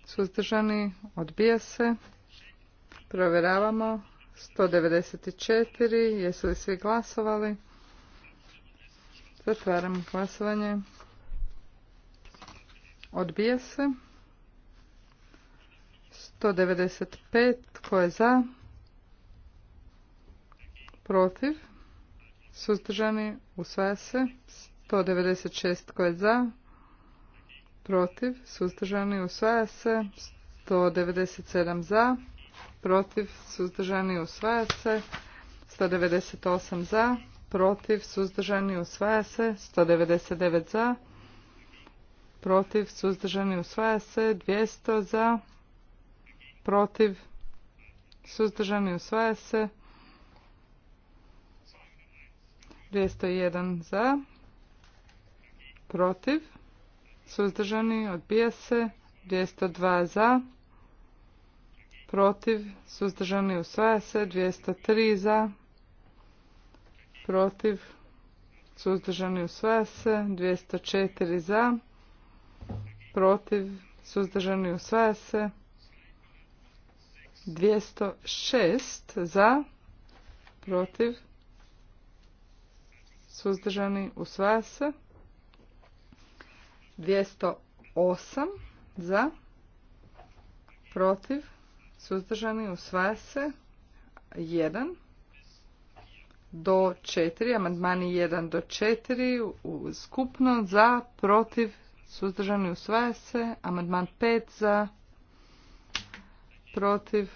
Suzdržani? Odbija se. Provjeravamo. 194. Jesu li svi glasovali? Zatvaramo glasovanje. Odbija se. 195. Tko je za? Protiv? Suzdržani? Usvaja se. 196. ko je za? Protiv? Suzdržani? Usvaja se. 197 za. Protiv? Suzdržani? Usvaja se. 198 za. Protiv? Suzdržani? Usvaja se. 199 za. Protiv? Suzdržani? Usvaja se. 200 za protiv, suzdržani usvaja se. 201 za, protiv, suzdržani odbija se. 202 za, protiv, suzdržani usvaja se. 203 za, protiv, suzdržani usvaja se. 204 za, protiv, suzdržani usvaja se. 206 za, protiv, suzdržani, usvaja se. 208 za, protiv, suzdržani, usvaja se. 1 do 4, amandmani 1 do 4, skupno za, protiv, suzdržani, usvaja se. Amandman 5 za, protiv,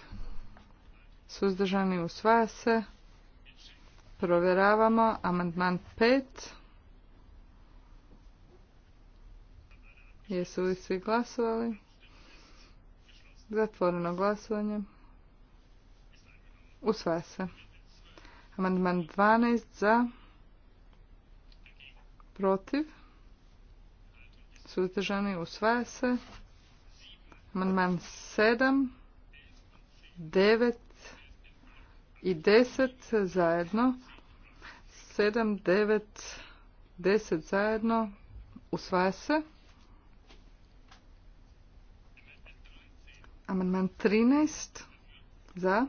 suzdržani usvaja se. Provjeravamo amandman 5. Jesu li svi glasovali? Zatvoreno glasovanje. Usvaja se. Amandman 12 za. Protiv. Suzdržani usvaja se. Amandman 7 9 i 10 zajedno, 7, 9, 10 zajedno, usvaja se. Amandman 13 za,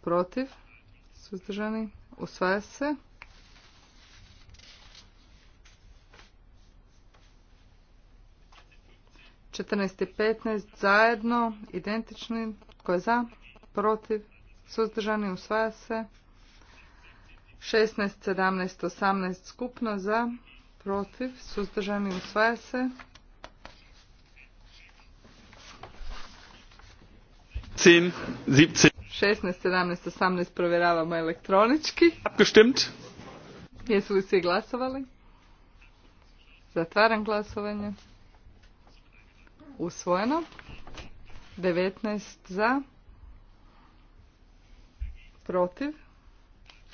protiv, suzdržani, usvaja se. Četrnaest i petnaest zajedno, identični, tko je za? Protiv? Suzdržani? Usvaja se. 16, 17, 18 skupno za, protiv, suzdržani, usvaja se. Cin, 17. 16, 17, 18 provjeravamo elektronički. Abgestimmt. Jesu li svi glasovali? Zatvaram glasovanje. Usvojeno. 19 za, protiv,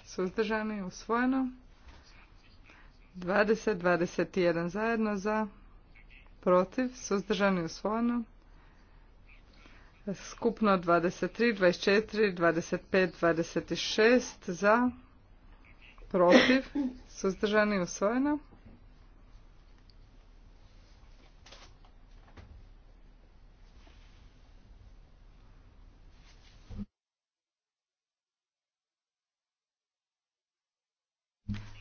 suzdržani, usvojeno. 20, 21 zajedno za, protiv, suzdržani, usvojeno. Skupno 23, 24, 25, 26 za, protiv, suzdržani, usvojeno.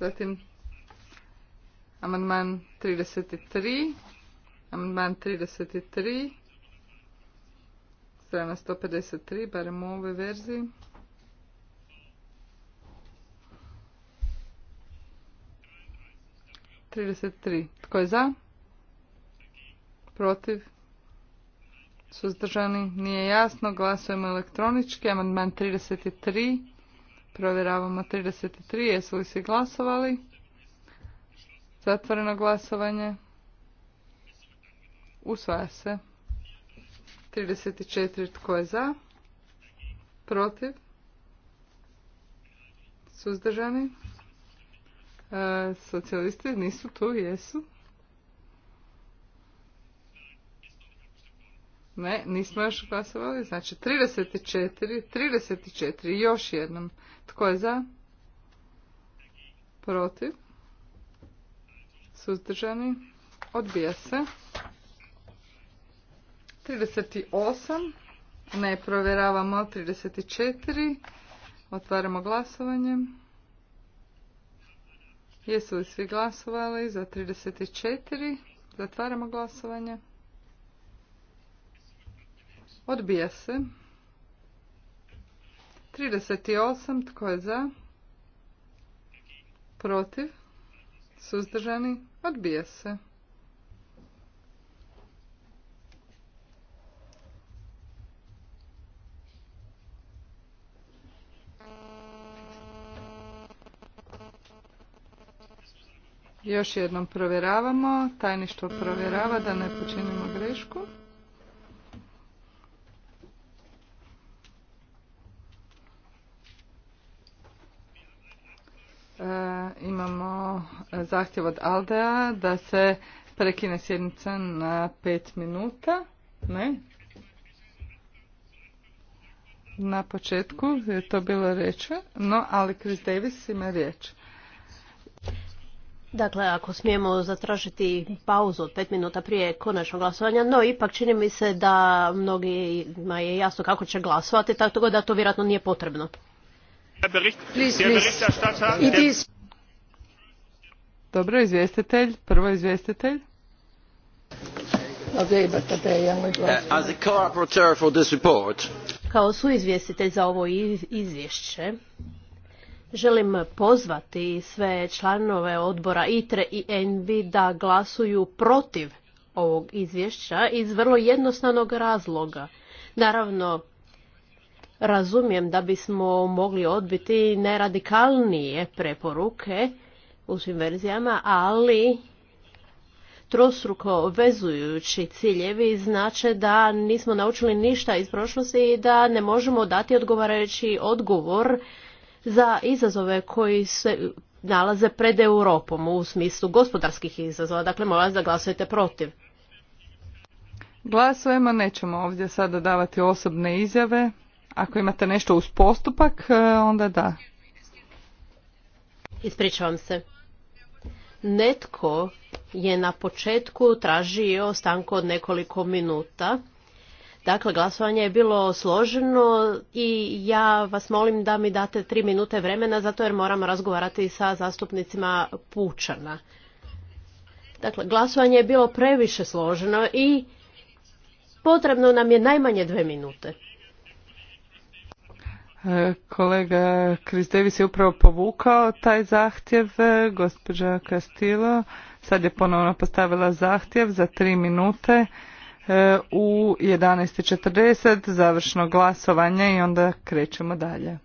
Zatim amandman 33. Amandman 33. Strana 153, barem u ovoj verziji. Tko je za? Protiv? Suzdržani? Nije jasno. Glasujemo elektronički. Amandman 33. Provjeravamo 33. Jesu li svi glasovali? Zatvoreno glasovanje. Usvaja se. 34. Tko je za? Protiv? Suzdržani? E, socijalisti nisu tu, jesu. Ne, nismo još glasovali. Znači 34, 34, još jednom. Tko je za? Protiv? Suzdržani? Odbija se. 38, ne provjeravamo 34, otvaramo glasovanje. Jesu li svi glasovali za 34? Zatvaramo glasovanje. Odbija se. 38. Tko je za? Protiv? Suzdržani? Odbija se. Još jednom provjeravamo. Tajništvo provjerava da ne počinimo grešku. E, imamo zahtjev od Aldea da se prekine sjednica na pet minuta. Ne? Na početku je to bilo reče, no ali Chris Davis ima riječ. Dakle, ako smijemo zatražiti pauzu od pet minuta prije konačnog glasovanja, no ipak čini mi se da mnogima je jasno kako će glasovati, tako da to vjerojatno nije potrebno. Dobro, izvjestitelj, prvo izvjestitelj. Kao su izvjestitelj za ovo izvješće, želim pozvati sve članove odbora ITRE i ENVI da glasuju protiv ovog izvješća iz vrlo jednostavnog razloga. Naravno, razumijem da bismo mogli odbiti neradikalnije preporuke u svim verzijama, ali trostruko vezujući ciljevi znače da nismo naučili ništa iz prošlosti i da ne možemo dati odgovarajući odgovor za izazove koji se nalaze pred Europom u smislu gospodarskih izazova. Dakle, molim vas da glasujete protiv. Glasujemo, nećemo ovdje sada davati osobne izjave. Ako imate nešto uz postupak, e, onda da. Ispričavam se. Netko je na početku tražio stanku od nekoliko minuta. Dakle, glasovanje je bilo složeno i ja vas molim da mi date tri minute vremena, zato jer moram razgovarati sa zastupnicima Pučana. Dakle, glasovanje je bilo previše složeno i potrebno nam je najmanje dve minute. Kolega Kristević je upravo povukao taj zahtjev, e, gospođa Castillo sad je ponovno postavila zahtjev za tri minute e, u 11.40 završno glasovanje i onda krećemo dalje.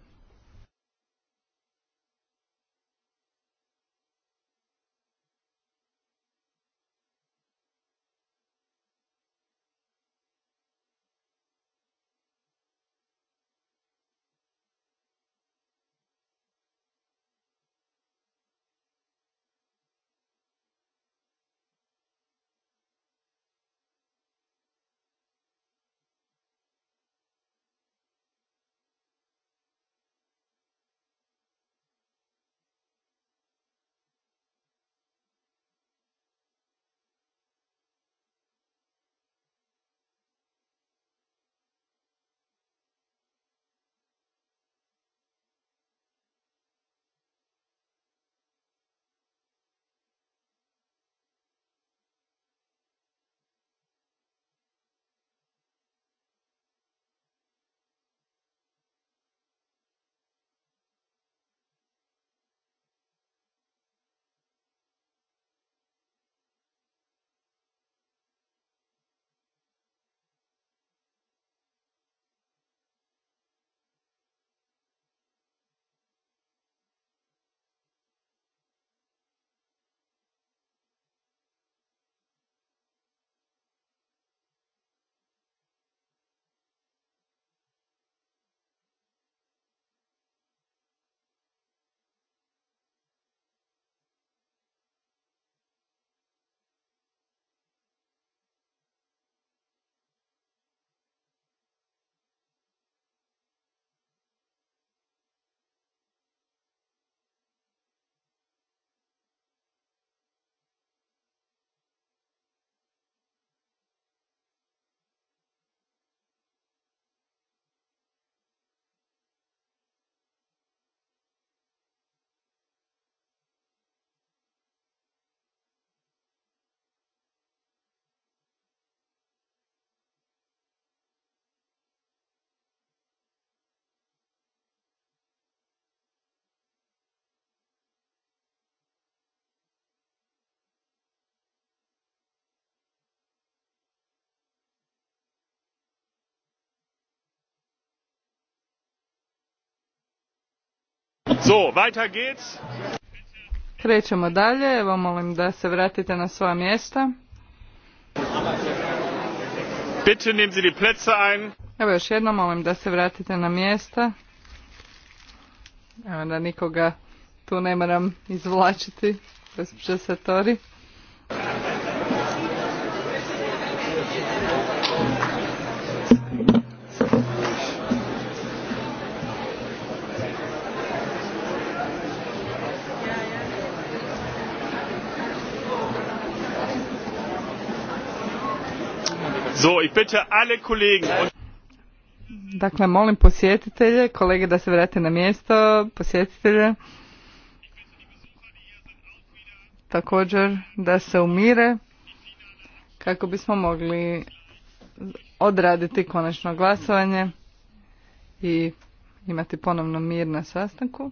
So, weiter geht's. Krećemo dalje, evo molim da se vratite na svoja mjesta. Bitte nehmen Sie die Plätze ein. Evo još jednom molim da se vratite na mjesta. Evo da nikoga tu ne moram izvlačiti, gospođa Satori. So, Dakle, molim posjetitelje, kolege da se vrate na mjesto, posjetitelje. Također da se umire kako bismo mogli odraditi konačno glasovanje i imati ponovno mir na sastanku.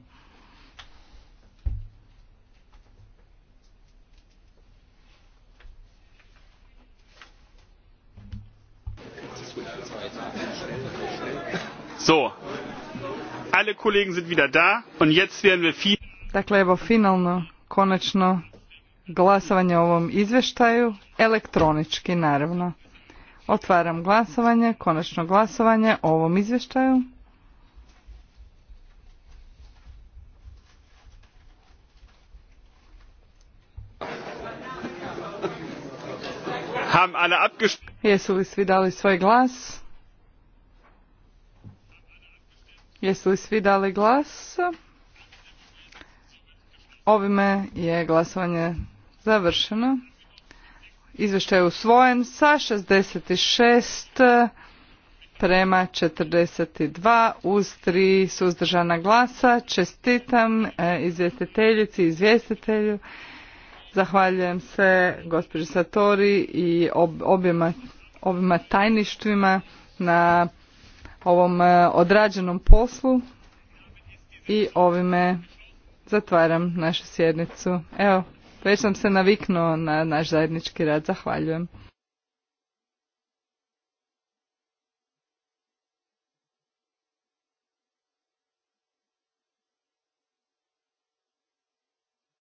So, alle Kollegen da Dakle, evo finalno, konačno glasovanje o ovom izvještaju, elektronički naravno. Otvaram glasovanje, konačno glasovanje o ovom izvještaju. Jesu li svi dali svoj glas? Jesu li svi dali glas? Ovime je glasovanje završeno. Izvještaj je usvojen sa 66 prema 42 uz 3 suzdržana glasa. Čestitam e, izvjestiteljici i izvjestitelju. Zahvaljujem se gospođi Satori i objema, objema tajništvima na ovom e, odrađenom poslu i ovime zatvaram našu sjednicu. Evo, već sam se naviknuo na naš zajednički rad. Zahvaljujem.